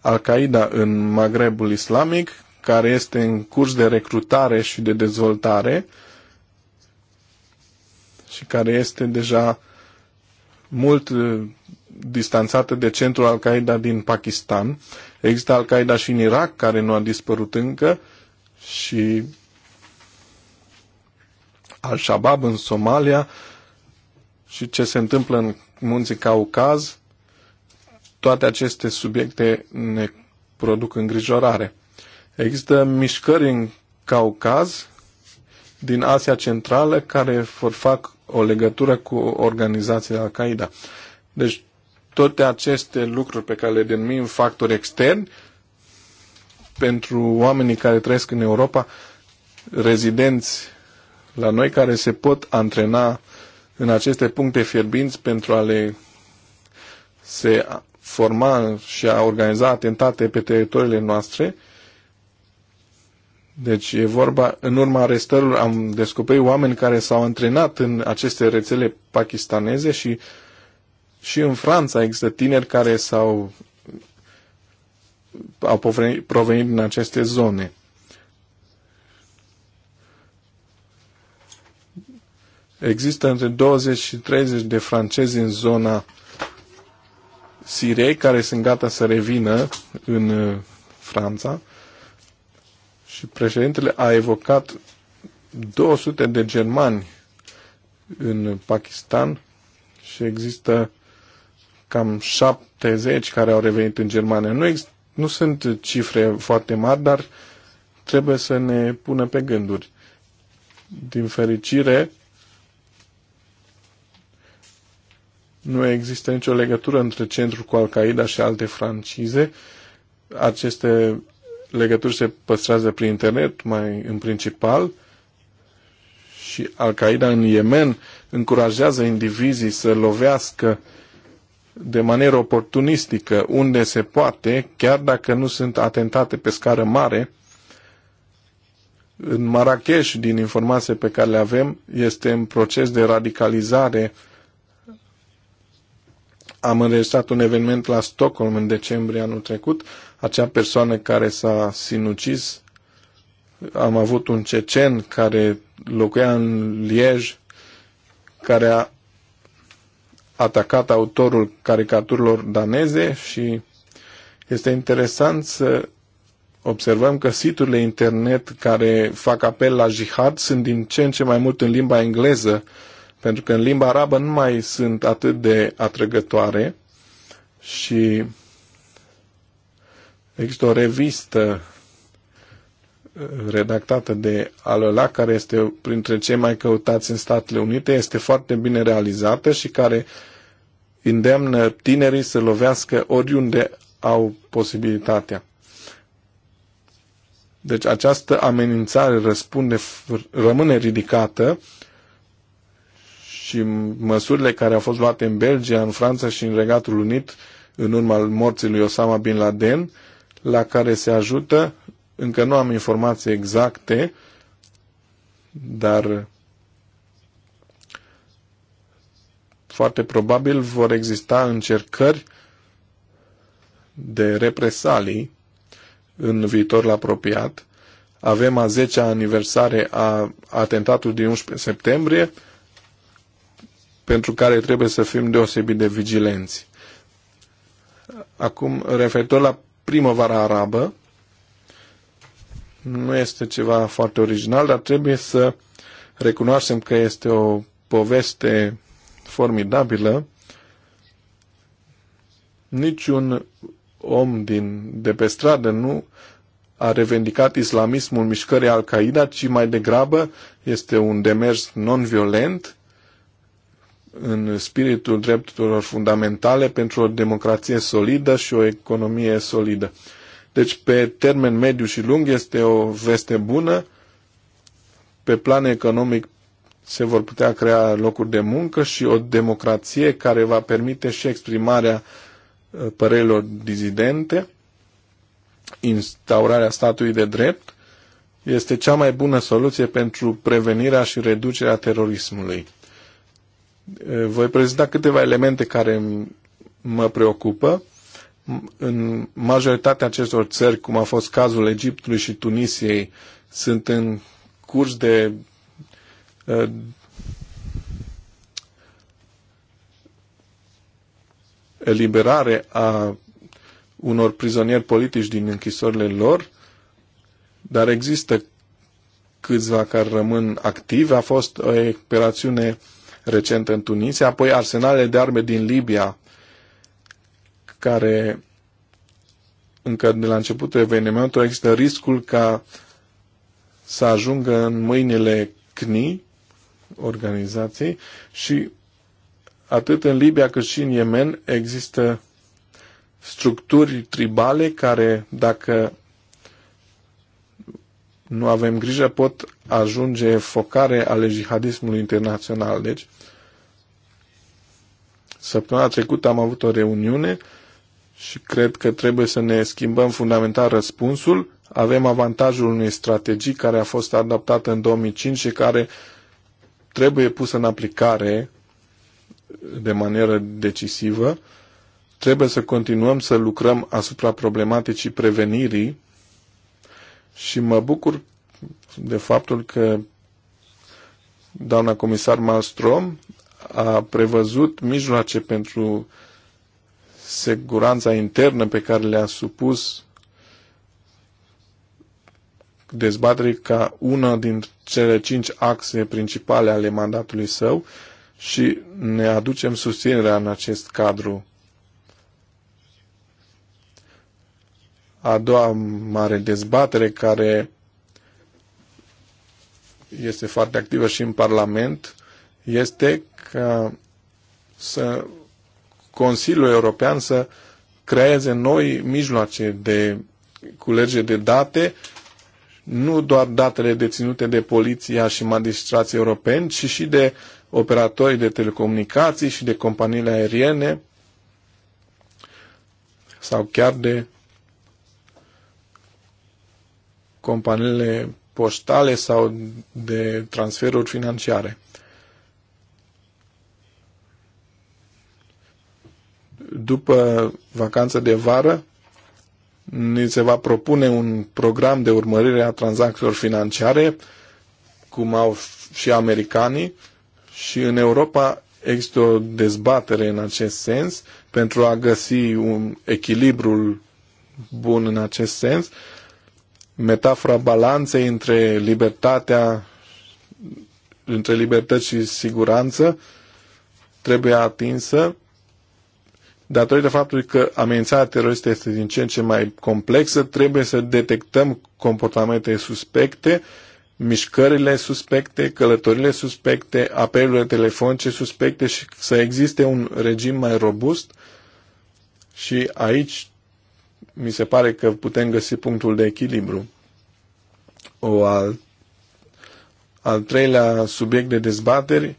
Al-Qaeda în Maghrebul Islamic, care este în curs de recrutare și de dezvoltare și care este deja mult uh, distanțată de centrul Al-Qaeda din Pakistan. Există Al-Qaeda și în Irak, care nu a dispărut încă și al-Shabaab în Somalia și ce se întâmplă în munții Caucaz, toate aceste subiecte ne produc îngrijorare. Există mișcări în Caucaz, din Asia Centrală, care vor fac o legătură cu organizația Al-Qaeda. Deci toate aceste lucruri pe care le denumim factori externi, pentru oamenii care trăiesc în Europa, rezidenți la noi care se pot antrena în aceste puncte fierbinți pentru a le se forma și a organiza atentate pe teritoriile noastre. Deci e vorba, în urma arestărilor am descoperit oameni care s-au antrenat în aceste rețele pakistaneze și și în Franța există tineri care s-au au provenit din aceste zone. Există între 20 și 30 de francezi în zona Siriei care sunt gata să revină în uh, Franța și președintele a evocat 200 de germani în Pakistan și există cam 70 care au revenit în Germania. Nu, ex- nu sunt cifre foarte mari, dar trebuie să ne pună pe gânduri. Din fericire, Nu există nicio legătură între centrul cu Al-Qaeda și alte francize. Aceste legături se păstrează prin internet, mai în principal, și Al-Qaeda în Yemen încurajează indivizii să lovească de manieră oportunistică unde se poate, chiar dacă nu sunt atentate pe scară mare. În Marrakesh, din informații pe care le avem, este în proces de radicalizare uh, am înregistrat un eveniment la Stockholm în decembrie anul trecut. Acea persoană care s-a sinucis, am avut un cecen care locuia în Liege, care a atacat autorul caricaturilor daneze și este interesant să observăm că siturile internet care fac apel la jihad sunt din ce în ce mai mult în limba engleză pentru că în limba arabă nu mai sunt atât de atrăgătoare și există o revistă uh, redactată de Alola, care este printre cei mai căutați în Statele Unite, este foarte bine realizată și care îndeamnă tinerii să lovească oriunde au posibilitatea. Deci această amenințare răspunde, rămâne ridicată și măsurile care au fost luate în Belgia, în Franța și în Regatul Unit în urma morții lui Osama Bin Laden, la care se ajută, încă nu am informații exacte, dar foarte probabil vor exista încercări de represalii în viitorul apropiat. Avem a 10-a aniversare a atentatului din 11 septembrie, pentru care trebuie să fim deosebit de vigilenți. Acum, referitor la primăvara arabă, nu este ceva foarte original, dar trebuie să recunoaștem că este o poveste formidabilă. Niciun om din, de pe stradă nu a revendicat islamismul mișcării Al-Qaeda, ci mai degrabă este un demers non-violent în spiritul drepturilor fundamentale pentru o democrație solidă și o economie solidă. Deci, pe termen mediu și lung, este o veste bună. Pe plan economic se vor putea crea locuri de muncă și o democrație care va permite și exprimarea uh, părerilor dizidente, instaurarea statului de drept, este cea mai bună soluție pentru prevenirea și reducerea terorismului. Voi prezenta câteva elemente care mă preocupă. În majoritatea acestor țări, cum a fost cazul Egiptului și Tunisiei, sunt în curs de uh, eliberare a unor prizonieri politici din închisorile lor, dar există câțiva care rămân activi. A fost o operațiune recent în Tunisia, apoi arsenalele de arme din Libia, care încă de la începutul evenimentului există riscul ca să ajungă în mâinile CNI, organizației, și atât în Libia cât și în Yemen există structuri tribale care, dacă nu avem grijă, pot ajunge focare ale jihadismului internațional. Deci, săptămâna trecută am avut o reuniune și cred că trebuie să ne schimbăm fundamental răspunsul. Avem avantajul unei strategii care a fost adaptată în 2005 și care trebuie pusă în aplicare de manieră decisivă. Trebuie să continuăm să lucrăm asupra problematicii prevenirii și mă bucur de faptul că doamna comisar Malmström a prevăzut mijloace pentru siguranța internă pe care le-a supus dezbaterii ca una din cele cinci axe principale ale mandatului său și ne aducem susținerea în acest cadru. a doua mare dezbatere care este foarte activă și în Parlament este ca să Consiliul European să creeze noi mijloace de culege de date, nu doar datele deținute de poliția și magistrații europeni, ci și de operatorii de telecomunicații și de companiile aeriene sau chiar de companiile poștale sau de transferuri financiare. După vacanța de vară, ni se va propune un program de urmărire a tranzacțiilor financiare, cum au și americanii, și în Europa există o dezbatere în acest sens pentru a găsi un echilibru bun în acest sens metafora balanței între libertatea, între libertăți și siguranță trebuie atinsă datorită faptului că amenințarea teroristă este din ce în ce mai complexă, trebuie să detectăm comportamente suspecte, mișcările suspecte, călătorile suspecte, apelurile telefonice suspecte și să existe un regim mai robust și aici mi se pare că putem găsi punctul de echilibru. O al, al treilea subiect de dezbateri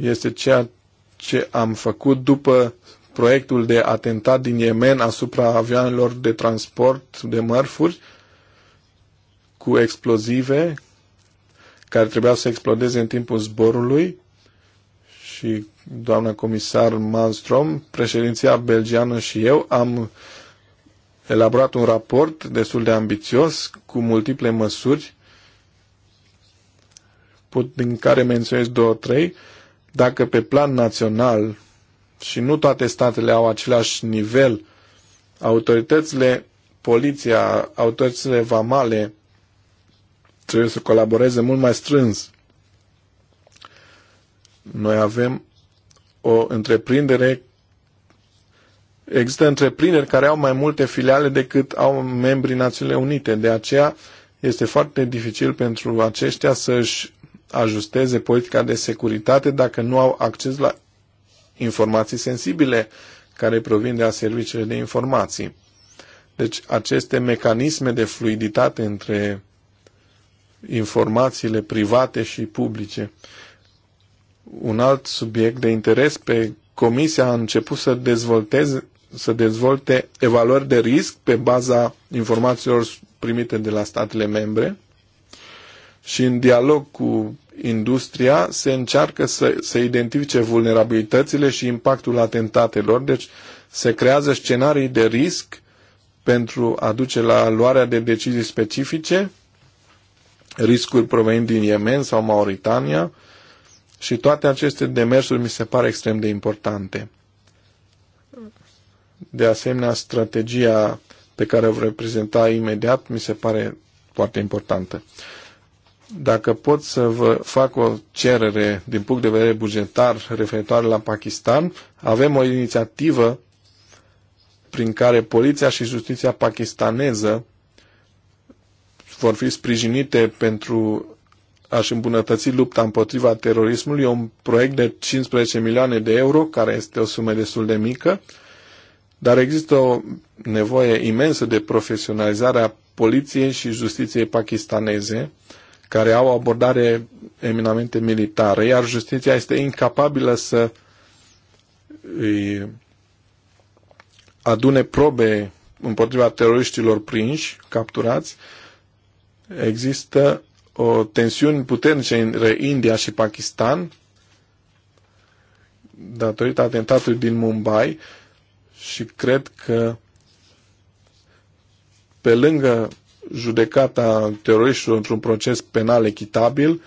este ceea ce am făcut după proiectul de atentat din Yemen asupra avioanelor de transport de mărfuri cu explozive care trebuiau să explodeze în timpul zborului și doamna comisar Malmström, președinția belgiană și eu am elaborat un raport destul de ambițios cu multiple măsuri din care menționez două, trei, dacă pe plan național și nu toate statele au același nivel, autoritățile, poliția, autoritățile vamale trebuie să colaboreze mult mai strâns. Noi avem o întreprindere există întreprinderi care au mai multe filiale decât au membrii Națiunile Unite. De aceea este foarte dificil pentru aceștia să-și ajusteze politica de securitate dacă nu au acces la informații sensibile care provin de la serviciile de informații. Deci aceste mecanisme de fluiditate între informațiile private și publice. Un alt subiect de interes pe Comisia a început să dezvolteze să dezvolte evaluări de risc pe baza informațiilor primite de la statele membre și în dialog cu industria se încearcă să, să identifice vulnerabilitățile și impactul atentatelor, deci se creează scenarii de risc pentru a duce la luarea de decizii specifice, riscuri provenind din Yemen sau Mauritania și toate aceste demersuri mi se par extrem de importante. De asemenea, strategia pe care o reprezenta imediat mi se pare foarte importantă. Dacă pot să vă fac o cerere din punct de vedere bugetar referitoare la Pakistan, avem o inițiativă prin care poliția și justiția pakistaneză vor fi sprijinite pentru a-și îmbunătăți lupta împotriva terorismului. E un proiect de 15 milioane de euro, care este o sumă destul de mică, dar există o nevoie imensă de profesionalizare a poliției și justiției pakistaneze, care au o abordare eminamente militară, iar justiția este incapabilă să îi adune probe împotriva teroriștilor prinși, capturați, există o tensiune puternice între India și Pakistan datorită atentatului din Mumbai și cred că pe lângă judecata teroriștilor într-un proces penal echitabil,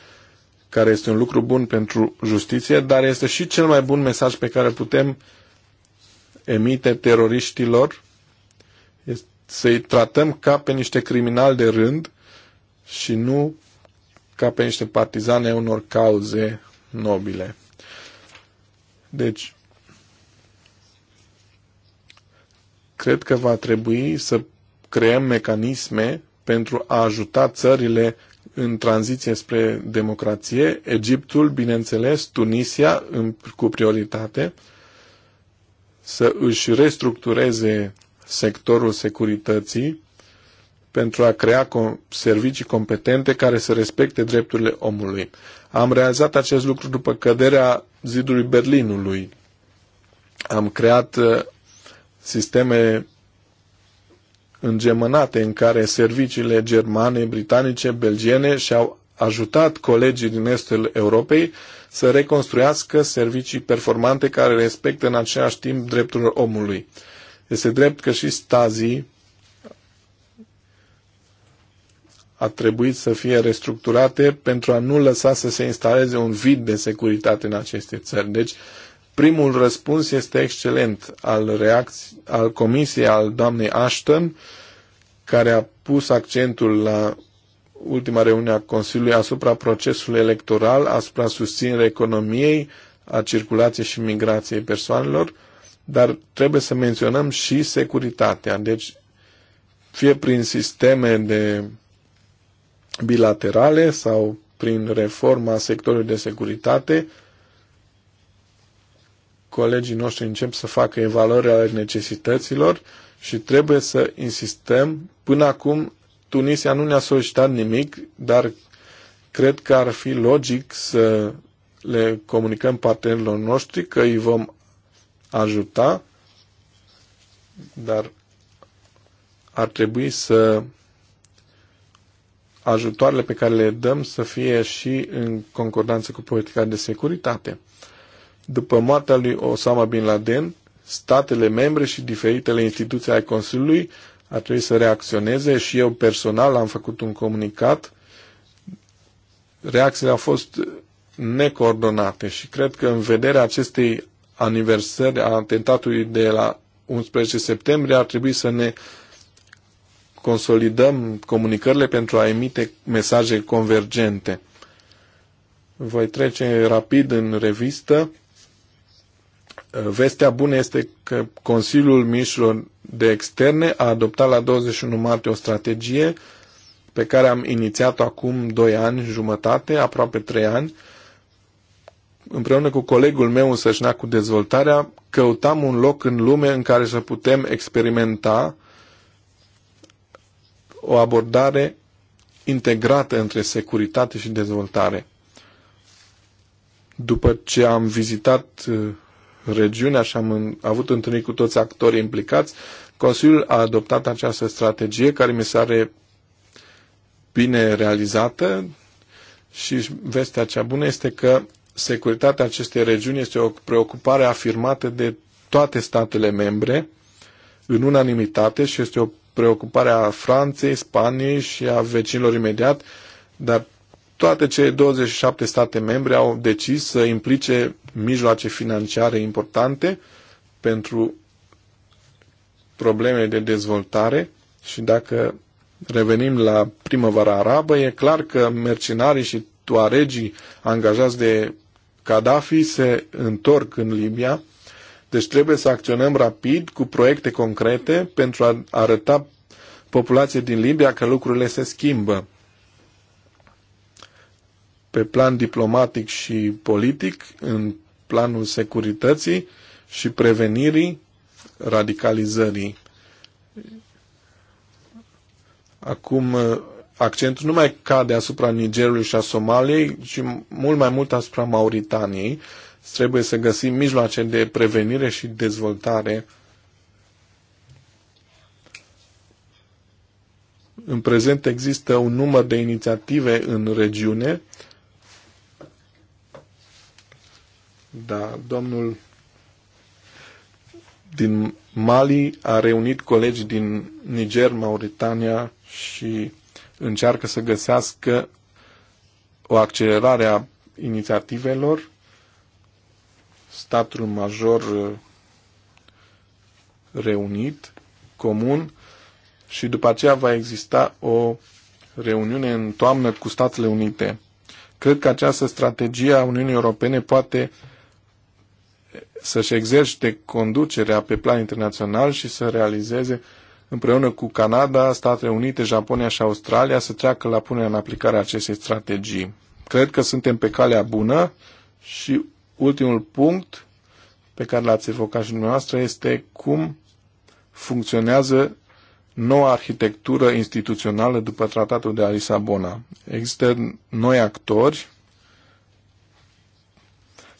care este un lucru bun pentru justiție, dar este și cel mai bun mesaj pe care putem emite teroriștilor, să-i tratăm ca pe niște criminali de rând și nu ca pe niște partizane unor cauze nobile. Deci, cred că va trebui să creăm mecanisme pentru a ajuta țările în tranziție spre democrație, Egiptul, bineînțeles, Tunisia în, cu prioritate, să își restructureze sectorul securității pentru a crea servicii competente care să respecte drepturile omului. Am realizat acest lucru după căderea zidului Berlinului. Am creat uh, sisteme îngemânate în care serviciile germane, britanice, belgiene și-au ajutat colegii din estul Europei să reconstruiască servicii performante care respectă în același timp drepturile omului. Este drept că și Stasi a trebuit să fie restructurate pentru a nu lăsa să se instaleze un vid de securitate în aceste țări. Deci, uh, Primul răspuns este excelent al, reacți- al comisiei al doamnei Ashton, care a pus accentul la ultima reuniune a Consiliului asupra procesului electoral, asupra susținerea economiei, a circulației și migrației persoanelor, dar trebuie să menționăm și securitatea. Deci, fie prin sisteme de bilaterale sau prin reforma sectorului de securitate, colegii noștri încep să facă evaluări ale necesităților și trebuie să insistăm. Până acum, Tunisia nu ne-a solicitat nimic, dar cred că ar fi logic să le comunicăm partenerilor noștri că îi vom ajuta, dar ar trebui să ajutoarele pe care le dăm să fie și în concordanță cu politica de securitate. După moartea lui Osama Bin Laden, statele membre și diferitele instituții ai Consiliului ar trebui să reacționeze și eu personal am făcut un comunicat. Reacțiile au fost necoordonate și cred că în vederea acestei aniversări a atentatului de la 11 septembrie ar trebui să ne consolidăm comunicările pentru a emite mesaje convergente. Voi trece rapid în revistă Vestea bună este că Consiliul Mișilor de Externe a adoptat la 21 martie o strategie pe care am inițiat-o acum 2 ani jumătate, aproape 3 ani, împreună cu colegul meu în Sășna cu dezvoltarea, căutam un loc în lume în care să putem experimenta o abordare integrată între securitate și dezvoltare. După ce am vizitat uh, regiunea și am avut întâlniri cu toți actorii implicați. Consiliul a adoptat această strategie care mi se are bine realizată și vestea cea bună este că securitatea acestei regiuni este o preocupare afirmată de toate statele membre în unanimitate și este o preocupare a Franței, Spaniei și a vecinilor imediat, dar toate cele 27 state membre au decis să implice mijloace financiare importante pentru probleme de dezvoltare și dacă revenim la primăvara arabă, e clar că mercenarii și tuaregii angajați de Gaddafi se întorc în Libia, deci trebuie să acționăm rapid cu proiecte concrete pentru a arăta populației din Libia că lucrurile se schimbă pe plan diplomatic și politic, în planul securității și prevenirii radicalizării. Acum uh, accentul nu mai cade asupra Nigerului și a Somaliei, ci mult mai mult asupra Mauritaniei. Trebuie să găsim mijloace de prevenire și dezvoltare. În prezent există un număr de inițiative în regiune Da, domnul din Mali a reunit colegi din Niger, Mauritania și încearcă să găsească o accelerare a inițiativelor. Statul major uh, reunit, comun, și după aceea va exista o reuniune în toamnă cu Statele Unite. Cred că această strategie a Uniunii Europene poate uh, să-și exercite conducerea pe plan internațional și să realizeze împreună cu Canada, Statele Unite, Japonia și Australia să treacă la punerea în aplicare a acestei strategii. Cred că suntem pe calea bună și ultimul punct pe care l-ați evocat și dumneavoastră este cum funcționează noua arhitectură instituțională după tratatul de la Lisabona. Există noi actori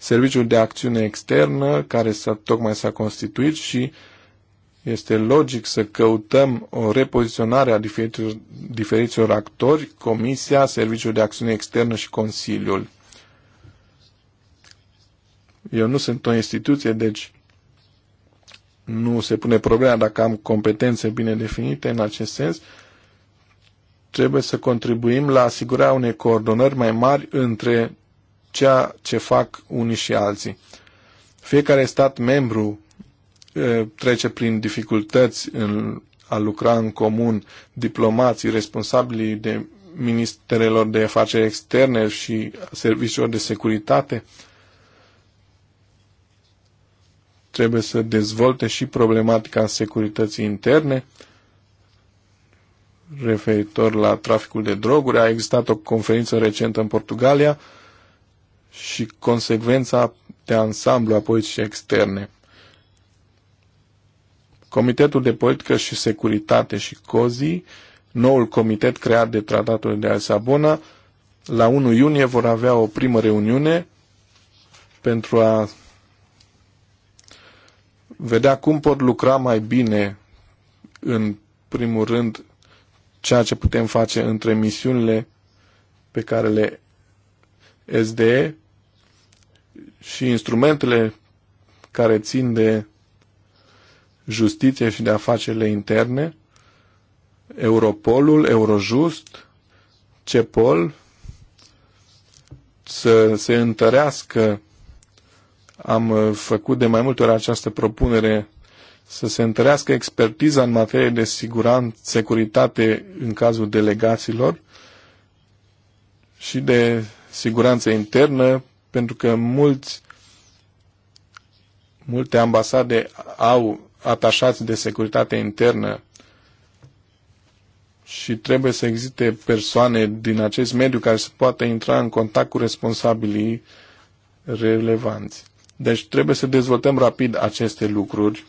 serviciul de acțiune externă care s-a, tocmai s-a constituit și este logic să căutăm o repoziționare a diferitor diferiților actori, Comisia, Serviciul de Acțiune Externă și Consiliul. Eu nu sunt o instituție, deci nu se pune problema dacă am competențe bine definite în acest sens. Trebuie să contribuim la asigurarea unei coordonări mai mari între ceea ce fac unii și alții. Fiecare stat membru trece prin dificultăți în a lucra în comun diplomații, responsabili de ministerelor de afaceri externe și serviciilor de securitate, trebuie să dezvolte și problematica securității interne referitor la traficul de droguri. A existat o conferință recentă în Portugalia și consecvența de ansamblu a politicii externe. Comitetul de Politică și Securitate și COZI, noul comitet creat de Tratatul de Lisabona, la 1 iunie vor avea o primă reuniune pentru a vedea cum pot lucra mai bine, în primul rând, ceea ce putem face între misiunile pe care le SDE și instrumentele care țin de justiție și de afacerile interne, Europolul, Eurojust, CEPOL, să se întărească. Am uh, făcut de mai multe ori această propunere să se întărească expertiza în materie de siguranță, securitate în cazul delegaților și de siguranță internă pentru că mulți, multe ambasade au atașați de securitate internă și trebuie să existe persoane din acest mediu care să poată intra în contact cu responsabilii relevanți. Deci trebuie să dezvoltăm rapid aceste lucruri.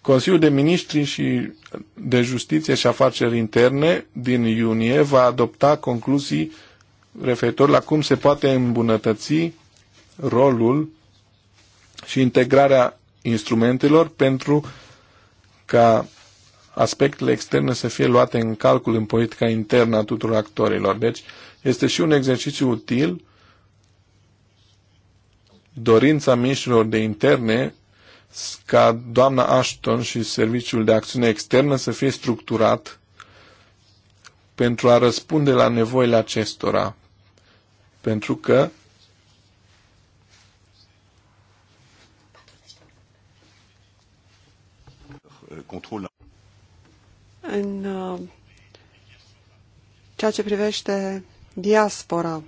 Consiliul de Ministri și de Justiție și Afaceri Interne din iunie va adopta concluzii referitor la cum se poate îmbunătăți rolul și integrarea instrumentelor pentru ca aspectele externe să fie luate în calcul în politica internă a tuturor actorilor. Deci este și un exercițiu util dorința miștilor de interne ca doamna Ashton și Serviciul de Acțiune Externă să fie structurat pentru a răspunde la nevoile acestora, pentru că control.
În uh, ceea ce privește diaspora,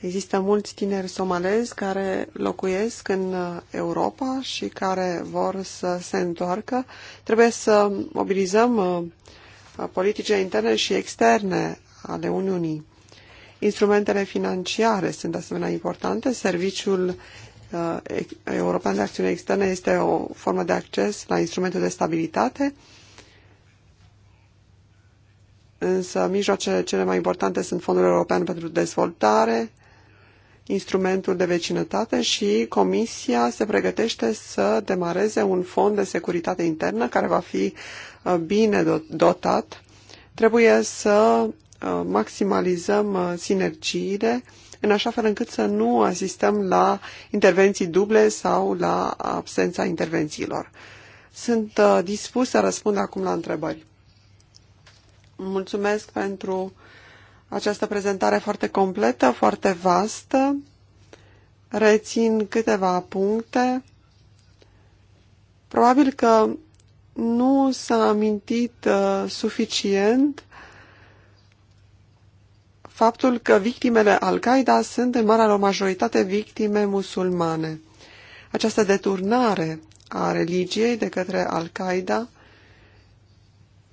există mulți tineri somalezi care locuiesc în uh, Europa și care vor să se întoarcă. Trebuie să mobilizăm uh, politice interne și externe ale Uniunii. Instrumentele financiare sunt asemenea importante. Serviciul uh, European de Acțiune Externă este o formă de acces la instrumentul de stabilitate, însă mijloacele cele mai importante sunt Fondul European pentru Dezvoltare, instrumentul de vecinătate și Comisia se pregătește să demareze un fond de securitate internă care va fi uh, bine dotat. Trebuie să Uh, maximalizăm uh, sinergiile în așa fel încât să nu asistăm la intervenții duble sau la absența intervențiilor. Sunt uh, dispus să răspund acum la întrebări. Mulțumesc pentru această prezentare foarte completă, foarte vastă. Rețin câteva puncte. Probabil că nu s-a amintit uh, suficient faptul că victimele Al-Qaeda sunt în marea lor majoritate victime musulmane. Această deturnare a religiei de către Al-Qaeda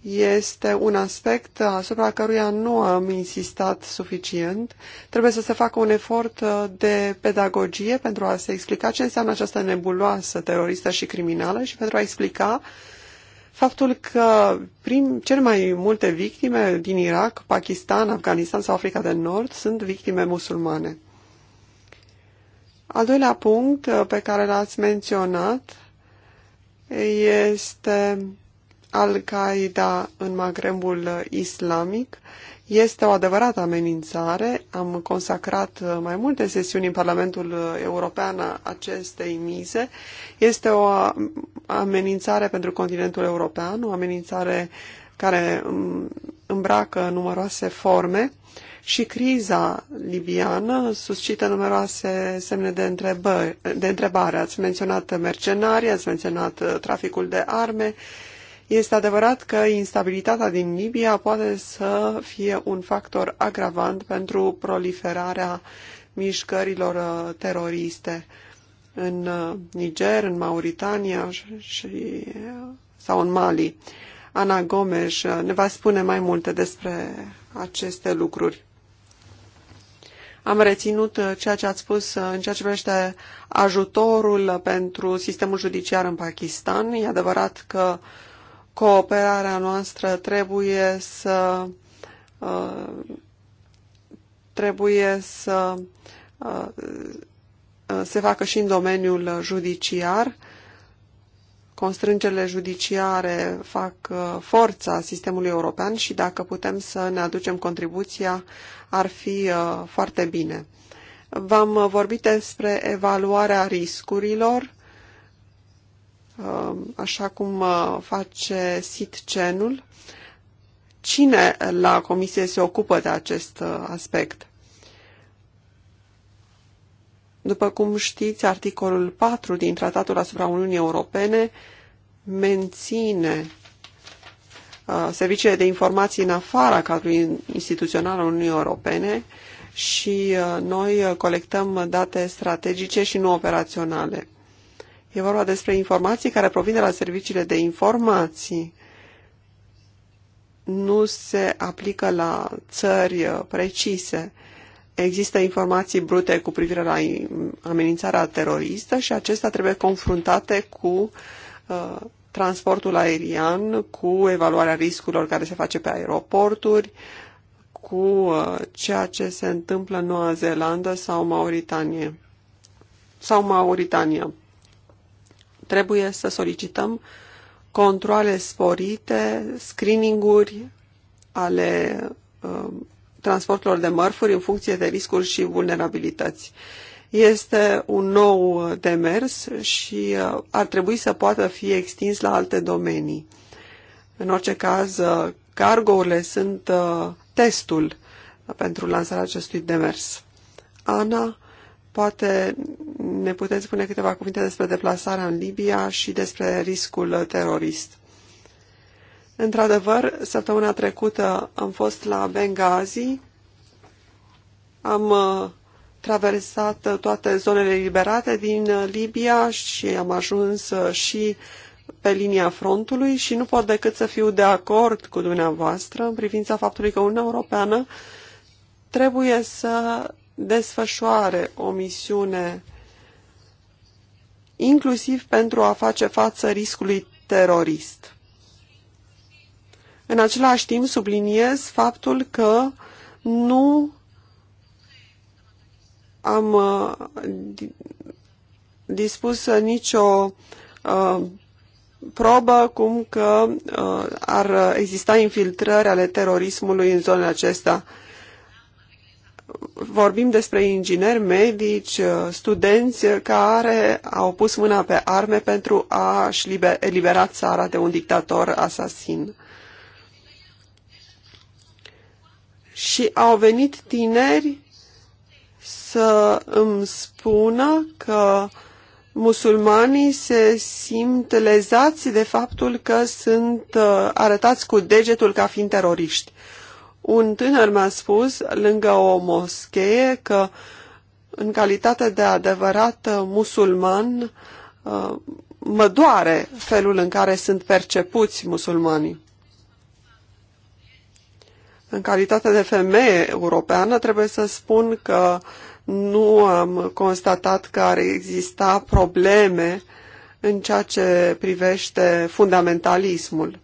este un aspect asupra căruia nu am insistat suficient. Trebuie să se facă un efort de pedagogie pentru a se explica ce înseamnă această nebuloasă teroristă și criminală și pentru a explica faptul că prin cele mai multe victime din Irak, Pakistan, Afganistan sau Africa de Nord sunt victime musulmane. Al doilea punct uh, pe care l-ați menționat este Al-Qaeda în Magrebul islamic. Este o adevărată amenințare. Am consacrat uh, mai multe sesiuni în Parlamentul uh, European acestei mize. Este o um, amenințare pentru continentul european, o amenințare care um, îmbracă numeroase forme și criza libiană suscită numeroase semne de, întrebări, de întrebare. Ați menționat mercenarii, ați menționat uh, traficul de arme, este adevărat că instabilitatea din Libia poate să fie un factor agravant pentru proliferarea mișcărilor uh, teroriste în uh, Niger, în Mauritania și, uh, sau în Mali. Ana Gomes ne va spune mai multe despre aceste lucruri. Am reținut ceea ce ați spus în ceea ce privește ajutorul pentru sistemul judiciar în Pakistan. E adevărat că uh, Cooperarea noastră trebuie să uh, trebuie să uh, uh, se facă și în domeniul judiciar. Constrângerile judiciare fac forța sistemului european și dacă putem să ne aducem contribuția, ar fi foarte bine. V-am vorbit despre evaluarea riscurilor Um, așa cum uh, face SIT-CENUL. Cine la comisie se ocupă de acest uh, aspect? După cum știți, articolul 4 din Tratatul asupra Uniunii Europene menține uh, serviciile de informații în afara cadrului instituțional al Uniunii Europene și noi colectăm date strategice și nu operaționale. E vorba despre informații care provin de la serviciile de informații. Nu se aplică la țări uh, precise. Există informații brute cu privire la amenințarea teroristă și acestea trebuie confruntate cu uh, transportul aerian, cu evaluarea riscurilor care se face pe aeroporturi, cu uh, ceea ce se întâmplă în Noua Zeelandă sau Mauritanie. Sau Mauritania trebuie să solicităm controle sporite, screeninguri ale uh, transporturilor de mărfuri în funcție de riscuri și vulnerabilități. Este un nou demers și uh, ar trebui să poată fi extins la alte domenii. În orice caz, uh, cargourile sunt uh, testul pentru lansarea acestui demers. Ana Poate ne puteți spune câteva cuvinte despre deplasarea în Libia și despre riscul terorist. Într-adevăr, săptămâna trecută am fost la Benghazi, am uh, traversat uh, toate zonele liberate din uh, Libia și am ajuns și pe linia frontului și nu pot decât să fiu de acord cu dumneavoastră în privința faptului că Uniunea Europeană trebuie să desfășoare o misiune inclusiv pentru a face față riscului terorist. În același timp subliniez faptul că nu am uh, dispus nicio uh, probă cum că uh, ar exista infiltrări ale terorismului în zonele acestea vorbim despre ingineri, medici, uh, studenți uh, care au pus mâna pe arme pentru a-și elibera țara de un dictator asasin. Și au venit tineri să îmi spună că musulmanii se simt lezați de faptul că sunt uh, arătați cu degetul ca fiind teroriști. Un tânăr mi-a spus lângă o moschee că în calitate de adevărat uh, musulman uh, mă doare felul în care sunt percepuți musulmanii. În calitate de femeie europeană trebuie să spun că nu am constatat că ar exista probleme în ceea ce privește fundamentalismul.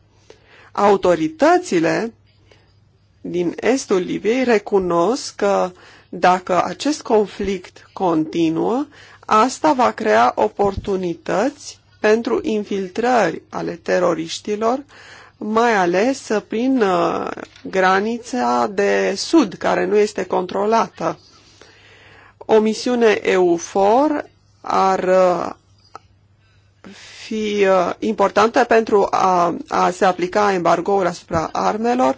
Autoritățile din estul Libiei recunosc că dacă acest conflict continuă, asta va crea oportunități pentru infiltrări ale teroriștilor, mai ales prin uh, granița de sud, care nu este controlată. O misiune EUFOR ar uh, fi uh, importantă pentru a, a se aplica embargoul asupra armelor,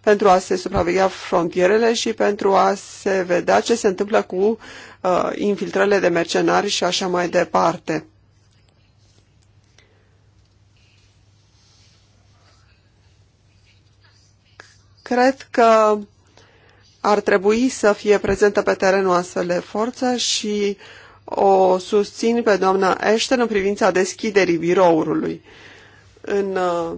pentru a se supraveghea frontierele și pentru a se vedea ce se întâmplă cu uh, infiltrările de mercenari și așa mai departe. Cred că ar trebui să fie prezentă pe terenul astfel de forță și o susțin pe doamna Ashton în privința deschiderii biroului. În uh,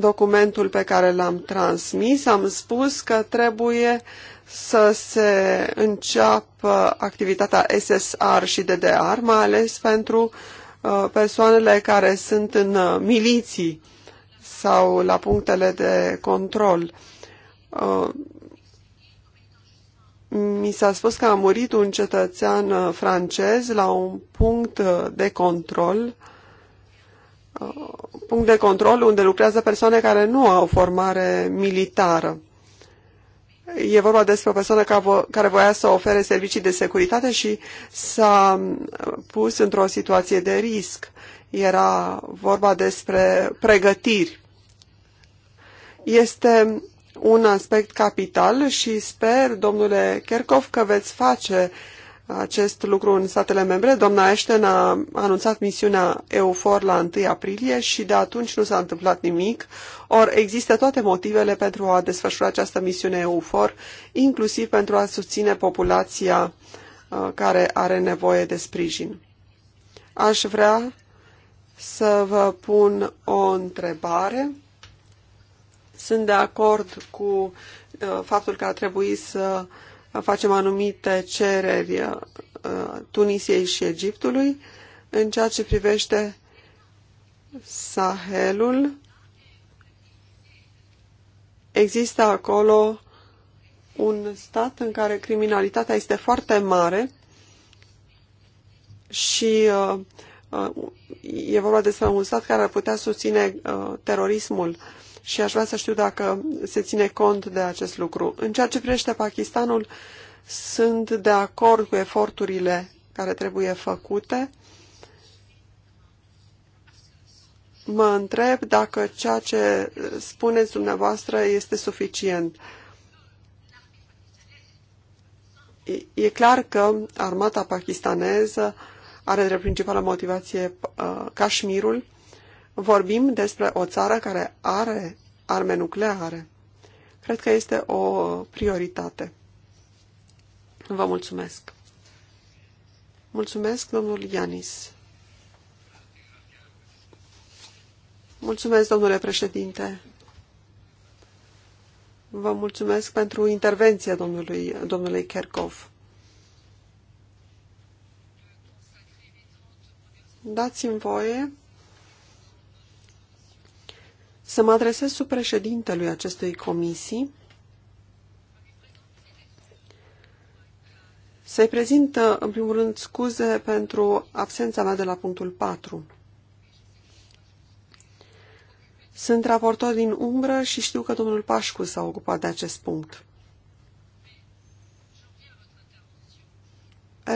documentul pe care l-am transmis, am spus că trebuie să se înceapă activitatea SSR și DDR, mai ales pentru uh, persoanele care sunt în uh, miliții sau la punctele de control. Uh, mi s-a spus că a murit un cetățean francez la un punct de control uh, Uh, punct de control unde lucrează persoane care nu au formare militară. E vorba despre o persoană care voia să ofere servicii de securitate și s-a pus într-o situație de risc. Era vorba despre pregătiri. Este un aspect capital și sper, domnule Kerkov, că veți face uh, acest lucru în statele membre. Doamna Ashton a anunțat misiunea EUFOR la 1 aprilie și de atunci nu s-a întâmplat nimic. Or există toate motivele pentru a desfășura această misiune EUFOR, inclusiv pentru a susține populația uh, care are nevoie de sprijin. Aș vrea să vă pun o întrebare. Sunt de acord cu uh, faptul că a trebuit să uh, facem anumite cereri uh, Tunisiei și Egiptului. În ceea ce privește Sahelul, există acolo un stat în care criminalitatea este foarte mare și uh, uh e vorba despre un stat care ar putea susține uh, terorismul și aș vrea să știu dacă se ține cont de acest lucru. În ceea ce privește Pakistanul, sunt de acord cu eforturile care trebuie făcute. Mă întreb dacă ceea ce spuneți dumneavoastră este suficient. E clar că armata pakistaneză are drept principală motivație uh, vorbim despre o țară care are arme nucleare. Cred că este o prioritate. Vă mulțumesc. Mulțumesc, domnul Ianis. Mulțumesc, domnule președinte. Vă mulțumesc pentru intervenția domnului, domnului Kerkov. Dați-mi voie să mă adresez sub președintelui acestui comisii să-i prezint, uh, în primul rând, scuze pentru absența mea de la punctul 4. Sunt raportor din umbră și știu că domnul Pașcu s-a ocupat de acest punct.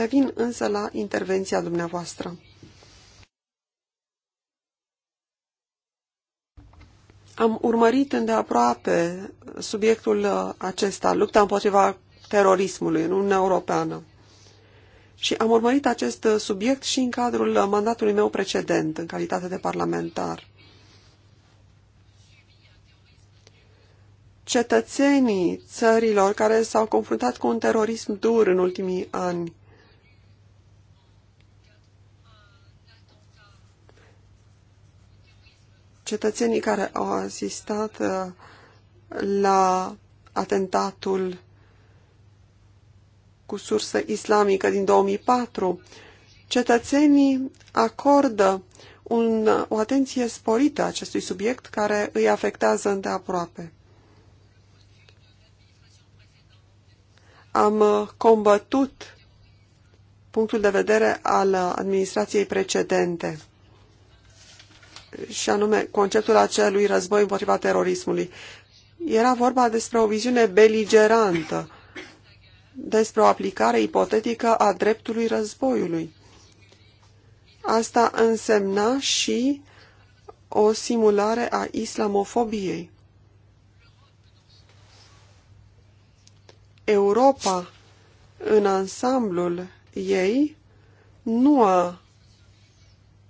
Vin însă la intervenția dumneavoastră. Am urmărit îndeaproape subiectul uh, acesta, lupta împotriva terorismului în Uniunea Europeană. Și am urmărit acest uh, subiect și în cadrul uh, mandatului meu precedent, în calitate de parlamentar. Cetățenii țărilor care s-au confruntat cu un terorism dur în ultimii ani cetățenii care au asistat uh, la atentatul cu sursă islamică din 2004, cetățenii acordă un, o atenție sporită acestui subiect care îi afectează îndeaproape. Am combătut punctul de vedere al administrației precedente și anume conceptul acelui război împotriva terorismului. Era vorba despre o viziune beligerantă, despre o aplicare ipotetică a dreptului războiului. Asta însemna și o simulare a islamofobiei. Europa, în ansamblul ei, nu a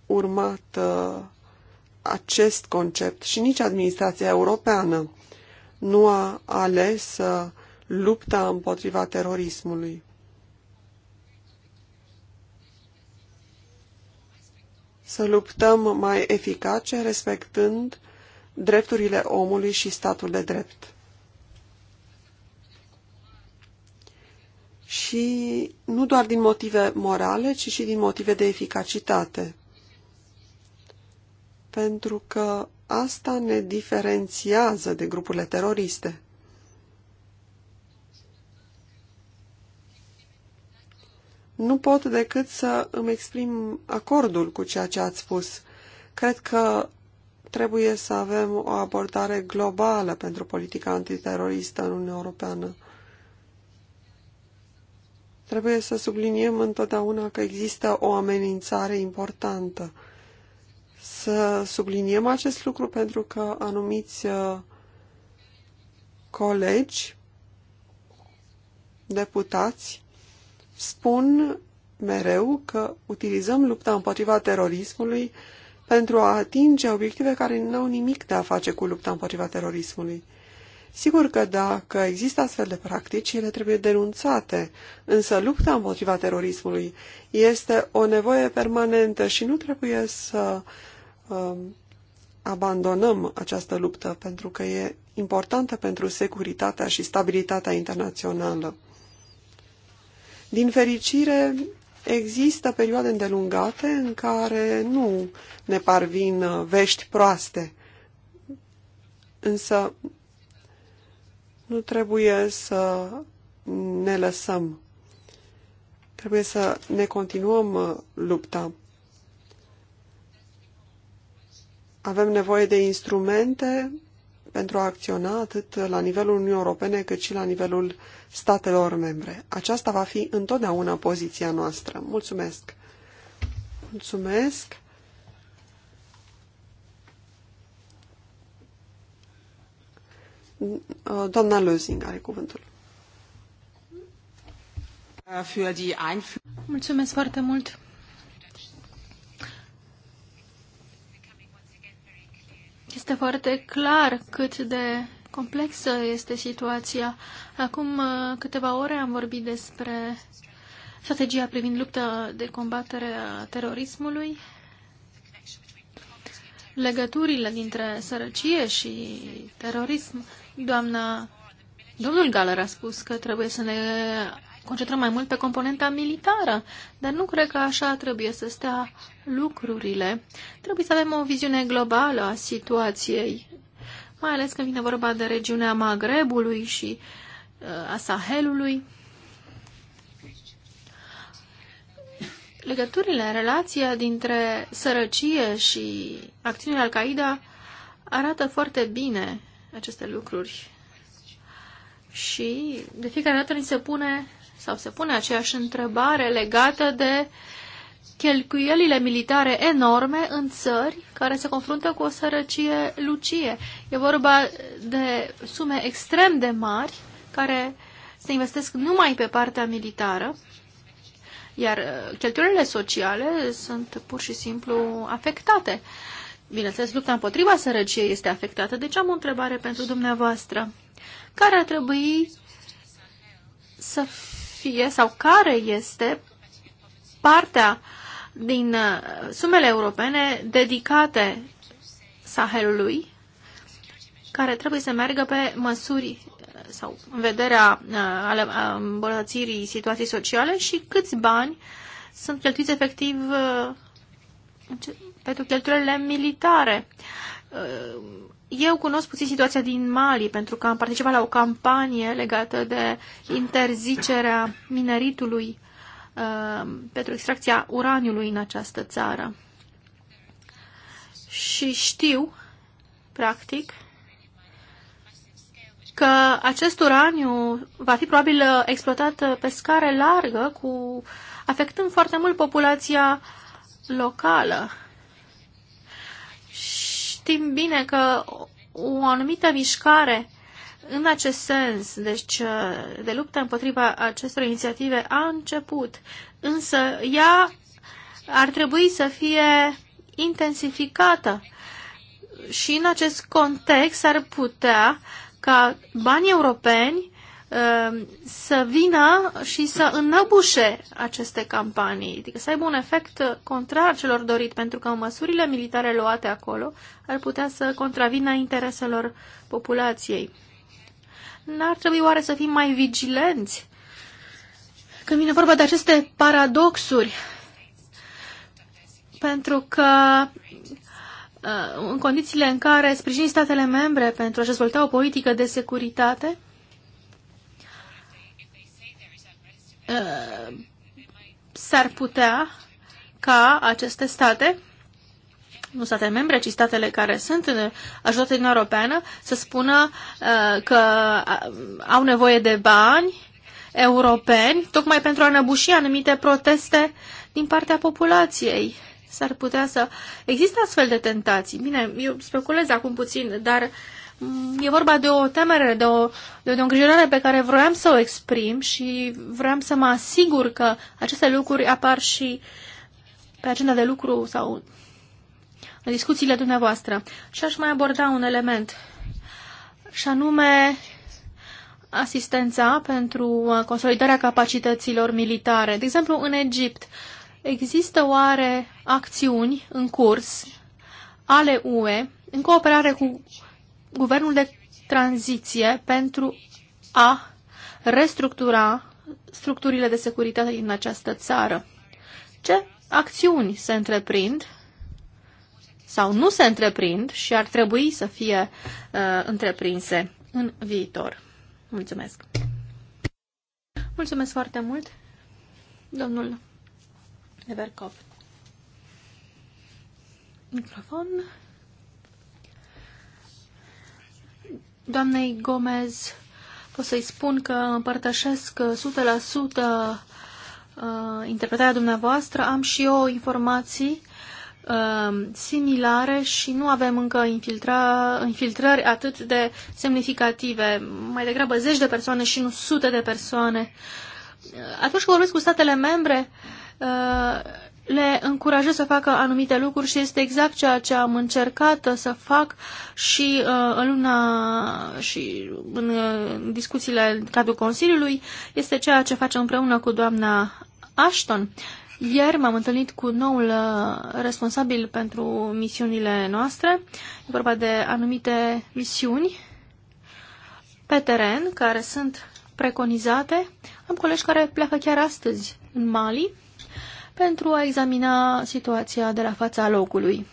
urmat uh, acest concept și nici administrația europeană nu a ales lupta împotriva terorismului. Să luptăm mai eficace respectând drepturile omului și statul de drept. Și nu doar din motive morale, ci și din motive de eficacitate pentru că asta ne diferențiază de grupurile teroriste. Nu pot decât să îmi exprim acordul cu ceea ce ați spus. Cred că trebuie să avem o abordare globală pentru politica antiteroristă în Uniunea Europeană. Trebuie să subliniem întotdeauna că există o amenințare importantă să subliniem acest lucru pentru că anumiți uh, colegi deputați spun mereu că utilizăm lupta împotriva terorismului pentru a atinge obiective care nu au nimic de a face cu lupta împotriva terorismului. Sigur că dacă există astfel de practici, ele trebuie denunțate, însă lupta împotriva terorismului este o nevoie permanentă și nu trebuie să Um, abandonăm această luptă, pentru că e importantă pentru securitatea și stabilitatea internațională. Din fericire, există perioade îndelungate în care nu ne parvin uh, vești proaste, însă nu trebuie să ne lăsăm. Trebuie să ne continuăm uh, lupta. Avem nevoie de instrumente pentru a acționa atât la nivelul Uniunii Europene cât și la nivelul statelor membre. Aceasta va fi întotdeauna poziția noastră. Mulțumesc! Mulțumesc! Doamna Lösing are cuvântul.
Mulțumesc foarte mult Este foarte clar cât de complexă este situația. Acum uh, câteva ore am vorbit despre strategia privind lupta de combatere a terorismului, legăturile dintre sărăcie și terorism. Doamna, domnul Galer a spus că trebuie să ne concentrăm mai mult pe componenta militară, dar nu cred că așa trebuie să stea lucrurile. Trebuie să avem o viziune globală a situației, mai ales când vine vorba de regiunea Magrebului și uh, a Sahelului. Legăturile, relația dintre sărăcie și acțiunile Al-Qaeda arată foarte bine aceste lucruri. Și de fiecare dată ni se pune sau se pune aceeași întrebare legată de cheltuielile militare enorme în țări care se confruntă cu o sărăcie lucie. E vorba de sume extrem de mari care se investesc numai pe partea militară, iar uh, cheltuielile sociale sunt pur și simplu afectate. Bineînțeles, lupta împotriva sărăciei este afectată. Deci am o întrebare pentru dumneavoastră. Care ar trebui să fie sau care este partea din uh, sumele europene dedicate Sahelului, care trebuie să meargă pe măsuri uh, sau în vederea uh, îmbunătățirii situației sociale și câți bani sunt cheltuiți efectiv pentru cheltuielile militare. Uh, eu cunosc puțin situația din Mali, pentru că am participat la o campanie legată de interzicerea mineritului uh, pentru extracția uraniului în această țară. Și știu, practic, că acest uraniu va fi probabil exploatat pe scară largă, cu, afectând foarte mult populația locală știm bine că o anumită mișcare în acest sens, deci uh, de luptă împotriva acestor inițiative, a început, însă ea ar trebui să fie intensificată și în acest context ar putea ca banii europeni Um, să vină și să înăbușe aceste campanii, adică să aibă un efect contrar celor dorit, pentru că măsurile militare luate acolo ar putea să contravină intereselor populației. N-ar trebui oare să fim mai vigilenți când vine vorba de aceste paradoxuri? Pentru că uh, în condițiile în care sprijini statele membre pentru a dezvolta o politică de securitate, Uh, s-ar putea ca aceste state, nu state membre, ci statele care sunt în ajutate din Europeană, să spună uh, că uh, au nevoie de bani europeni, tocmai pentru a năbuși anumite proteste din partea populației. S-ar putea să... Există astfel de tentații. Bine, eu speculez acum puțin, dar E vorba de o temere, de o, de o îngrijorare pe care vroiam să o exprim și vroiam să mă asigur că aceste lucruri apar și pe agenda de lucru sau în discuțiile dumneavoastră. Și aș mai aborda un element, și anume asistența pentru consolidarea capacităților militare. De exemplu, în Egipt există oare acțiuni în curs ale UE în cooperare cu guvernul de tranziție pentru a restructura structurile de securitate din această țară. Ce acțiuni se întreprind sau nu se întreprind și ar trebui să fie uh, întreprinse în viitor? Mulțumesc! Mulțumesc foarte mult, domnul Everkov. Microfon. Doamnei Gomez, pot să-i spun că împărtășesc 100% uh, interpretarea dumneavoastră. Am și eu informații uh, similare și nu avem încă infiltra, infiltrări atât de semnificative, mai degrabă zeci de persoane și nu sute de persoane. Uh, atunci când vorbesc cu statele membre, le încurajă să facă anumite lucruri și este exact ceea ce am încercat să fac și uh, în luna și în uh, discuțiile în cadrul Consiliului este ceea ce facem împreună cu doamna Ashton. Ieri m-am întâlnit cu noul uh, responsabil pentru misiunile noastre. E vorba de anumite misiuni pe teren care sunt preconizate. Am colegi care pleacă chiar astăzi în Mali pentru a examina situația de la fața locului.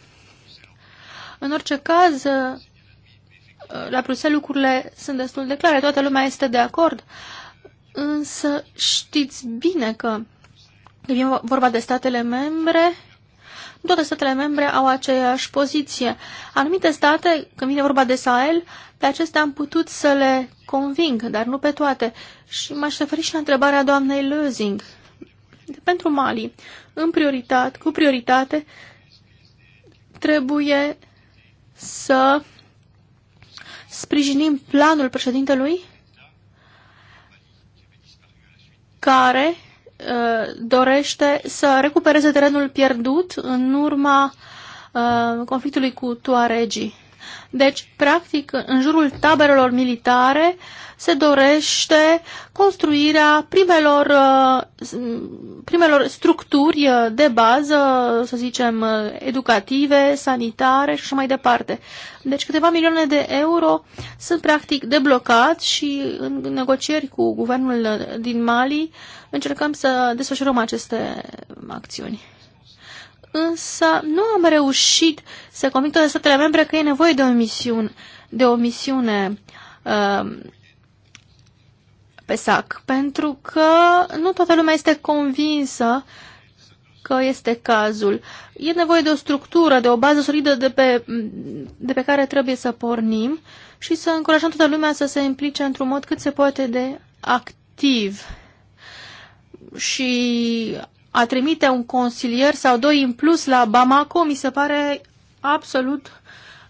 În orice caz, la Bruxelles lucrurile sunt destul de clare, toată lumea este de acord, însă știți bine că e vorba de statele membre, toate statele membre au aceeași poziție. Anumite state, când vine vorba de Sahel, pe acestea am putut să le conving, dar nu pe toate. Și m-aș referi și la întrebarea doamnei Lösing pentru Mali, în prioritate, cu prioritate, trebuie să sprijinim planul președintelui care uh, dorește să recupereze terenul pierdut în urma uh, conflictului cu Tuaregii. Deci, practic, în jurul taberelor militare se dorește construirea primelor, uh, primelor structuri uh, de bază, să zicem, uh, educative, sanitare și așa mai departe. Deci câteva milioane de euro sunt practic deblocați și în negocieri cu guvernul din Mali încercăm să desfășurăm aceste acțiuni însă nu am reușit să convinc toate statele membre că e nevoie de o misiune, de o misiune uh, pe sac, pentru că nu toată lumea este convinsă că este cazul. E nevoie de o structură, de o bază solidă de pe, de pe care trebuie să pornim și să încurajăm toată lumea să se implice într-un mod cât se poate de activ. Și a trimite un consilier sau doi în plus la Bamako mi se pare absolut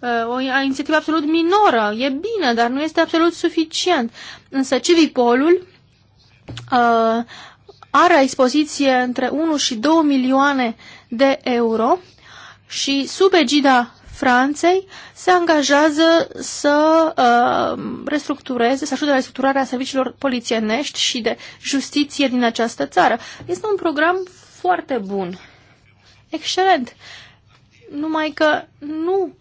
uh, o inițiativă absolut minoră. E bine, dar nu este absolut suficient. Însă Civipolul uh, are la expoziție între 1 și 2 milioane de euro și sub egida Franței se angajează să uh, restructureze, să ajute la restructurarea serviciilor polițienești și de justiție din această țară. Este un program foarte bun, excelent, numai că nu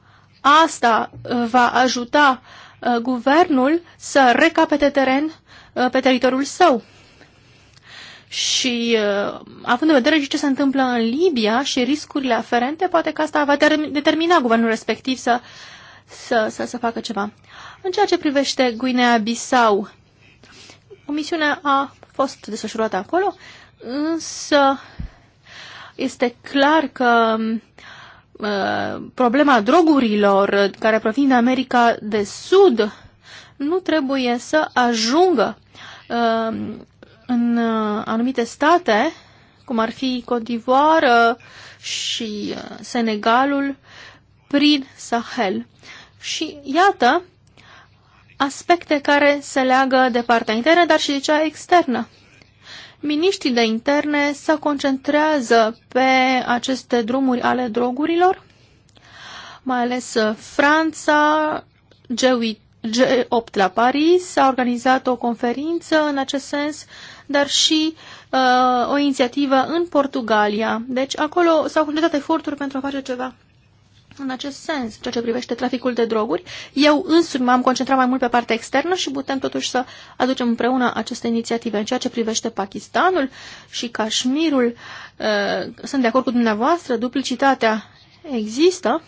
asta va ajuta uh, guvernul să recapete teren uh, pe teritoriul său. Și uh, având în vedere și ce se întâmplă în Libia și riscurile aferente, poate că asta va determina guvernul respectiv să, să, să, să facă ceva. În ceea ce privește Guinea-Bissau, o misiune a fost desfășurată acolo, însă este clar că um, uh, problema drogurilor care provin din America de Sud nu trebuie să ajungă um, în uh, anumite state, cum ar fi Cotivoară uh, și uh, Senegalul, prin Sahel. Și iată aspecte care se leagă de partea internă, dar și de cea externă. Miniștrii de interne se concentrează pe aceste drumuri ale drogurilor, mai ales Franța, G8 la Paris, a organizat o conferință în acest sens, dar și uh, o inițiativă în Portugalia. Deci acolo s-au completat eforturi pentru a face ceva în acest sens, ceea ce privește traficul de droguri. Eu însumi m-am concentrat mai mult pe partea externă și putem totuși să aducem împreună aceste inițiative. În ceea ce privește Pakistanul și Cașmirul, uh, sunt de acord cu dumneavoastră, duplicitatea există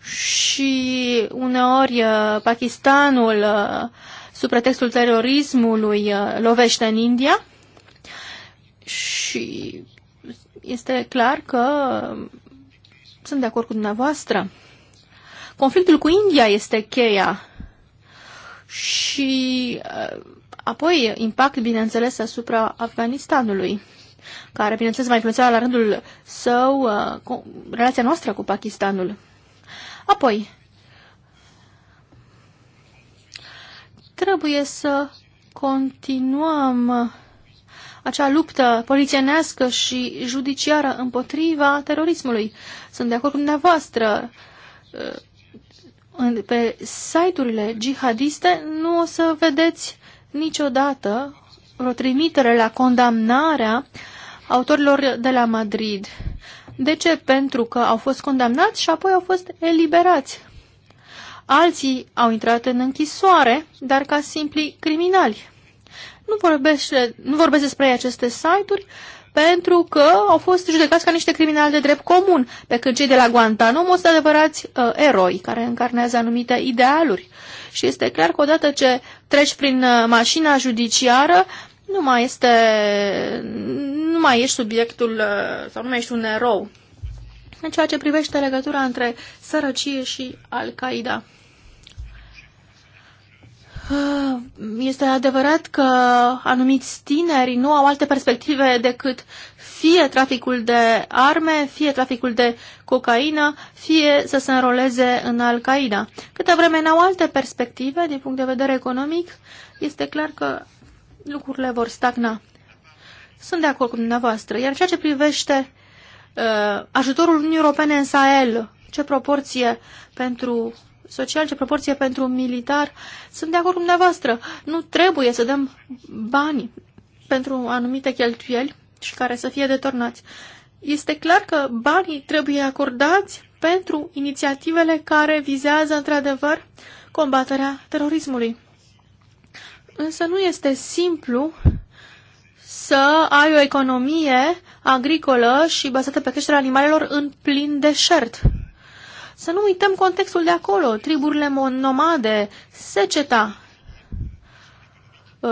și uneori uh, Pakistanul uh, sub pretextul terorismului uh, lovește în India și este clar că sunt de acord cu dumneavoastră. Conflictul cu India este cheia și uh, apoi impact, bineînțeles, asupra Afganistanului, care, bineînțeles, va influența la rândul său uh, relația noastră cu Pakistanul. Apoi, Trebuie să continuăm acea luptă polițienească și judiciară împotriva terorismului. Sunt de acord cu dumneavoastră. Uh, pe site-urile jihadiste nu o să vedeți niciodată o trimitere la condamnarea autorilor de la Madrid. De ce? Pentru că au fost condamnați și apoi au fost eliberați. Alții au intrat în închisoare, dar ca simpli criminali. Nu vorbesc, nu vorbesc despre aceste site-uri pentru că au fost judecați ca niște criminali de drept comun, pe când cei de la Guantanamo sunt adevărați uh, eroi care încarnează anumite idealuri. Și este clar că odată ce treci prin uh, mașina judiciară, nu mai este, nu mai ești subiectul uh, sau nu mai ești un erou în ceea ce privește legătura între sărăcie și Al-Qaeda. Ah, este adevărat că anumiți tineri nu au alte perspective decât fie traficul de arme, fie traficul de cocaină, fie să se înroleze în Al-Qaeda. Câte vreme n-au alte perspective din punct de vedere economic, este clar că lucrurile vor stagna. Sunt de acord cu dumneavoastră. Iar ceea ce privește uh, ajutorul Uniunii Europene în Sahel, ce proporție pentru social, ce proporție pentru militar. Sunt de acord cu dumneavoastră. Nu trebuie să dăm bani pentru anumite cheltuieli și care să fie detornați. Este clar că banii trebuie acordați pentru inițiativele care vizează într-adevăr combaterea terorismului. Însă nu este simplu să ai o economie agricolă și bazată pe creșterea animalelor în plin deșert. Să nu uităm contextul de acolo, triburile nomade, seceta. Uh,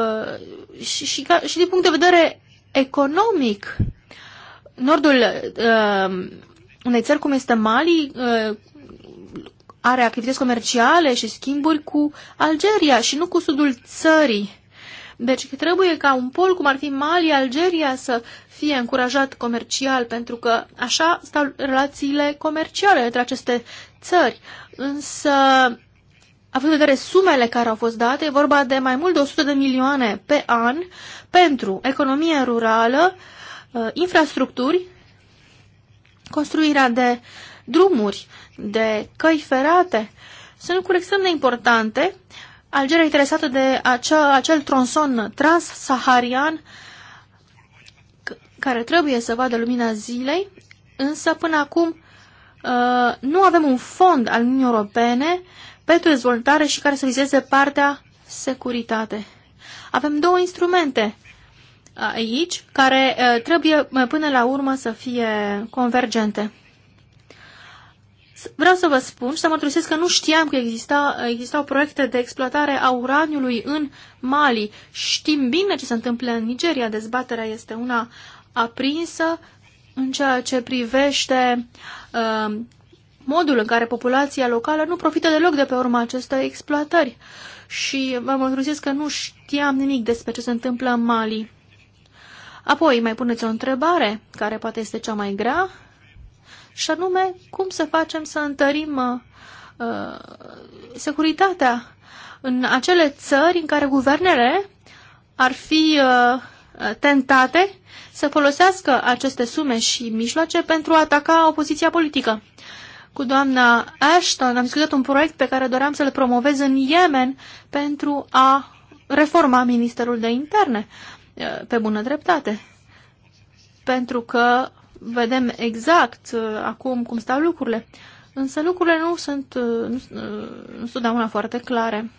și, și, și din punct de vedere economic, nordul uh, unei țări cum este Mali uh, are activități comerciale și schimburi cu Algeria și nu cu sudul țării. Deci trebuie ca un pol cum ar fi Mali, Algeria să fie încurajat comercial, pentru că așa stau relațiile comerciale între aceste țări. Însă, având în vedere sumele care au fost date, e vorba de mai mult de 100 de milioane pe an pentru economie rurală, uh, infrastructuri, construirea de drumuri, de căi ferate, sunt lucruri extrem de importante Algeria interesată de acea, acel tronson transsaharian care trebuie să vadă lumina zilei, însă până acum uh, nu avem un fond al Uniunii Europene pentru dezvoltare și care să vizeze partea securitate. Avem două instrumente aici care uh, trebuie uh, până la urmă să fie convergente. Vreau să vă spun și să mărturisesc că nu știam că exista, existau proiecte de exploatare a uraniului în Mali. Știm bine ce se întâmplă în Nigeria. Dezbaterea este una aprinsă în ceea ce privește uh, modul în care populația locală nu profită deloc de pe urma acestei exploatări. Și vă mărturisesc că nu știam nimic despre ce se întâmplă în Mali. Apoi mai puneți o întrebare, care poate este cea mai grea, și anume cum să facem să întărim uh, securitatea în acele țări în care guvernele ar fi uh, tentate să folosească aceste sume și mijloace pentru a ataca opoziția politică. Cu doamna Ashton am discutat un proiect pe care doream să-l promovez în Yemen pentru a reforma Ministerul de Interne, uh, pe bună dreptate. Pentru că vedem exact uh, acum cum stau lucrurile. Însă lucrurile nu sunt uh, uh, nu sunt una foarte clare.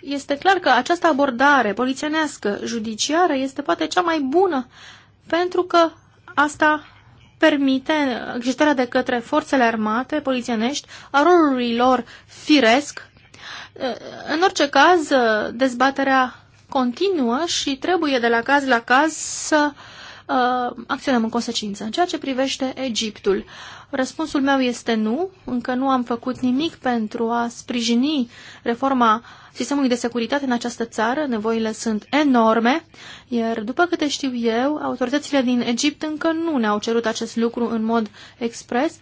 Este clar că această abordare polițienească, judiciară, este poate cea mai bună, pentru că asta permite existarea de către forțele armate polițienești a rolului lor firesc. În orice caz, dezbaterea continuă și trebuie de la caz la caz să uh, uh, acționăm în consecință. În ceea ce privește Egiptul, răspunsul meu este nu, încă nu am făcut nimic pentru a sprijini reforma sistemului de securitate în această țară, nevoile sunt enorme, iar după câte știu eu, autoritățile din Egipt încă nu ne-au cerut acest lucru în mod expres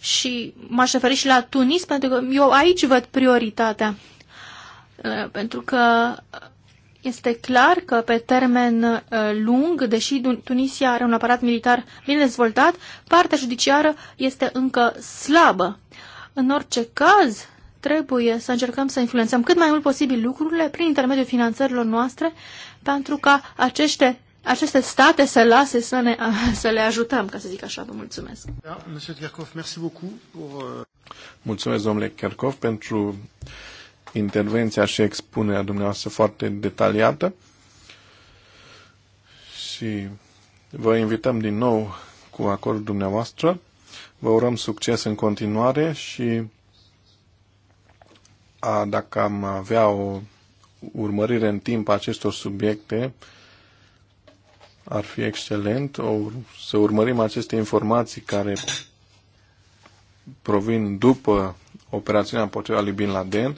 și m-aș referi și la Tunis, pentru că eu aici văd prioritatea, uh, pentru că este clar că pe termen uh, lung, deși Tunisia are un aparat militar bine dezvoltat, partea judiciară este încă slabă. În orice caz, trebuie să încercăm să influențăm cât mai mult posibil lucrurile prin intermediul finanțărilor noastre pentru ca aceste, aceste state să lase să, ne, să le ajutăm, ca să zic așa. Vă mulțumesc. Da,
Mulțumesc, domnule Kerkov, pentru intervenția și expunerea dumneavoastră foarte detaliată și vă invităm din nou cu acordul dumneavoastră. Vă urăm succes în continuare și a, dacă am avea o urmărire în timp a acestor subiecte, ar fi excelent o, să urmărim aceste informații care provin după operațiunea împotriva lui Bin Laden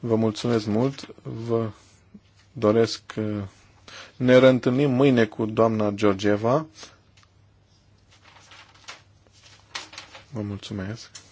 Vă mulțumesc mult. Vă doresc. Uh, ne reîntâlnim mâine cu doamna Georgieva. Vă mulțumesc.